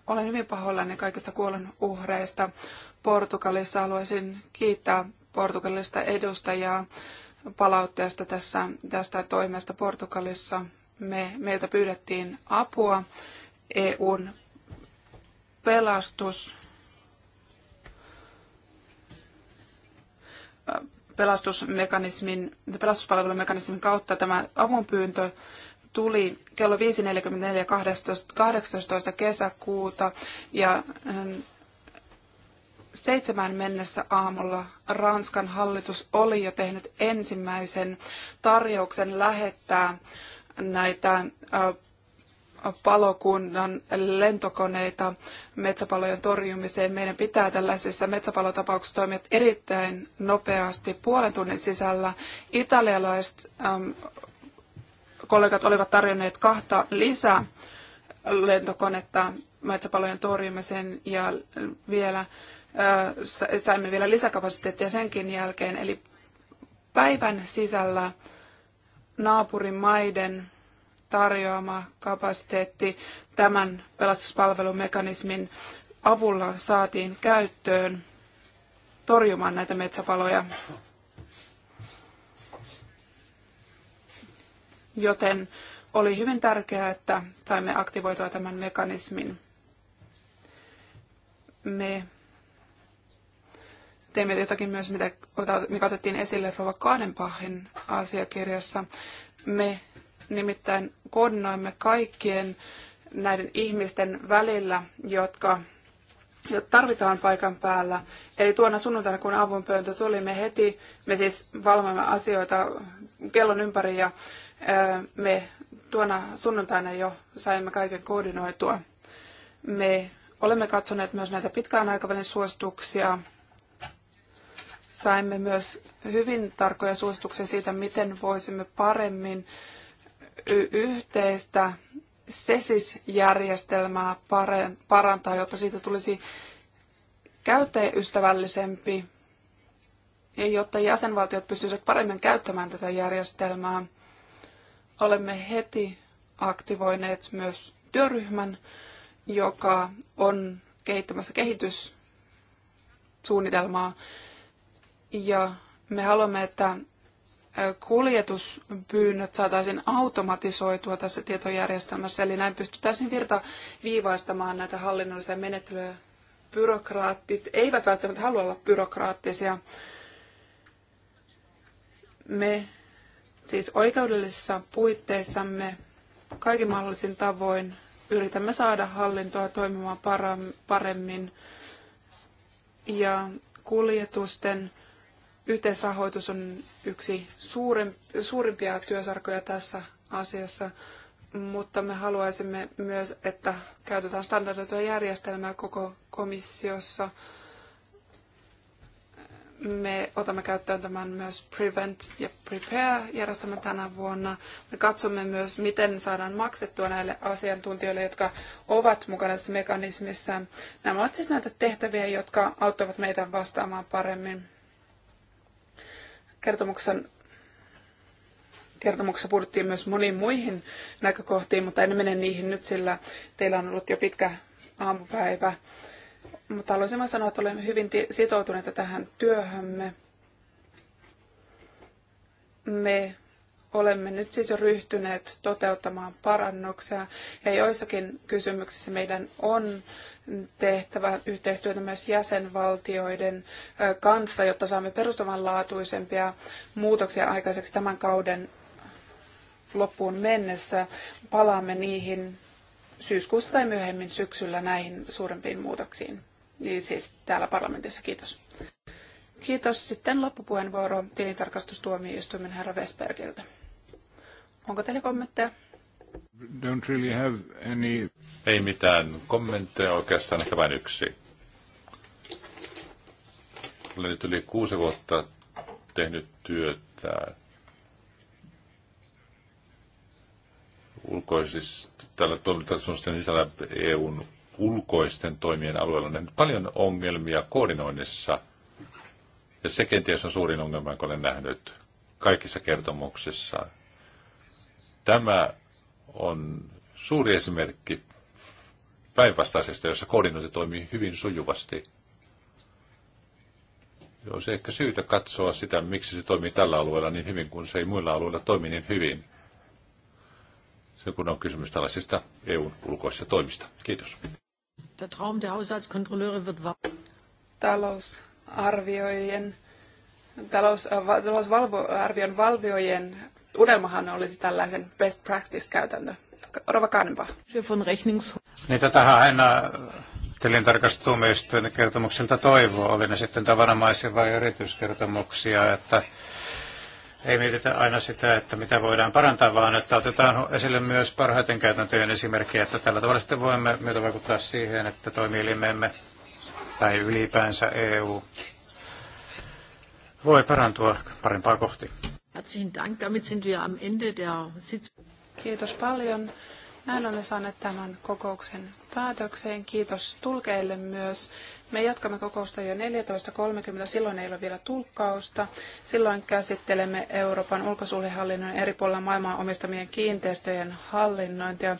Olen hyvin pahoillani kaikista kuolen uhreista Portugalissa. Haluaisin kiittää Portugalista edustajaa palautteesta tässä, tästä toimesta Portugalissa me, meiltä pyydettiin apua EUn pelastus, pelastusmekanismin, pelastuspalvelumekanismin kautta tämä avunpyyntö tuli kello 5.44 18, kahdeksantoista kesäkuuta ja ähm, seitsemän mennessä aamulla Ranskan hallitus oli jo tehnyt ensimmäisen tarjouksen lähettää näitä palokunnan lentokoneita metsäpalojen torjumiseen. Meidän pitää tällaisissa metsäpalotapauksissa toimia erittäin nopeasti puolen tunnin sisällä. Italialaiset kollegat olivat tarjonneet kahta lisää lentokonetta metsäpalojen torjumiseen ja vielä äh, saimme vielä lisäkapasiteettia senkin jälkeen. Eli päivän sisällä naapurimaiden tarjoama kapasiteetti tämän pelastuspalvelumekanismin avulla saatiin käyttöön torjumaan näitä metsäpaloja. Joten oli hyvin tärkeää, että saimme aktivoitua tämän mekanismin. Me Teimme jotakin myös, mitä, mikä otettiin esille Rova Kahdenpahin asiakirjassa. Me nimittäin koordinoimme kaikkien näiden ihmisten välillä, jotka tarvitaan paikan päällä. Eli tuona sunnuntaina, kun avunpöyntö tuli, me heti, me siis valvoimme asioita kellon ympäri ja me tuona sunnuntaina jo saimme kaiken koordinoitua. Me olemme katsoneet myös näitä pitkään aikavälin suosituksia saimme myös hyvin tarkkoja suosituksia siitä, miten voisimme paremmin yhteistä SESIS-järjestelmää parantaa, jotta siitä tulisi käyttäjäystävällisempi ja jotta jäsenvaltiot pystyisivät paremmin käyttämään tätä järjestelmää. Olemme heti aktivoineet myös työryhmän, joka on kehittämässä kehityssuunnitelmaa ja me haluamme, että kuljetuspyynnöt saataisiin automatisoitua tässä tietojärjestelmässä, eli näin pystyttäisiin viivaistamaan näitä hallinnollisia menettelyjä. Byrokraattit eivät välttämättä halua olla byrokraattisia. Me siis oikeudellisissa puitteissamme kaikin mahdollisin tavoin yritämme saada hallintoa toimimaan paremmin ja kuljetusten Yhteisrahoitus on yksi suurimpia työsarkoja tässä asiassa, mutta me haluaisimme myös, että käytetään standardoitua järjestelmää koko komissiossa. Me otamme käyttöön tämän myös Prevent ja Prepare-järjestelmän tänä vuonna. Me katsomme myös, miten saadaan maksettua näille asiantuntijoille, jotka ovat mukana tässä mekanismissa. Nämä ovat siis näitä tehtäviä, jotka auttavat meitä vastaamaan paremmin Kertomuksen kertomuksessa puhuttiin myös moniin muihin näkökohtiin, mutta en mene niihin nyt, sillä teillä on ollut jo pitkä aamupäivä. Mutta haluaisin vain sanoa, että olemme hyvin sitoutuneita tähän työhömme. Me olemme nyt siis jo ryhtyneet toteuttamaan parannuksia ja joissakin kysymyksissä meidän on tehtävä yhteistyötä myös jäsenvaltioiden kanssa, jotta saamme perustavanlaatuisempia muutoksia aikaiseksi tämän kauden loppuun mennessä. Palaamme niihin syyskuussa tai myöhemmin syksyllä näihin suurempiin muutoksiin. Niin siis täällä parlamentissa. Kiitos. Kiitos. Sitten loppupuheenvuoro tilintarkastustuomioistuimen herra Vesbergiltä. Onko teillä kommentteja? Don't really have any... Ei mitään kommentteja, oikeastaan ehkä vain yksi. Olen nyt yli kuusi vuotta tehnyt työtä ulkoisista, tällä tuomioistuinten sisällä EUn ulkoisten toimien alueella on paljon ongelmia koordinoinnissa. Ja se kenties on suurin ongelma, jonka olen nähnyt kaikissa kertomuksissa. Tämä on suuri esimerkki päinvastaisesta, jossa koordinointi toimii hyvin sujuvasti. Olisi ehkä syytä katsoa sitä, miksi se toimii tällä alueella niin hyvin, kun se ei muilla alueilla toimi niin hyvin. Se kun on kysymys tällaisista EUn ulkoisista toimista. Kiitos. Der Traum talous, äh, unelmahan olisi tällaisen best practice-käytäntö. Rova Kanva. Niin tätähän aina tilintarkastustuomioistuimen kertomuksilta toivoa, oli ne sitten tavanomaisia vai yrityskertomuksia, että ei mietitä aina sitä, että mitä voidaan parantaa, vaan että otetaan esille myös parhaiten käytäntöjen esimerkkejä, että tällä tavalla sitten voimme myötä vaikuttaa siihen, että toimielimemme tai ylipäänsä EU voi parantua parempaa kohti. Herzlichen Dank. Damit sind wir am Ende der Sitzung. Kiitos paljon. Näin olemme saaneet tämän kokouksen päätökseen. Kiitos tulkeille myös. Me jatkamme kokousta jo 14.30. Silloin ei ole vielä tulkkausta. Silloin käsittelemme Euroopan ulkosuhdehallinnon eri puolilla maailmaa omistamien kiinteistöjen hallinnointia.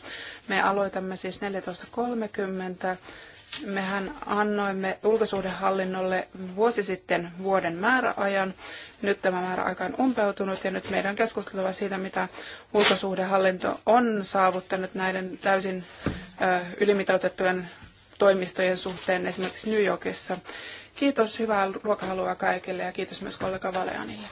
Me aloitamme siis 14.30 Mehän annoimme ulkosuhdehallinnolle vuosi sitten vuoden määräajan. Nyt tämä määräaika on umpeutunut ja nyt meidän on keskusteltava siitä, mitä ulkosuhdehallinto on saavuttanut näiden täysin ylimitoitettujen toimistojen suhteen esimerkiksi New Yorkissa. Kiitos, hyvää ruokahalua kaikille ja kiitos myös kollega Valeanille.